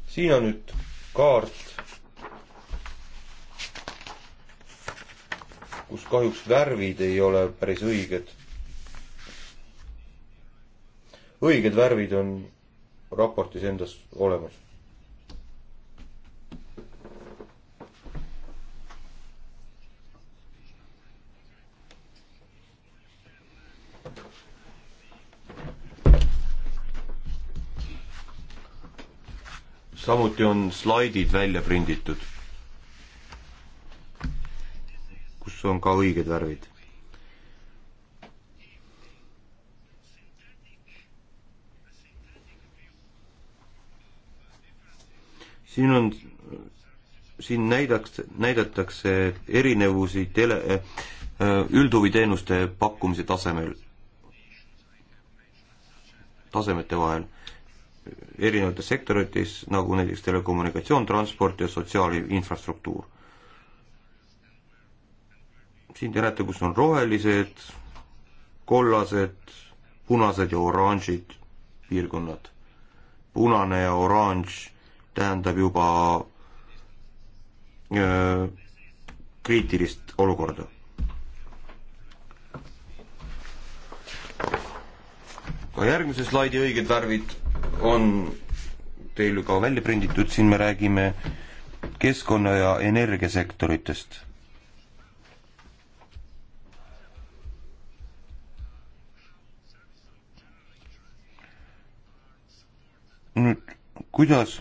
siin on nüüd kaart, kus kahjuks värvid ei ole päris õiged. õiged värvid on raportis endas olemas. samuti on slaidid välja prinditud, kus on ka õiged värvid. siin on, siin näidaks, näidatakse erinevusi tele, äh, üldhuviteenuste pakkumise tasemel, tasemete vahel erinevates sektorites, nagu näiteks telekommunikatsioon, transport ja sotsiaalinfrastruktuur. siin te näete, kus on rohelised, kollased, punased ja oranžid piirkonnad. punane ja oranž tähendab juba öö, kriitilist olukorda ka järgmise slaidi õiged värvid on teil ju ka välja prinditud, siin me räägime keskkonna- ja energiasektoritest. nüüd, kuidas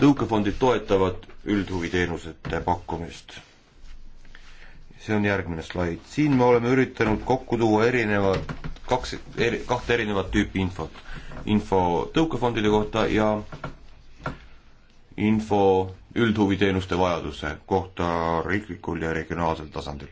tõukefondid toetavad üldhuviteenusete pakkumist? see on järgmine slaid. siin me oleme üritanud kokku tuua erinevad, kaks eri,, kahte erinevat tüüpi infot info tõukefondide kohta ja info üldhuviteenuste vajaduse kohta riiklikul ja regionaalsel tasandil.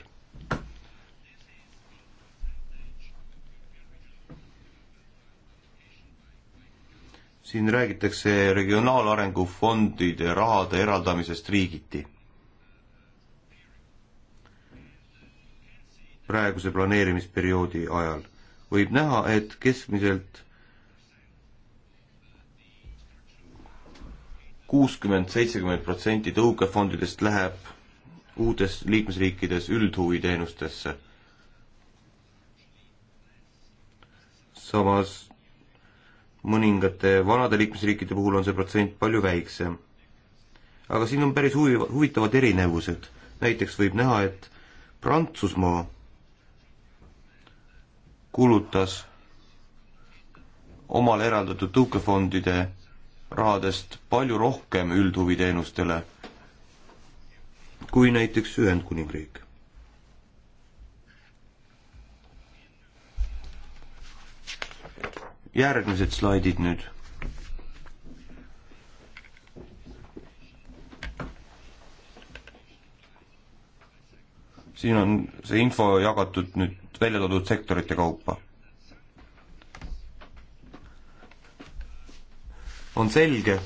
siin räägitakse regionaalarengu fondide rahade eraldamisest riigiti. praeguse planeerimisperioodi ajal võib näha, et keskmiselt kuuskümmend, seitsekümmend protsenti tõukefondidest läheb uutes liikmesriikides üldhuviteenustesse. samas mõningate vanade liikmesriikide puhul on see protsent palju väiksem. aga siin on päris huvi, huvitavad erinevused. näiteks võib näha, et Prantsusmaa kulutas omale eraldatud tõukefondide rahadest palju rohkem üldhuviteenustele kui näiteks Ühendkuningriik. järgmised slaidid nüüd. siin on see info jagatud nüüd välja toodud sektorite kaupa on selge,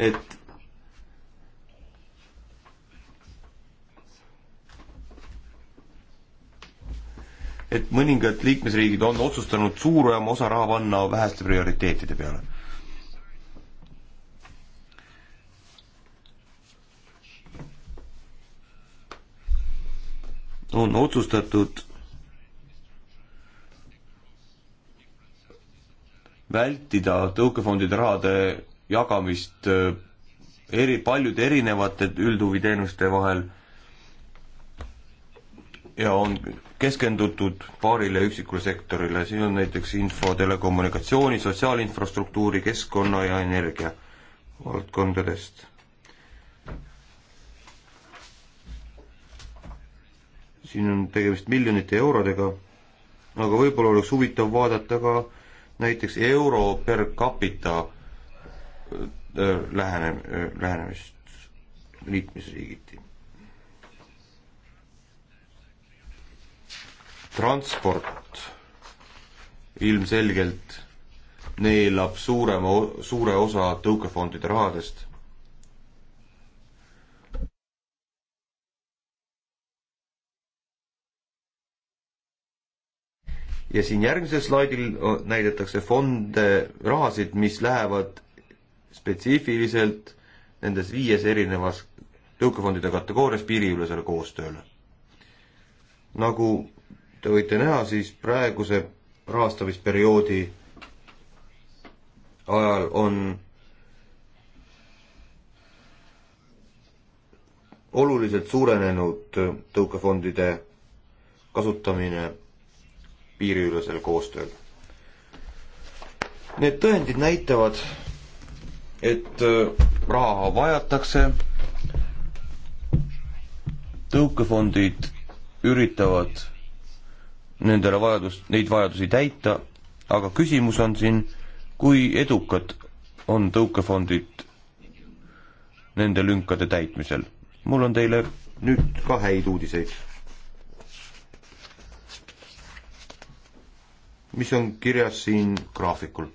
et et mõningad liikmesriigid on otsustanud suurema osa raha panna väheste prioriteetide peale. on otsustatud vältida tõukefondide rahade jagamist äh, eri, paljude erinevate üldhuviteenuste vahel ja on keskendutud paarile üksikule sektorile, siin on näiteks info, telekommunikatsiooni, sotsiaalinfrastruktuuri, keskkonna ja energia valdkondadest. siin on tegemist miljonite eurodega, aga võib-olla oleks huvitav vaadata ka näiteks euro per capita äh, äh, lähene, äh, lähenemist liikmesriigiti. transport ilmselgelt neelab suurema, suure osa tõukefondide rahadest ja siin järgmisel slaidil näidatakse fonde, rahasid, mis lähevad spetsiifiliselt nendes viies erinevas tõukefondide kategoorias piiriülesele koostööle. nagu te võite näha, siis praeguse rahastamisperioodi ajal on oluliselt suurenenud tõukefondide kasutamine piiriülesel koostööl. Need tõendid näitavad, et äh, raha vajatakse, tõukefondid üritavad nendele vajadust, neid vajadusi täita, aga küsimus on siin, kui edukad on tõukefondid nende lünkade täitmisel. mul on teile nüüd ka häid uudiseid mis on kirjas siin graafikul.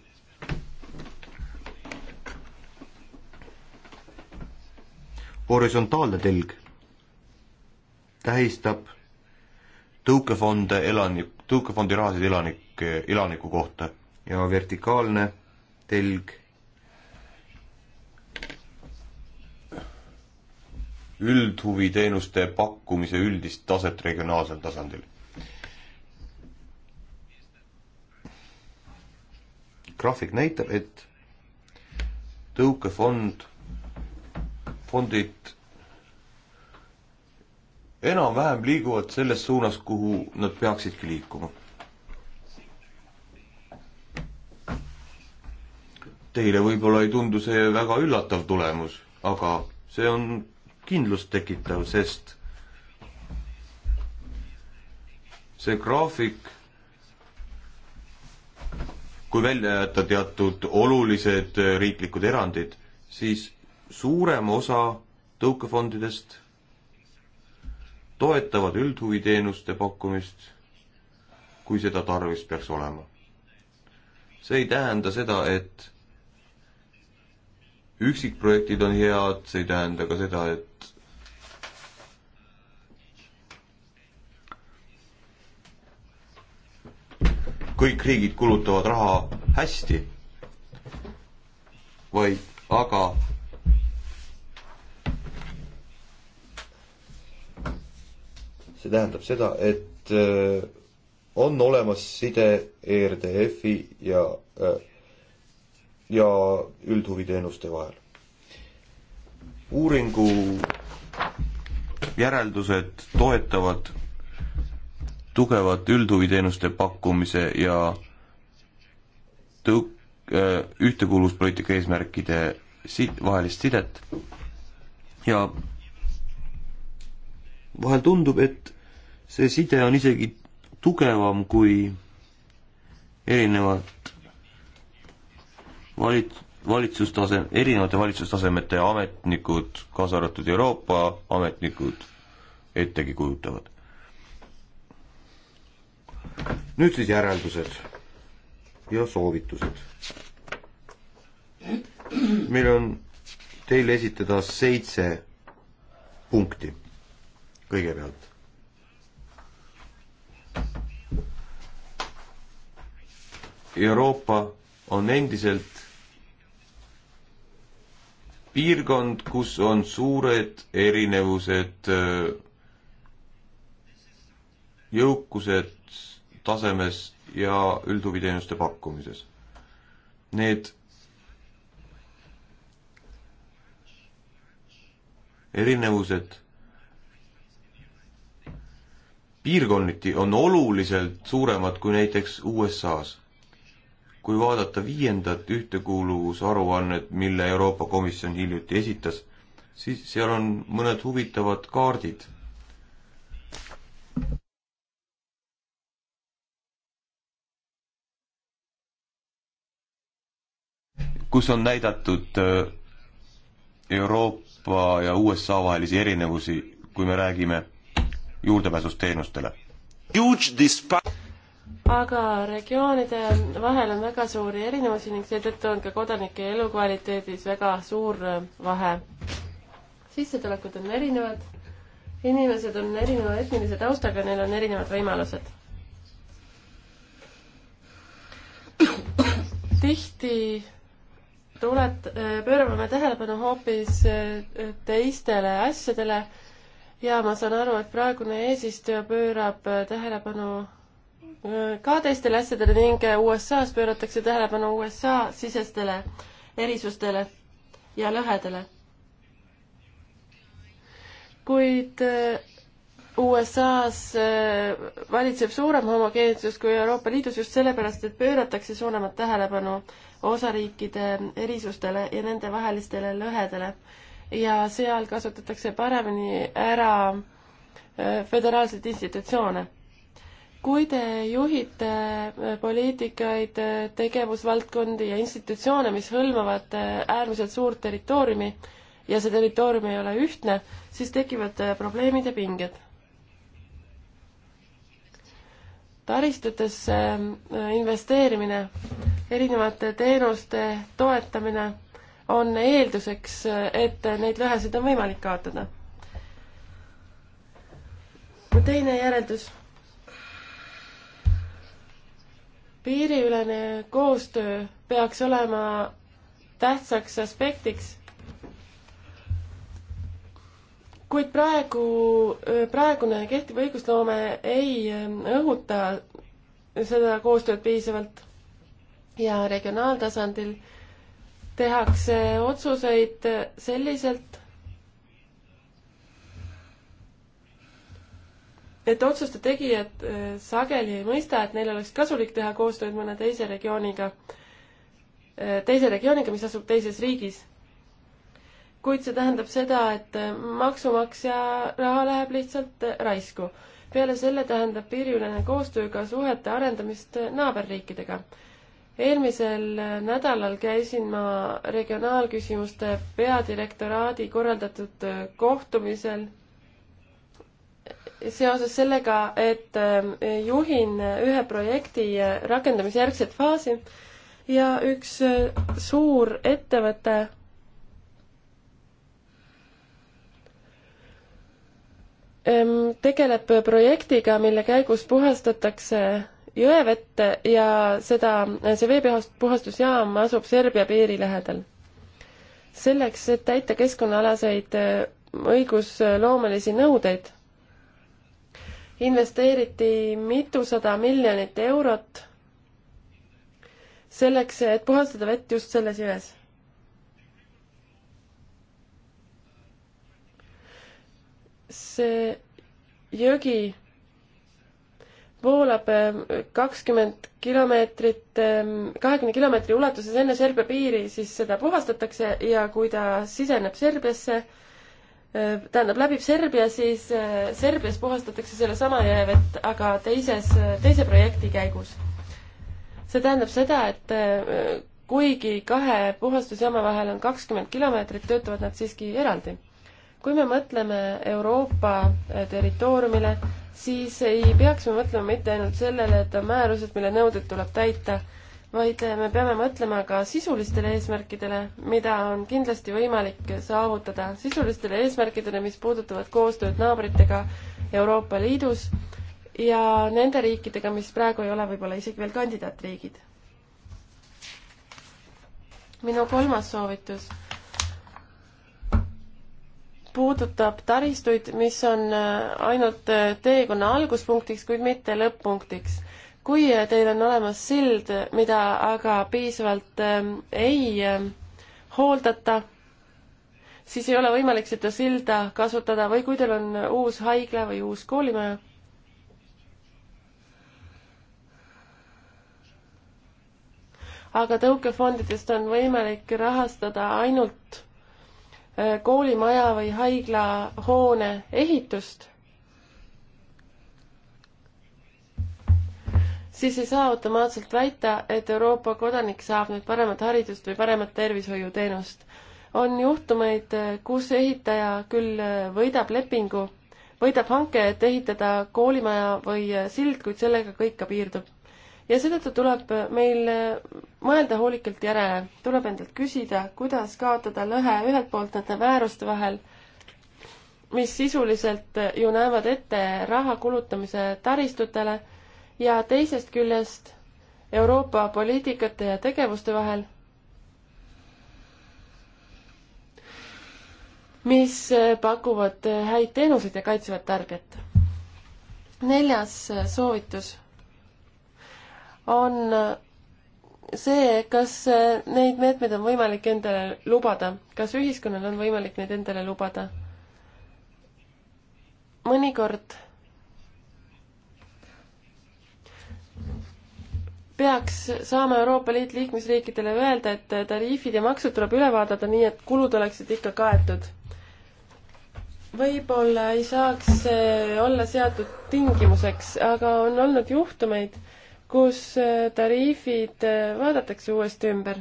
horisontaalne telg tähistab tõukefonde elanik, tõukefondi rahasid elanike, elaniku kohta ja vertikaalne telg üldhuviteenuste pakkumise üldist taset regionaalsel tasandil. graafik näitab, et tõukefond, fondid enam-vähem liiguvad selles suunas, kuhu nad peaksidki liikuma. Teile võib-olla ei tundu see väga üllatav tulemus, aga see on kindlust tekitav, sest see graafik kui välja jätta teatud olulised äh, riiklikud erandid, siis suurem osa tõukefondidest toetavad üldhuviteenuste pakkumist, kui seda tarvis peaks olema. see ei tähenda seda, et üksikprojektid on head, see ei tähenda ka seda, et kõik riigid kulutavad raha hästi, vaid aga see tähendab seda, et äh, on olemas side ERDF-i ja äh,, ja üldhuviteenuste vahel. uuringu järeldused toetavad tugevat üldhuviteenuste pakkumise ja tõu-, äh, ühtekuuluvuspoliitika eesmärkide si-, vahelist sidet ja vahel tundub, et see side on isegi tugevam kui erinevad valit-, valitsustase, erinevate valitsustasemete ametnikud, kaasa arvatud Euroopa ametnikud, ettegi kujutavad nüüd siis järeldused ja soovitused. meil on teile esitada seitse punkti kõigepealt. Euroopa on endiselt piirkond, kus on suured erinevused, jõukused tasemes ja üldhuviteenuste pakkumises. Need erinevused piirkonniti on oluliselt suuremad kui näiteks USA-s. kui vaadata viiendat ühtekuuluvusaruannet, mille Euroopa Komisjon hiljuti esitas, siis seal on mõned huvitavad kaardid kus on näidatud äh, Euroopa ja USA vahelisi erinevusi, kui me räägime juurdepääsust teenustele. aga regioonide vahel on väga suuri erinevusi ning seetõttu on ka kodanike elukvaliteedis väga suur äh, vahe. sissetulekud on erinevad, inimesed on erineva etnilise taustaga, neil on erinevad võimalused tihti tulet-, pöörame me tähelepanu hoopis äh, teistele asjadele ja ma saan aru, et praegune eesistuja pöörab äh, tähelepanu äh, ka teistele asjadele ning USA-s pööratakse tähelepanu USA sisestele erisustele ja lõhedele. kuid USA-s äh, valitseb suurem homogeensus kui Euroopa Liidus just sellepärast, et pööratakse suuremat tähelepanu osariikide erisustele ja nendevahelistele lõhedele. ja seal kasutatakse paremini ära äh, föderaalseid institutsioone. kui te juhite äh, poliitikaid, tegevusvaldkondi ja institutsioone, mis hõlmavad äärmiselt suurt territooriumi ja see territoorium ei ole ühtne, siis tekivad probleemid ja pinged taristutesse äh, investeerimine, erinevate teenuste toetamine on eelduseks, et neid lõhesid on võimalik kaotada. teine järeldus. piiriülene koostöö peaks olema tähtsaks aspektiks kuid praegu, praegune kehtiv õigusloome ei ähm, õhuta seda koostööd piisavalt ja regionaaltasandil tehakse otsuseid selliselt, et otsuste tegijad äh, sageli ei mõista, et neil oleks kasulik teha koostööd mõne teise regiooniga, äh, teise regiooniga, mis asub teises riigis kuid see tähendab seda, et maksumaksja raha läheb lihtsalt raisku. peale selle tähendab piiriülene koostöö ka suhete arendamist naaberriikidega. eelmisel nädalal käisin ma regionaalküsimuste peadirektoraadi korraldatud kohtumisel seoses sellega, et eh, juhin ühe projekti rakendamisjärgset faasi ja üks eh, suur ettevõte tegeleb projektiga, mille käigus puhastatakse jõevette ja seda, see veepuhastusjaam asub Serbia piiri lähedal. selleks, et täita keskkonnaalaseid õigusloomelisi nõudeid, investeeriti mitusada miljonit eurot selleks, et puhastada vett just selles jões see jõgi voolab ehm, kakskümmend kilomeetrit, ehm, kahekümne kilomeetri ulatuses enne Serbia piiri, siis seda puhastatakse ja kui ta siseneb Serbiasse, ehm, tähendab, läbib Serbia, siis Serbias puhastatakse sellesama jäävett, aga teises, teise projekti käigus. see tähendab seda, et kuigi kahe puhastusjama vahel on kakskümmend kilomeetrit, töötavad nad siiski eraldi kui me mõtleme Euroopa eh, territooriumile, siis ei peaks me mõtlema mitte ainult sellele, et on määrused, mille nõuded tuleb täita, vaid eh, me peame mõtlema ka sisulistele eesmärkidele, mida on kindlasti võimalik saavutada, sisulistele eesmärkidele, mis puudutavad koostööd naabritega Euroopa Liidus ja nende riikidega, mis praegu ei ole võib-olla isegi veel kandidaatriigid. minu kolmas soovitus puudutab taristuid, mis on äh, ainult äh, teekonna alguspunktiks, kuid mitte lõpp-punktiks. kui äh, teil on olemas sild, mida aga piisavalt ähm, ei ähm, hooldata, siis ei ole võimalik seda silda kasutada või kui teil on uus haigla või uus koolimaja, aga tõukefondidest on võimalik rahastada ainult Äh, koolimaja või haiglahoone ehitust, siis ei saa automaatselt väita, et Euroopa kodanik saab nüüd paremat haridust või paremat tervishoiuteenust. on juhtumeid, äh, kus ehitaja küll äh, võidab lepingu, võidab hanke, et ehitada koolimaja või sild, kuid sellega kõik ka piirdub ja seetõttu tuleb meil mõelda hoolikalt järele, tuleb endalt küsida, kuidas kaotada lõhe ühelt poolt nende määruste vahel, mis sisuliselt ju näevad ette raha kulutamise taristutele ja teisest küljest Euroopa poliitikate ja tegevuste vahel, mis pakuvad häid teenuseid ja kaitsevad tarbijat. neljas soovitus on see, kas neid meetmeid on võimalik endale lubada, kas ühiskonnal on võimalik neid endale lubada. mõnikord peaks saama Euroopa Liit liikmesriikidele öelda, et tariifid ja maksud tuleb üle vaadata nii, et kulud oleksid ikka kaetud. võib-olla ei saaks see olla seatud tingimuseks, aga on olnud juhtumeid, kus äh, tariifid äh, vaadatakse uuesti ümber.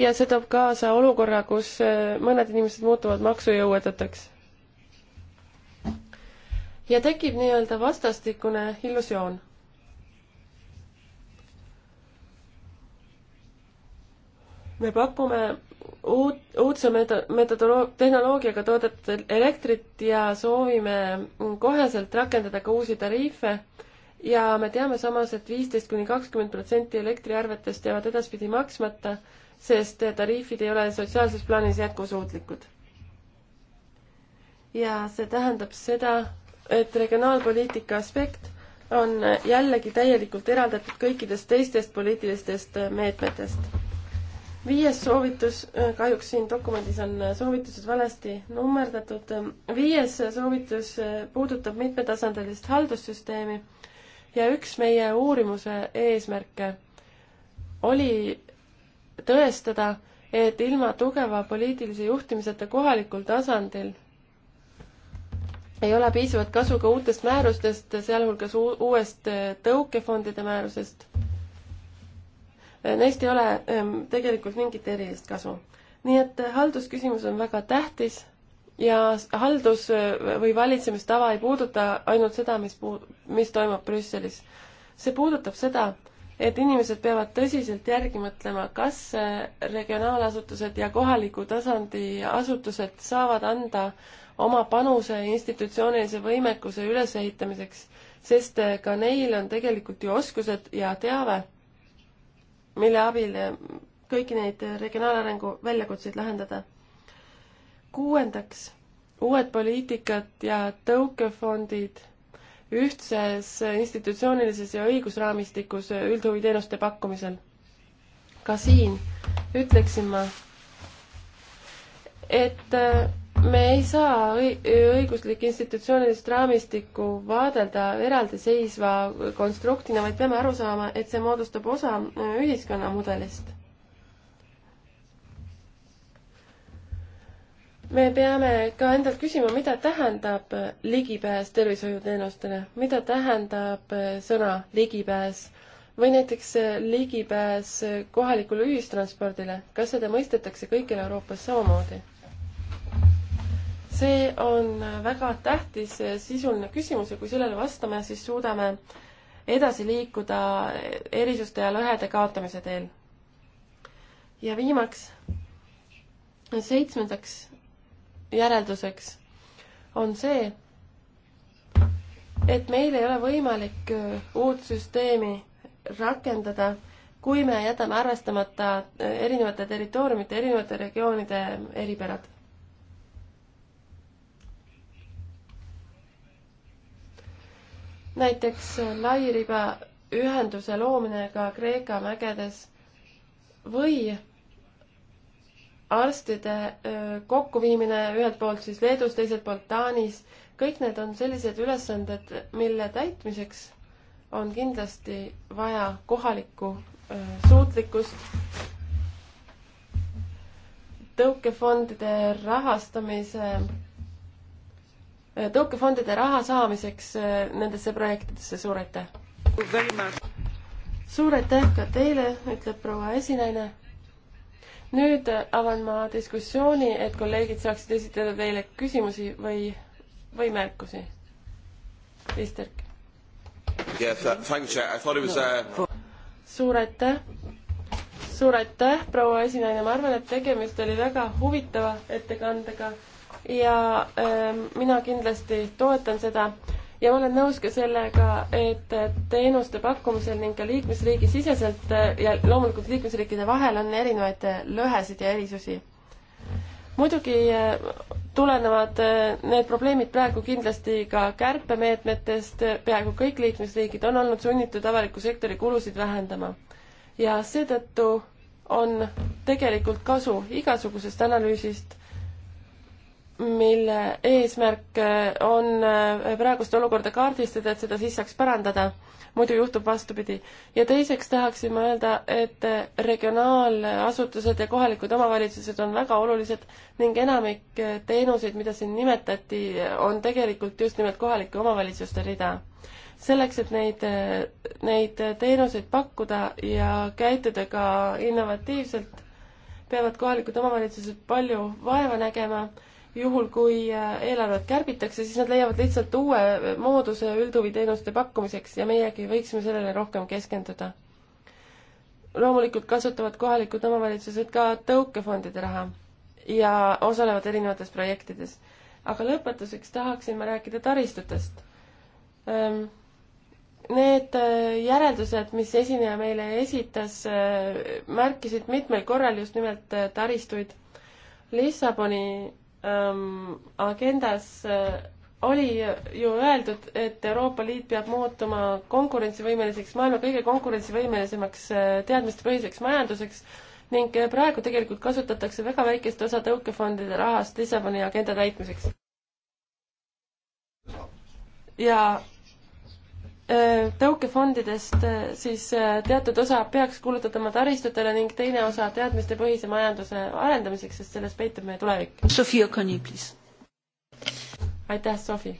ja see toob kaasa olukorra, kus äh, mõned inimesed muutuvad maksujõuetuteks. ja tekib nii-öelda vastastikune illusioon me pakume uut, uudse meto-, metodoloog-, tehnoloogiaga toodetud elektrit ja soovime koheselt rakendada ka uusi tariife ja me teame samas et, et viisteist kuni kakskümmend protsenti elektriarvetest jäävad edaspidi maksmata, sest tariifid ei ole sotsiaalses plaanis jätkusuutlikud. ja see tähendab seda, et regionaalpoliitika aspekt on jällegi täielikult eraldatud kõikidest teistest poliitilistest meetmetest viies soovitus, äh, kahjuks siin dokumendis on äh, soovitused valesti nummerdatud, ähm, viies äh, soovitus puudutab mitmetasandilist haldussüsteemi ja üks meie uurimuse eesmärke oli tõestada, et ilma tugeva poliitilise juhtimiseta kohalikul tasandil ei ole piisavat kasu ka uutest määrustest, sealhulgas uuest tõukefondide määrusest neist ei ole ähm, tegelikult mingit erilist kasu. nii et äh, haldusküsimus on väga tähtis ja haldus äh, või valitsemistava ei puuduta ainult seda, mis puu-, mis toimub Brüsselis. see puudutab seda, et inimesed peavad tõsiselt järgi mõtlema, kas äh, regionaalasutused ja kohaliku tasandi asutused saavad anda oma panuse institutsioonilise võimekuse ülesehitamiseks, sest ka neil on tegelikult ju oskused ja teave mille abil kõiki neid regionaalarengu väljakutseid lahendada. kuuendaks, uued poliitikad ja tõukefondid ühtses institutsioonilises ja õigusraamistikus üldhuviteenuste pakkumisel. ka siin ütleksin ma, et me ei saa õiguslik institutsioonilist raamistikku vaadelda eraldiseisva konstruktina, vaid peame aru saama, et see moodustab osa äh, ühiskonnamudelist. me peame ka endalt küsima, mida tähendab äh, ligipääs tervishoiuteenustele, mida tähendab äh, sõna ligipääs või näiteks ligipääs kohalikule ühistranspordile, kas seda mõistetakse kõikjal Euroopas samamoodi? see on väga tähtis sisuline küsimus ja kui sellele vastame, siis suudame edasi liikuda erisuste ja lõhede kaotamise teel. ja viimaks, seitsmendaks järelduseks on see, et meil ei ole võimalik uut süsteemi rakendada, kui me jätame arvestamata erinevate territooriumite, erinevate regioonide eripärad näiteks lairiba ühenduse loomine ka Kreeka mägedes või arstide kokkuviimine ühelt poolt siis Leedus, teiselt poolt Taanis, kõik need on sellised ülesanded, mille täitmiseks on kindlasti vaja kohalikku suutlikkust, tõukefondide rahastamise Äh, tõukefondide raha saamiseks äh, nendesse projektidesse, suur aitäh! suur aitäh ka teile, ütleb proua esinaine. nüüd äh, avan ma diskussiooni, et kolleegid saaksid esitada teile küsimusi või, või märkusi. Isterk. Uh, suur aitäh! suur aitäh, proua esinaine, ma arvan, et tegemist oli väga huvitava ettekandega ja ähm, mina kindlasti toetan seda ja ma olen nõus ka sellega, et teenuste pakkumisel ning ka liikmesriigi siseselt äh, ja loomulikult liikmesriikide vahel on erinevaid äh, lõhesid ja erisusi. muidugi äh, tulenevad need probleemid praegu kindlasti ka kärpemeetmetest, peaaegu kõik liikmesriigid on olnud sunnitud avaliku sektori kulusid vähendama. ja seetõttu on tegelikult kasu igasugusest analüüsist mille eesmärk on äh, praegust olukorda kaardistada, et seda siis saaks parandada. muidu juhtub vastupidi. ja teiseks tahaksin ma öelda, et äh, regionaalasutused ja kohalikud omavalitsused on väga olulised ning enamik äh, teenuseid, mida siin nimetati, on tegelikult just nimelt kohalike omavalitsuste rida. selleks, et neid, neid teenuseid pakkuda ja käituda ka innovatiivselt, peavad kohalikud omavalitsused palju vaeva nägema juhul, kui äh, eelarvet kärbitakse, siis nad leiavad lihtsalt uue äh, mooduse üldhuviteenuste pakkumiseks ja meiegi võiksime sellele rohkem keskenduda. loomulikult kasutavad kohalikud omavalitsused ka tõukefondide raha ja osalevad erinevates projektides. aga lõpetuseks tahaksin ma rääkida taristutest. Ehm, need äh, järeldused, mis esineja meile esitas, märkisid mitmel korral just nimelt taristuid. Lissaboni ähm, agendas äh, oli ju öeldud, et Euroopa Liit peab muutuma konkurentsivõimeliseks, maailma kõige konkurentsivõimelisemaks äh, teadmistepõhiseks majanduseks ning äh, praegu tegelikult kasutatakse väga väikest osa tõukefondide rahast Lissaboni agenda täitmiseks. ja Äh, tõukefondidest äh, siis äh, teatud osa peaks kulutatama taristutele ning teine osa teadmistepõhise majanduse arendamiseks, sest selles peitub meie tulevik. Sofia Kani, please. aitäh, Sofi.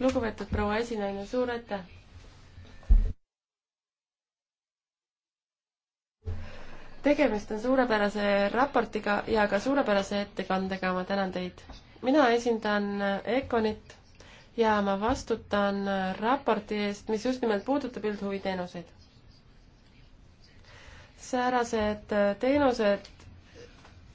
lugupeetud proua esinaine, suur aitäh. tegemist on suurepärase raportiga ja ka suurepärase ettekandega, ma tänan teid. mina esindan Econit ja ma vastutan raporti eest, mis just nimelt puudutab üldhuviteenuseid. säärased teenused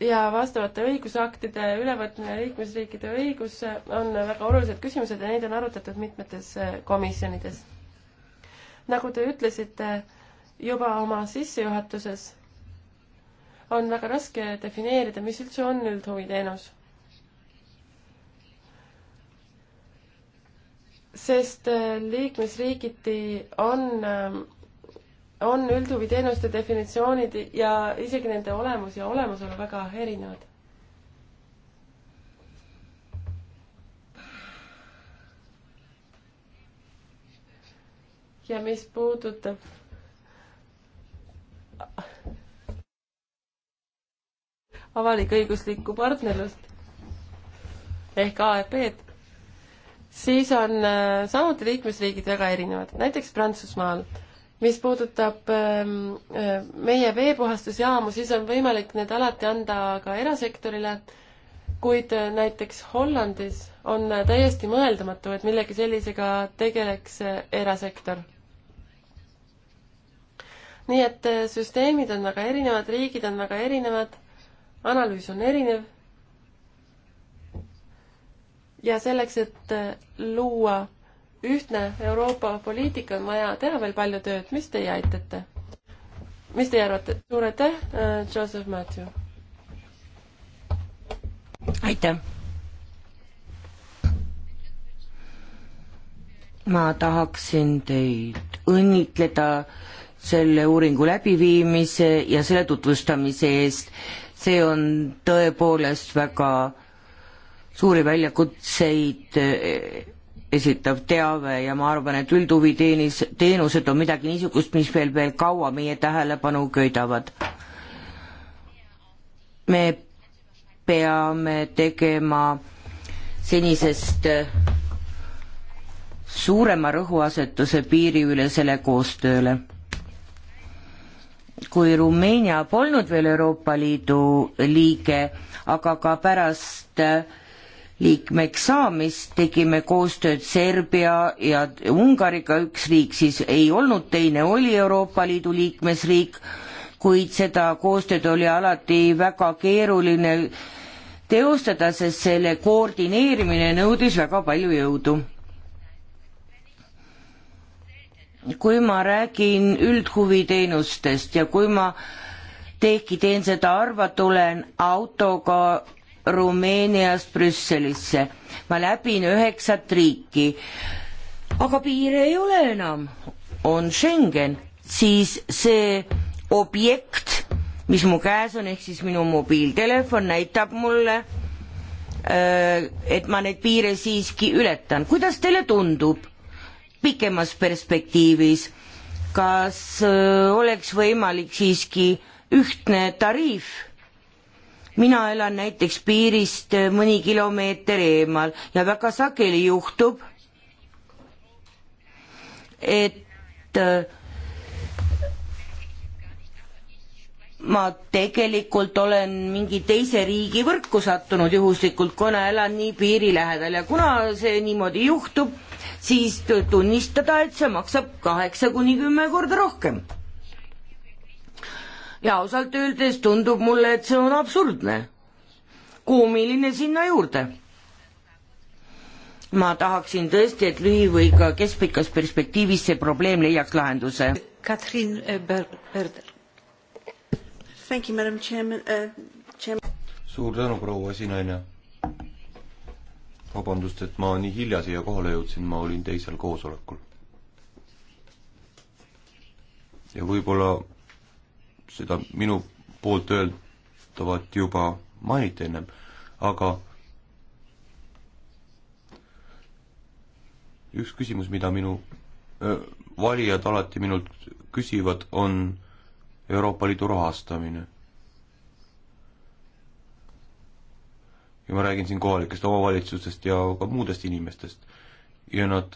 ja vastavate õigusaktide ülevõtmine liikmesriikide õigusse on väga olulised küsimused ja neid on arutatud mitmetes komisjonides. nagu te ütlesite juba oma sissejuhatuses, on väga raske defineerida, mis üldse on üldhuviteenus sest äh, liikmesriigiti on, ähm, on üldhuviteenuste definitsioonid ja isegi nende olemus ja olemasolu väga erinevad. ja mis puudutab avalik-õiguslikku partnerlust ehk AEP-d, siis on äh, samuti liikmesriigid väga erinevad, näiteks Prantsusmaal. mis puudutab ähm, äh, meie veepuhastusjaamu, siis on võimalik need alati anda ka erasektorile, kuid äh, näiteks Hollandis on täiesti mõeldamatu, et millegi sellisega tegeleks erasektor. nii et süsteemid on väga erinevad, riigid on väga erinevad, analüüs on erinev ja selleks, et äh, luua ühtne Euroopa poliitika, on vaja teha veel palju tööd. mis teie aitate? mis teie arvate? suur aitäh, äh, Joseph Matthew! aitäh! ma tahaksin teid õnnitleda selle uuringu läbiviimise ja selle tutvustamise eest. see on tõepoolest väga suuri väljakutseid eh, esitav teave ja ma arvan, et üldhuviteenis, teenused on midagi niisugust, mis veel, veel kaua meie tähelepanu köidavad. me peame tegema senisest eh, suurema rõhuasetuse piiriülesele koostööle. kui Rumeenia polnud veel Euroopa Liidu liige, aga ka pärast eh, liikmeks saamist, tegime koostööd Serbia ja Ungariga, üks riik siis ei olnud, teine oli Euroopa Liidu liikmesriik, kuid seda koostööd oli alati väga keeruline teostada, sest selle koordineerimine nõudis väga palju jõudu. kui ma räägin üldhuviteenustest ja kui ma tihti teen seda harva, tulen autoga Rumeeniast Brüsselisse. ma läbin üheksat riiki. aga piire ei ole enam, on Schengen, siis see objekt, mis mu käes on, ehk siis minu mobiiltelefon näitab mulle, äh, et ma neid piire siiski ületan. kuidas teile tundub pikemas perspektiivis, kas äh, oleks võimalik siiski ühtne tariif mina elan näiteks piirist äh, mõni kilomeeter eemal ja väga sageli juhtub, et äh, ma tegelikult olen mingi teise riigi võrku sattunud juhuslikult, kuna elan nii piiri lähedal ja kuna see niimoodi juhtub, siis tunnistada, et see maksab kaheksa kuni kümme korda rohkem ja ausalt öeldes tundub mulle, et see on absurdne. koomiline sinna juurde. ma tahaksin tõesti, et lühi- või ka keskpikas perspektiivis see probleem leiaks lahenduse. Katrin äh, Berder. Thank you, madam chairman uh,. Chairman. suur tänu, proua esinaine. vabandust, et ma nii hilja siia kohale jõudsin, ma olin teisel koosolekul. ja võib-olla seda minu poolt öeldavat juba mainiti ennem, aga üks küsimus, mida minu valijad alati minult küsivad, on Euroopa Liidu rahastamine. ja ma räägin siin kohalikest omavalitsustest ja ka muudest inimestest. ja nad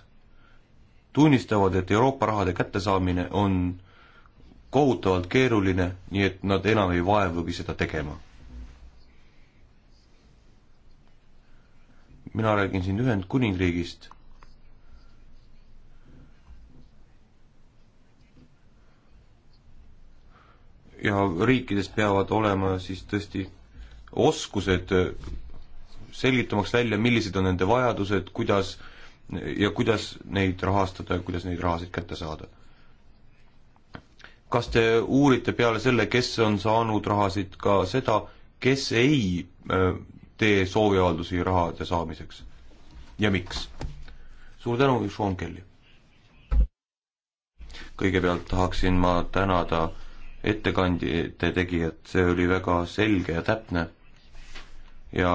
tunnistavad, et Euroopa rahade kättesaamine on äh, kohutavalt keeruline, nii et nad enam ei vaevugi seda tegema. mina räägin siin Ühendkuningriigist. ja riikides peavad olema siis tõesti oskused selgitamaks välja, millised on nende vajadused, kuidas ja kuidas neid rahastada ja kuidas neid rahasid kätte saada kas te uurite peale selle, kes on saanud rahasid, ka seda, kes ei äh, tee sooviavaldusi rahade saamiseks ja miks? suur tänu, Sean Kelly! kõigepealt tahaksin ma tänada ettekandjate tegijat, see oli väga selge ja täpne ja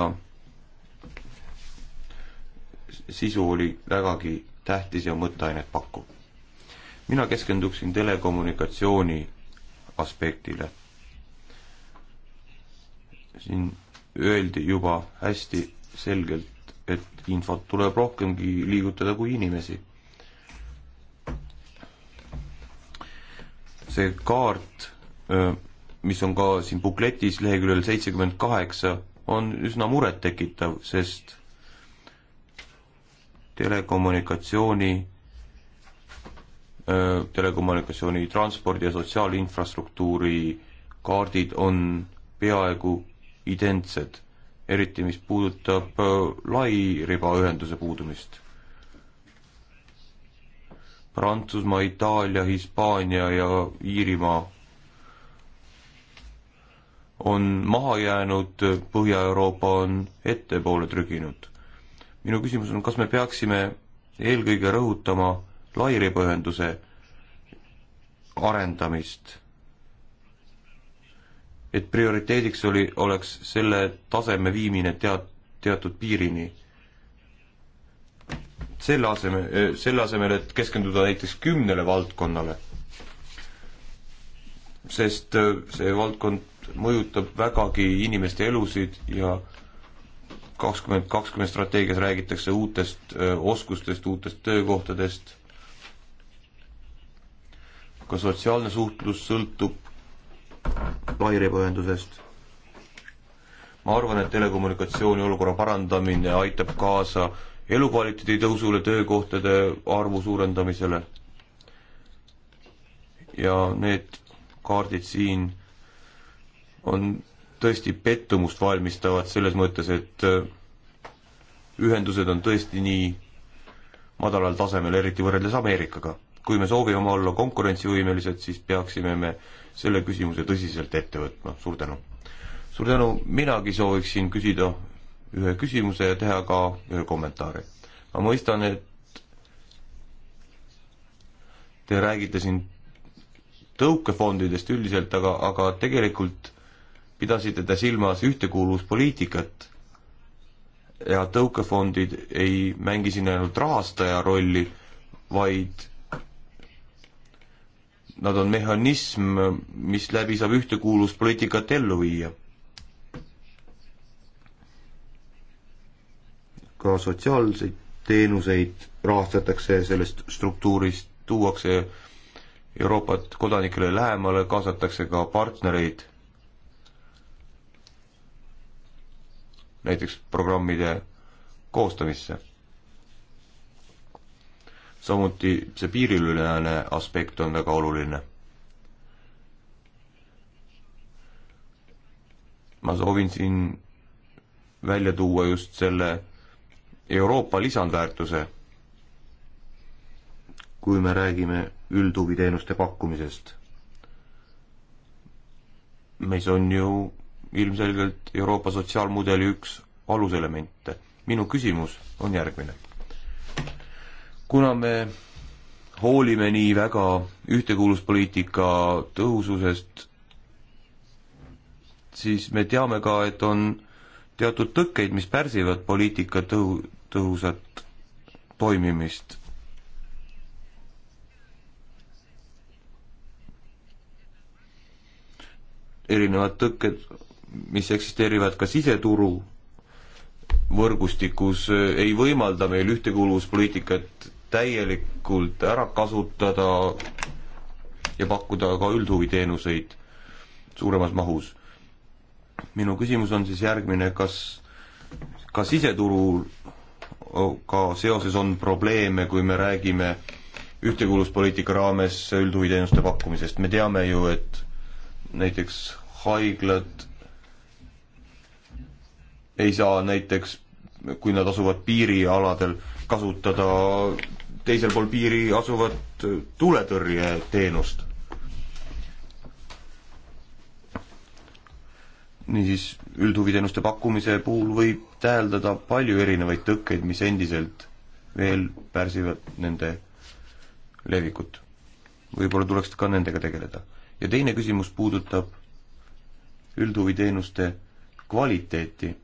sisu oli vägagi tähtis ja mõtteainet pakkuv mina keskenduksin telekommunikatsiooni aspektile. siin öeldi juba hästi selgelt, et infot tuleb rohkemgi liigutada kui inimesi. see kaart, mis on ka siin bukletis leheküljel seitsekümmend kaheksa, on üsna murettekitav, sest telekommunikatsiooni Äh, telekommunikatsiooni, transpordi ja sotsiaalinfrastruktuuri kaardid on peaaegu identsed, eriti mis puudutab äh, lairibaühenduse puudumist. Prantsusmaa, Itaalia, Hispaania ja Iirimaa on maha jäänud, Põhja-Euroopa on ettepoole trüginud. minu küsimus on, kas me peaksime eelkõige rõhutama lairibaühenduse arendamist. et prioriteediks oli, oleks selle taseme viimine tead-, teatud piirini. selle asemel, selle asemel, et keskenduda näiteks kümnele valdkonnale, sest äh, see valdkond mõjutab vägagi inimeste elusid ja kakskümmend kakskümmend strateegias räägitakse uutest öö, äh, oskustest, uutest töökohtadest ka sotsiaalne suhtlus sõltub lairibaühendusest. ma arvan, et telekommunikatsiooni olukorra parandamine aitab kaasa elukvaliteedi tõusule, töökohtade arvu suurendamisele. ja need kaardid siin on tõesti pettumust valmistavad selles mõttes, et äh, ühendused on tõesti nii madalal tasemel, eriti võrreldes Ameerikaga kui me soovime olla konkurentsivõimelised, siis peaksime me selle küsimuse tõsiselt ette võtma, suur tänu. suur tänu, minagi sooviksin küsida ühe küsimuse ja teha ka ühe kommentaari. ma mõistan, et te räägite siin tõukefondidest üldiselt, aga, aga tegelikult pidasite te silmas ühtekuuluvuspoliitikat ja tõukefondid ei mängi siin ainult rahastaja rolli, vaid nad on mehhanism, mis läbi saab ühtekuuluvuspoliitikat ellu viia. ka sotsiaalseid teenuseid rahastatakse sellest struktuurist, tuuakse Euroopat kodanikele lähemale, kaasatakse ka partnereid, näiteks programmide koostamisse samuti see piiriülene aspekt on väga oluline. ma soovin siin välja tuua just selle Euroopa lisandväärtuse, kui me räägime üldhuviteenuste pakkumisest, mis on ju ilmselgelt Euroopa sotsiaalmudeli üks aluselemente. minu küsimus on järgmine kuna me hoolime nii väga ühtekuuluspoliitika tõhususest, siis me teame ka, et on teatud tõkkeid, mis pärsivad poliitika tõhu-, tõhusat toimimist. erinevad tõkked, mis eksisteerivad ka siseturu võrgustikus, ei võimalda meil ühtekuuluvuspoliitikat täielikult ära kasutada ja pakkuda ka üldhuviteenuseid suuremas mahus. minu küsimus on siis järgmine, kas ka siseturuga seoses on probleeme, kui me räägime ühtekuuluvuspoliitika raames üldhuviteenuste pakkumisest, me teame ju, et näiteks haiglad ei saa näiteks, kui nad asuvad piirialadel, kasutada teisel pool piiri asuvat tuletõrjeteenust. niisiis, üldhuviteenuste pakkumise puhul võib täheldada palju erinevaid tõkkeid, mis endiselt veel pärsivad nende levikut. võib-olla tuleks ka nendega tegeleda. ja teine küsimus puudutab üldhuviteenuste kvaliteeti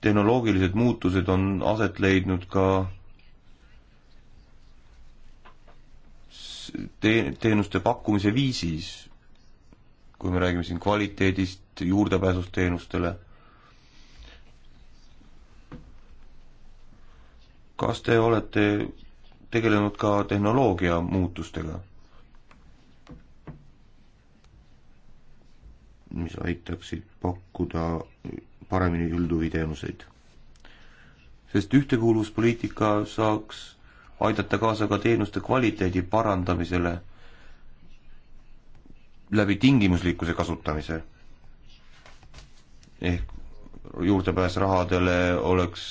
tehnoloogilised muutused on aset leidnud ka te-, teenuste pakkumise viisis, kui me räägime siin kvaliteedist, juurdepääsust teenustele. kas te olete tegelenud ka tehnoloogia muutustega, mis aitaksid pakkuda paremini üldhuviteenuseid. sest ühtekuuluvuspoliitika saaks aidata kaasa ka teenuste kvaliteedi parandamisele läbi tingimuslikkuse kasutamise. ehk juurdepääs rahadele oleks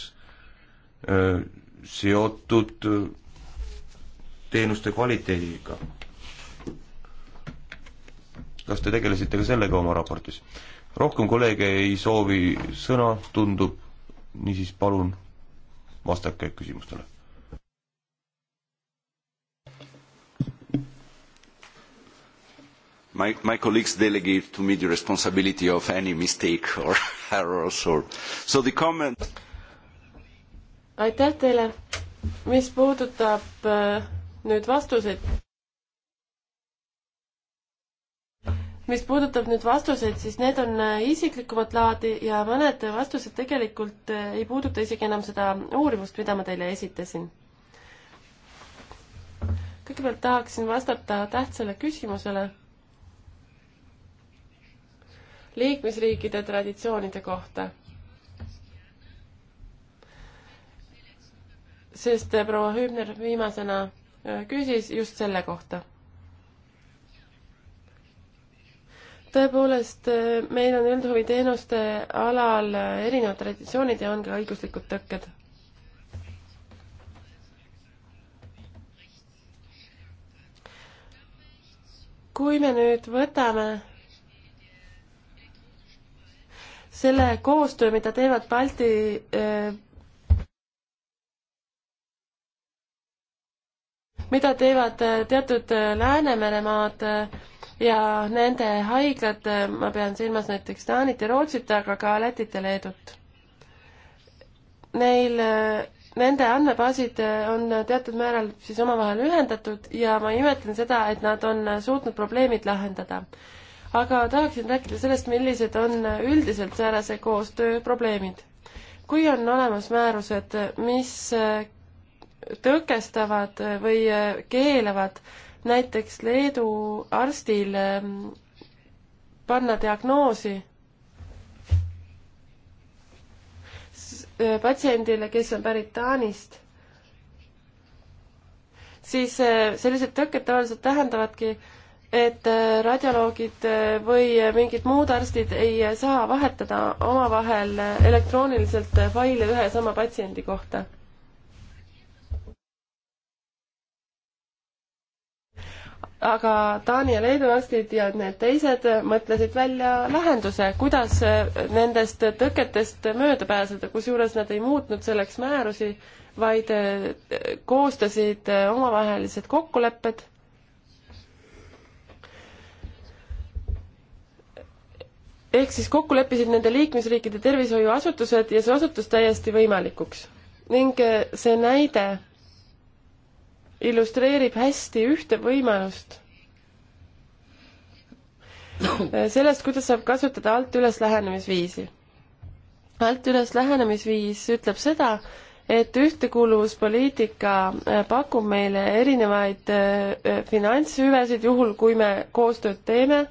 öö, seotud teenuste kvaliteediga. kas te tegelesite ka sellega oma raportis? rohkem kolleege ei soovi sõna, tundub, niisiis palun vastake küsimustele. My, my colleagues delegate to me the responsibility of any mistake or errors or so the comment aitäh teile, mis puudutab äh, nüüd vastuseid mis puudutab nüüd vastuseid, siis need on äh, isiklikumat laadi ja mõned vastused tegelikult äh, ei puuduta isegi enam seda uurimust, mida ma teile esitasin. kõigepealt tahaksin vastata tähtsale küsimusele liikmesriikide traditsioonide kohta. sest äh, proua Hübner viimasena küsis just selle kohta tõepoolest, eh, meil on üldhuviteenuste alal eh, erinevad traditsioonid ja on ka õiguslikud tõkked. kui me nüüd võtame selle koostöö, mida teevad Balti eh, mida teevad teatud Läänemeremaad ja nende haiglad, ma pean silmas näiteks Taanit ja Rootsit, aga ka Lätit ja Leedut. Neil, nende andmebaasid on teatud määral siis omavahel ühendatud ja ma imetlen seda, et nad on suutnud probleemid lahendada. aga tahaksin rääkida sellest, millised on üldiselt säärase koostöö probleemid. kui on olemas määrused, mis tõkestavad või keelavad näiteks Leedu arstil ähm, panna diagnoosi äh, patsiendile, kes on pärit Taanist, siis äh, sellised tõkked tavaliselt tähendavadki, et äh, radioloogid või mingid muud arstid ei saa vahetada omavahel elektrooniliselt faile ühe ja sama patsiendi kohta aga Taani ja Leedu arstid ja need teised mõtlesid välja lahenduse, kuidas nendest tõketest mööda pääseda, kusjuures nad ei muutnud selleks määrusi, vaid äh, koostasid äh, omavahelised kokkulepped ehk siis kokku leppisid nende liikmesriikide tervishoiuasutused ja see osutus täiesti võimalikuks. ning äh, see näide illustreerib hästi ühte võimalust sellest, kuidas saab kasutada alt üles lähenemisviisi. alt üles lähenemisviis ütleb seda, et ühtekuuluvuspoliitika äh, pakub meile erinevaid äh, finantshüvesid, juhul kui me koostööd teeme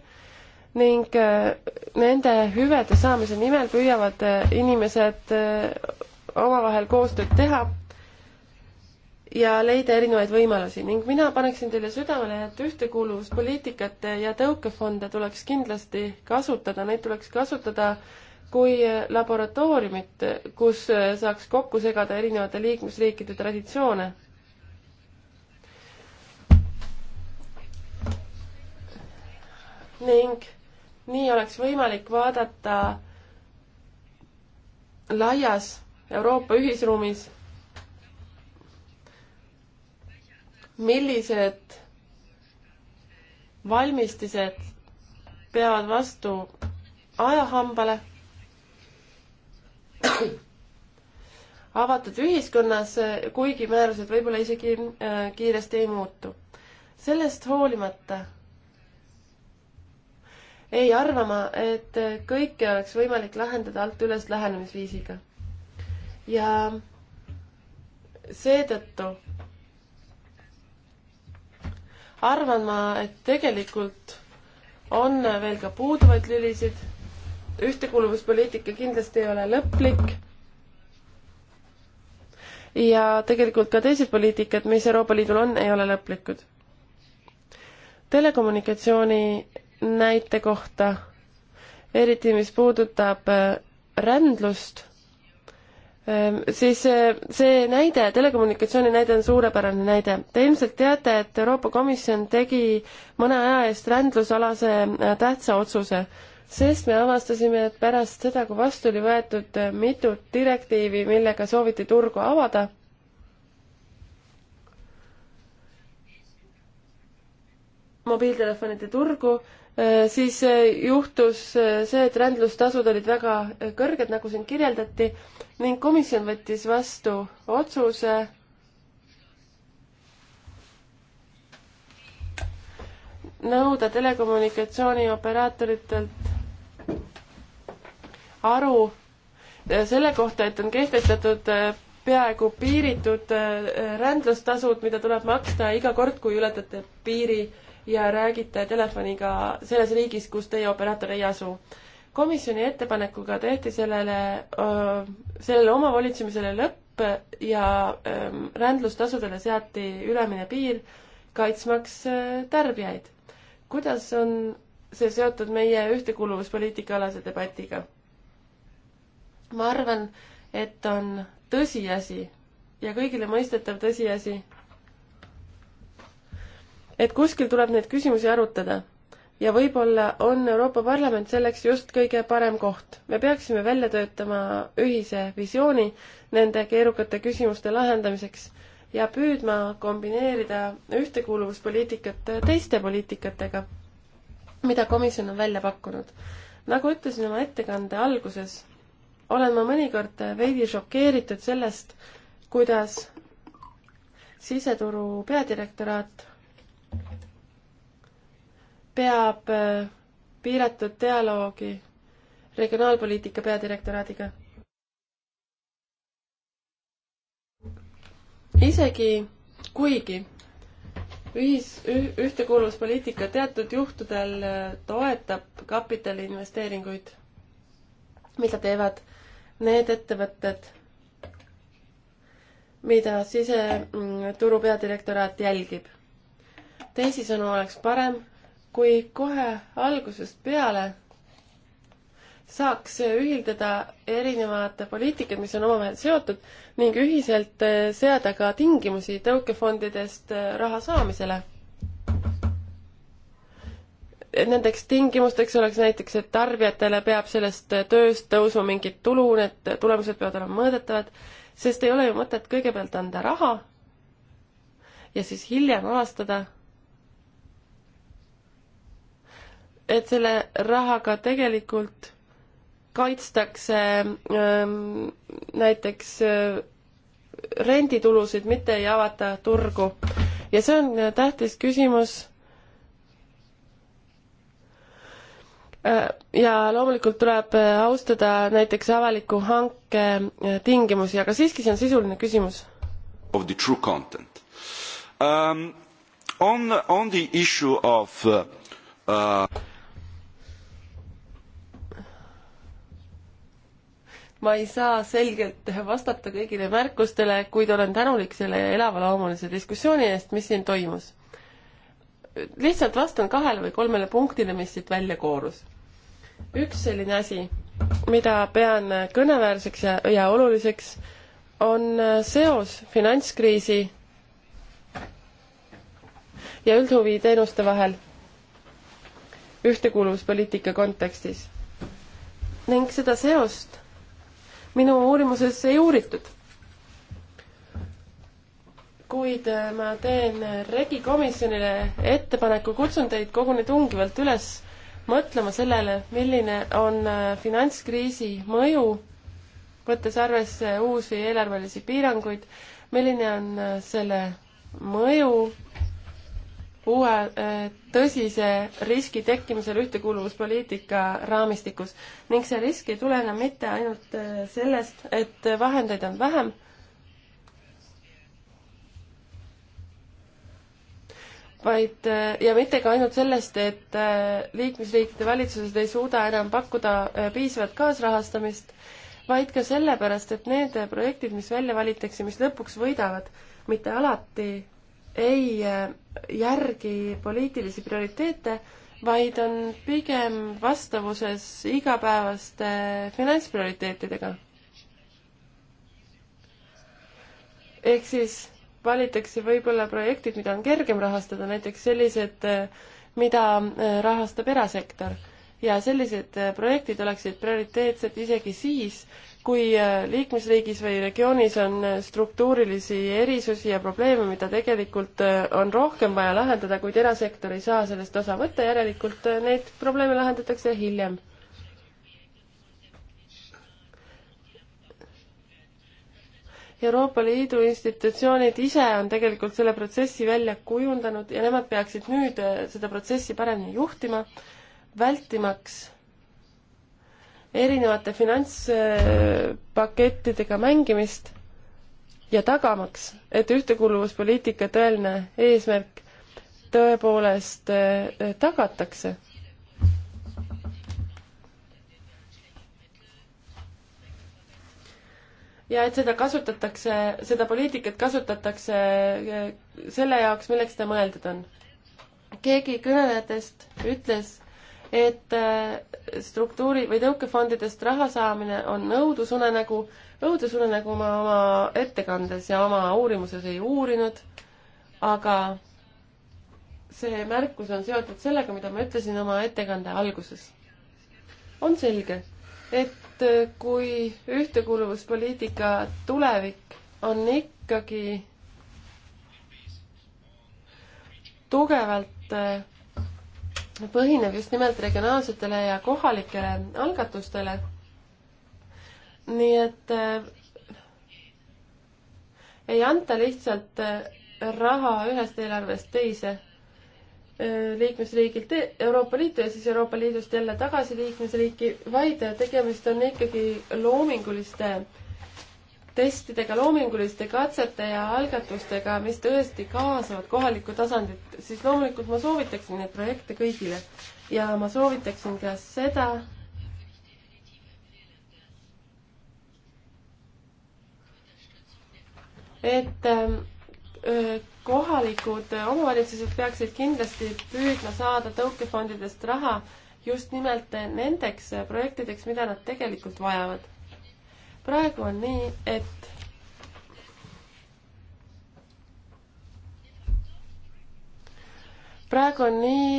ning äh, nende hüvede saamise nimel püüavad inimesed omavahel koostööd teha ja leida erinevaid võimalusi ning mina paneksin teile südamele, et ühtekuuluvuspoliitikat ja tõukefonde tuleks kindlasti kasutada, neid tuleks kasutada kui laboratooriumit, kus saaks kokku segada erinevate liikmesriikide traditsioone. ning nii oleks võimalik vaadata laias Euroopa ühisruumis millised valmistised peavad vastu ajahambale. avatud ühiskonnas, kuigi määrused võib-olla isegi äh, kiiresti ei muutu. sellest hoolimata ei arva ma, et kõike oleks võimalik lahendada alt üles lähenemisviisiga. ja seetõttu arvan ma, et tegelikult on veel ka puuduvaid lülisid. ühtekuuluvuspoliitika kindlasti ei ole lõplik. ja tegelikult ka teised poliitikad, mis Euroopa Liidul on, ei ole lõplikud. telekommunikatsiooni näite kohta, eriti mis puudutab rändlust Ehm, siis eh, see näide, telekommunikatsiooni näide on suurepärane näide. Te ilmselt teate, et Euroopa Komisjon tegi mõne aja eest rändlusalase eh, tähtsa otsuse, sest me avastasime, et pärast seda, kui vastu oli võetud eh, mitut direktiivi, millega sooviti turgu avada, mobiiltelefonide turgu, Äh, siis äh, juhtus äh, see, et rändlustasud olid väga kõrged, nagu siin kirjeldati, ning komisjon võttis vastu otsuse nõuda telekommunikatsioonioperaatoritelt aru selle kohta, et on kehtestatud peaaegu piiritud rändlustasud, mida tuleb maksta iga kord, kui ületate piiri ja räägite telefoniga selles riigis, kus teie operaator ei asu. komisjoni ettepanekuga tehti sellele, sellele omavalitsemisele lõpp ja rändlustasudele seati ülemine piir, kaitsmaks tarbijaid. kuidas on see seotud meie ühtekuuluvuspoliitika alase debatiga? ma arvan, et on tõsiasi ja kõigile mõistetav tõsiasi, et kuskil tuleb neid küsimusi arutada ja võib-olla on Euroopa Parlament selleks just kõige parem koht. me peaksime välja töötama ühise visiooni nende keerukate küsimuste lahendamiseks ja püüdma kombineerida ühtekuuluvuspoliitikat teiste poliitikatega, mida komisjon on välja pakkunud. nagu ütlesin oma ettekande alguses, olen ma mõnikord veidi šokeeritud sellest, kuidas siseturu peadirektoraat peab äh, piiratud dialoogi regionaalpoliitika peadirektoraadiga. isegi kuigi ühis, ühtekuuluvuspoliitika teatud juhtudel äh, toetab kapitaliinvesteeringuid, mida teevad need ettevõtted, mida siseturu mm, peadirektoraat jälgib teisisõnu oleks parem, kui kohe algusest peale saaks ühildada erinevad poliitikad, mis on omavahel seotud ning ühiselt eh, seada ka tingimusi tõukefondidest eh, raha saamisele. Nendeks tingimusteks oleks näiteks, et tarbijatele peab sellest eh, tööst tõusma mingit tulu, need tulemused peavad olema mõõdetavad, sest ei ole ju mõtet kõigepealt anda raha ja siis hiljem avastada, et selle rahaga tegelikult kaitstakse ähm, näiteks äh, renditulusid, mitte ei avata turgu. ja see on äh, tähtis küsimus äh, ja loomulikult tuleb äh, austada näiteks avaliku hanke tingimusi, aga siiski see on sisuline küsimus. Of the true content um,. On, on the issue of uh, uh... ma ei saa selgelt vastata kõigile märkustele, kuid olen tänulik selle elavaloomulise diskussiooni eest, mis siin toimus. lihtsalt vastan kahele või kolmele punktile, mis siit välja koorus. üks selline asi, mida pean kõneväärseks ja, ja oluliseks, on seos finantskriisi ja üldhuviteenuste vahel ühtekuuluvuspoliitika kontekstis ning seda seost minu uurimuses ei uuritud. kuid äh, ma teen Regi komisjonile ettepaneku, kutsun teid koguni tungivalt üles mõtlema sellele, milline on äh, finantskriisi mõju, võttes arvesse uusi eelarvelisi piiranguid, milline on äh, selle mõju uue äh, tõsise riski tekkimisel ühtekuuluvuspoliitika raamistikus ning see risk ei tulene mitte ainult äh, sellest, et vahendeid on vähem, vaid äh, ja mitte ka ainult sellest, et liikmesriikide valitsused ei suuda enam pakkuda piisavat kaasrahastamist, vaid ka sellepärast, et need projektid, mis välja valitakse, mis lõpuks võidavad, mitte alati ei äh, järgi poliitilisi prioriteete, vaid on pigem vastavuses igapäevaste finantsprioriteetidega. ehk siis valitakse võib-olla projektid, mida on kergem rahastada, näiteks sellised, äh, mida äh, rahastab erasektor ja sellised äh, projektid oleksid prioriteetsed isegi siis, kui äh, liikmesriigis või regioonis on äh, struktuurilisi erisusi ja probleeme, mida tegelikult on rohkem vaja lahendada, kuid erasektor ei saa sellest osa võtta, järelikult neid probleeme lahendatakse hiljem Euroopa Liidu institutsioonid ise on tegelikult selle protsessi välja kujundanud ja nemad peaksid nüüd seda protsessi paremini juhtima vältimaks erinevate finantspakettidega mängimist ja tagamaks, et ühtekuuluvuspoliitika tõeline eesmärk tõepoolest eh, tagatakse. ja et seda kasutatakse, seda poliitikat kasutatakse eh, selle jaoks, milleks ta mõeldud on. keegi kõnelejatest ütles et äh, struktuuri- või tõukefondidest raha saamine on õudusunenägu, õudusunenägu ma oma ettekandes ja oma uurimuses ei uurinud, aga see märkus on seotud sellega, mida ma ütlesin oma ettekande alguses. on selge, et äh, kui ühtekuuluvuspoliitika tulevik on ikkagi tugevalt äh, põhineb just nimelt regionaalsetele ja kohalikele algatustele. nii et äh, ei anta lihtsalt äh, raha ühest eelarvest teise äh, liikmesriigilt e-, Euroopa Liitu ja siis Euroopa Liidust jälle tagasi liikmesriiki, vaid tegemist on ikkagi loominguliste äh, testidega, loominguliste katsete ja algatustega, mis tõesti kaasavad kohalikku tasandit, siis loomulikult ma soovitaksin neid projekte kõigile. ja ma soovitaksin ka seda, et ähm, öö, kohalikud omavalitsused peaksid kindlasti püüdma saada tõukefondidest raha just nimelt nendeks projektideks, mida nad tegelikult vajavad praegu on nii, et praegu on nii,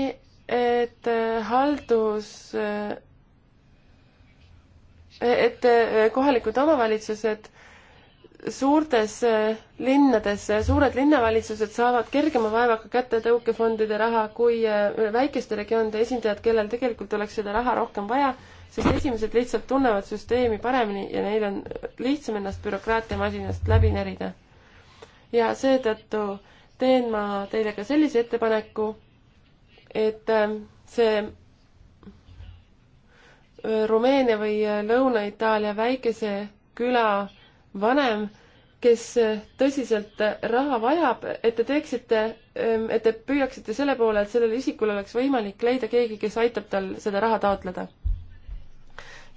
et äh, haldus, äh, et äh, kohalikud omavalitsused suurtes linnades, suured linnavalitsused saavad kergema vaevaga kätte tõukefondide raha kui väikeste regioonide esindajad, kellel tegelikult oleks seda raha rohkem vaja sest esimesed lihtsalt tunnevad süsteemi paremini ja neil on lihtsam ennast bürokraatiamasinast läbi närida. ja seetõttu teen ma teile ka sellise ettepaneku, et ähm, see äh, Rumeenia või äh, Lõuna-Itaalia väikese küla vanem, kes äh, tõsiselt raha vajab, et te teeksite, ähm, et te püüaksite selle poole, et sellel isikul oleks võimalik leida keegi, kes aitab tal seda raha taotleda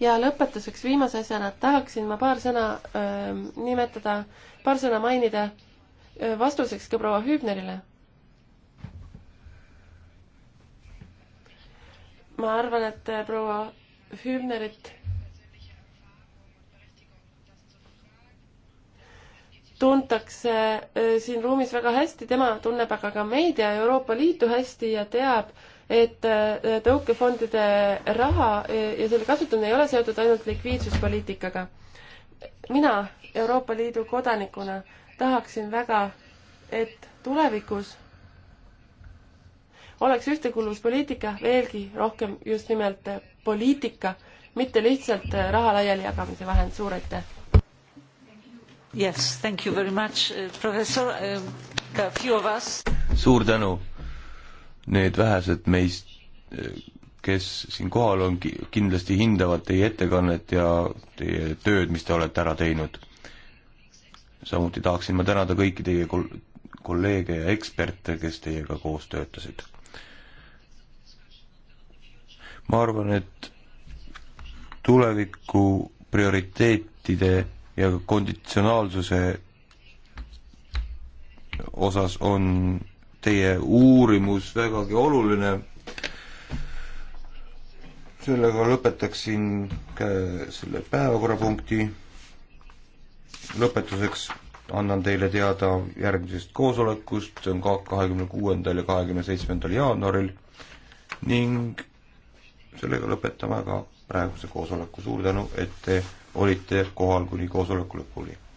ja lõpetuseks viimase asjana tahaksin ma paar sõna öö, ähm, nimetada, paar sõna mainida öö, äh, vastuseks ka proua Hübnerile. ma arvan, et äh, proua Hübnerit tuntakse äh, siin ruumis väga hästi, tema tunneb aga ka meid ja Euroopa Liitu hästi ja teab, et äh, tõukefondide raha äh, ja selle kasutamine ei ole seotud ainult likviidsuspoliitikaga. mina Euroopa Liidu kodanikuna tahaksin väga, et tulevikus oleks ühtekuuluvuspoliitika veelgi rohkem just nimelt äh, poliitika, mitte lihtsalt raha laialijagamise vahend, suur aitäh! Yes, thank you very much, professor, um, a few of us. suur tänu! need vähesed meist, kes siin kohal on, kindlasti hindavad teie ettekannet ja teie tööd, mis te olete ära teinud. samuti tahaksin ma tänada kõiki teie kol-, kolleege ja eksperte, kes teiega koos töötasid. ma arvan, et tuleviku prioriteetide ja konditsionaalsuse osas on teie uurimus vägagi oluline. sellega lõpetaksin selle päevakorrapunkti. lõpetuseks annan teile teada järgmisest koosolekust, see on ka kahekümne kuuendal ja kahekümne seitsmendal jaanuaril ning sellega lõpetame ka praeguse koosoleku. suur tänu, et te olite kohal kuni koosoleku lõpuni